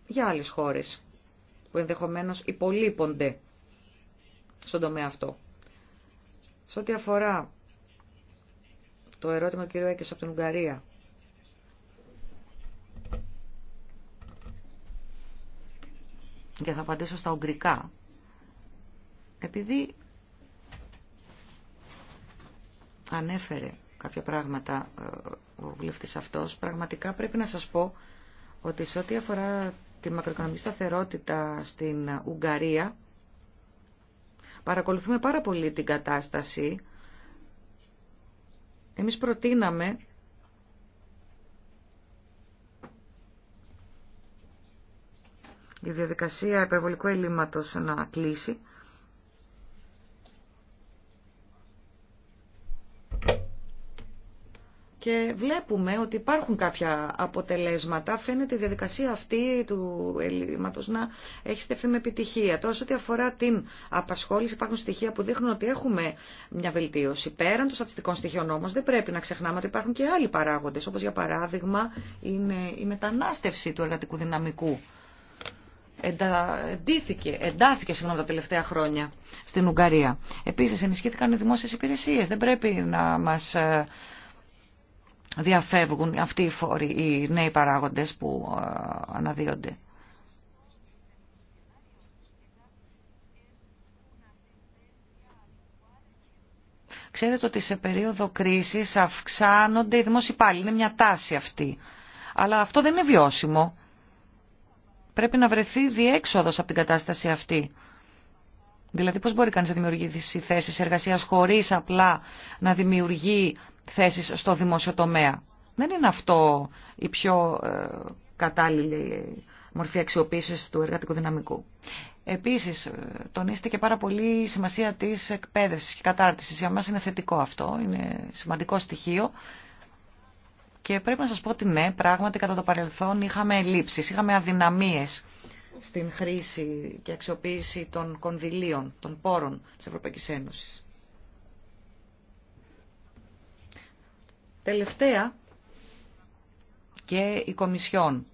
για άλλες χώρες που ενδεχομένως υπολείπονται στον τομέα αυτό. Σε ό,τι αφορά το ερώτημα του κ. Έκης από την Ουγγαρία, και θα απαντήσω στα ουγγρικά, επειδή ανέφερε κάποια πράγματα ε, ο βουλευτής αυτός, πραγματικά πρέπει να σας πω ότι σε ό,τι αφορά τη μακροοικονομική σταθερότητα στην Ουγγαρία. Παρακολουθούμε πάρα πολύ την κατάσταση. Εμείς προτείναμε η διαδικασία υπερβολικού ελλείμματος να κλείσει και βλέπουμε ότι υπάρχουν κάποια αποτελέσματα. Φαίνεται η διαδικασία αυτή του ελλείμματος να έχει στεφθεί με επιτυχία. Τώρα, σε ό,τι αφορά την απασχόληση, υπάρχουν στοιχεία που δείχνουν ότι έχουμε μια βελτίωση. Πέραν των στατιστικών στοιχείων όμως, δεν πρέπει να ξεχνάμε ότι υπάρχουν και άλλοι παράγοντες, όπως για παράδειγμα είναι η μετανάστευση του εργατικού δυναμικού. εντάθηκε, εντάθηκε συγγνώμη, τα τελευταία χρόνια στην Ουγγαρία. Επίσης ενισχύθηκαν οι δημόσιες υπηρεσίες. Δεν πρέπει να μας ε, διαφεύγουν αυτοί οι οι νέοι παράγοντες που ε, αναδύονται. Ξέρετε ότι σε περίοδο κρίσης αυξάνονται οι δημόσιοι πάλι. Είναι μια τάση αυτή. Αλλά αυτό δεν είναι βιώσιμο. Πρέπει να βρεθεί διέξοδος από την κατάσταση αυτή. Δηλαδή πώς μπορεί κανείς να δημιουργήσει θέσεις εργασίας χωρίς απλά να δημιουργεί θέσεις στο δημόσιο τομέα. Δεν είναι αυτό η πιο ε, κατάλληλη μορφή αξιοποίηση του εργατικού δυναμικού. Επίση, ε, τονίστηκε πάρα πολύ η σημασία τη εκπαίδευση και κατάρτιση. Για μα είναι θετικό αυτό, είναι σημαντικό στοιχείο. Και πρέπει να σα πω ότι ναι, πράγματι κατά το παρελθόν είχαμε ελλείψει, είχαμε αδυναμίε στην χρήση και αξιοποίηση των κονδυλίων, των πόρων τη Ευρωπαϊκή Ένωση. Τελευταία και η Κομισιόν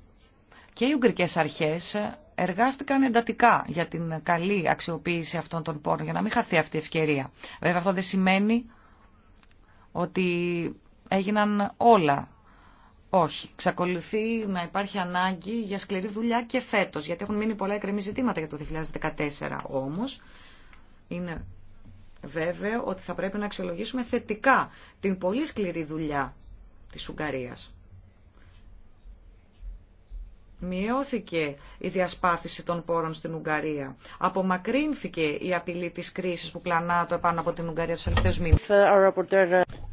και οι Ουγγρικές Αρχές εργάστηκαν εντατικά για την καλή αξιοποίηση αυτών των πόρων για να μην χαθεί αυτή η ευκαιρία. Βέβαια αυτό δεν σημαίνει ότι έγιναν όλα. Όχι. Ξακολουθεί να υπάρχει ανάγκη για σκληρή δουλειά και φέτος, γιατί έχουν μείνει πολλά εκκρεμή ζητήματα για το 2014. Όμως είναι Βέβαια ότι θα πρέπει να αξιολογήσουμε θετικά την πολύ σκληρή δουλειά της Ουγγαρίας. Μειώθηκε η διασπάθηση των πόρων στην Ουγγαρία. Απομακρύνθηκε η απειλή της κρίσης που πλανά το επάνω από την Ουγγαρία τους τελευταίους μήνες.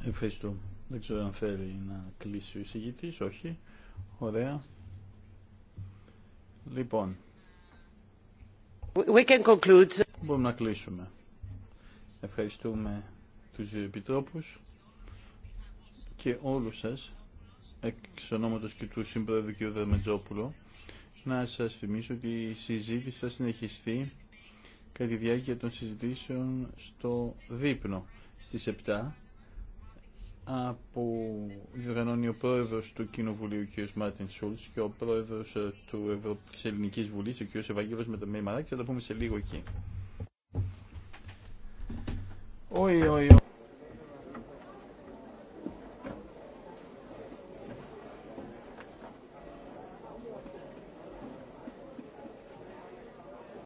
Ευχαριστώ. Δεν ξέρω αν θέλει να κλείσει ο εισηγητής. Όχι. Ωραία. Λοιπόν. We can conclude. Μπορούμε να κλείσουμε. Ευχαριστούμε τους επιτρόπους και όλους σας, εξ ονόματος και του Συμπρόεδρου κ. Δερμετζόπουλο, να σας θυμίσω ότι η συζήτηση θα συνεχιστεί κατά τη διάρκεια των συζητήσεων στο δείπνο στις 7 από διοργανώνει ο πρόεδρος του Κοινοβουλίου κ. Μάρτιν Σούλτς και ο πρόεδρος ε, του Ευρω... της Ελληνικής Βουλής ο κ. Ευαγγέλος Μαράκη θα τα πούμε σε λίγο εκεί. Oi oi, oi.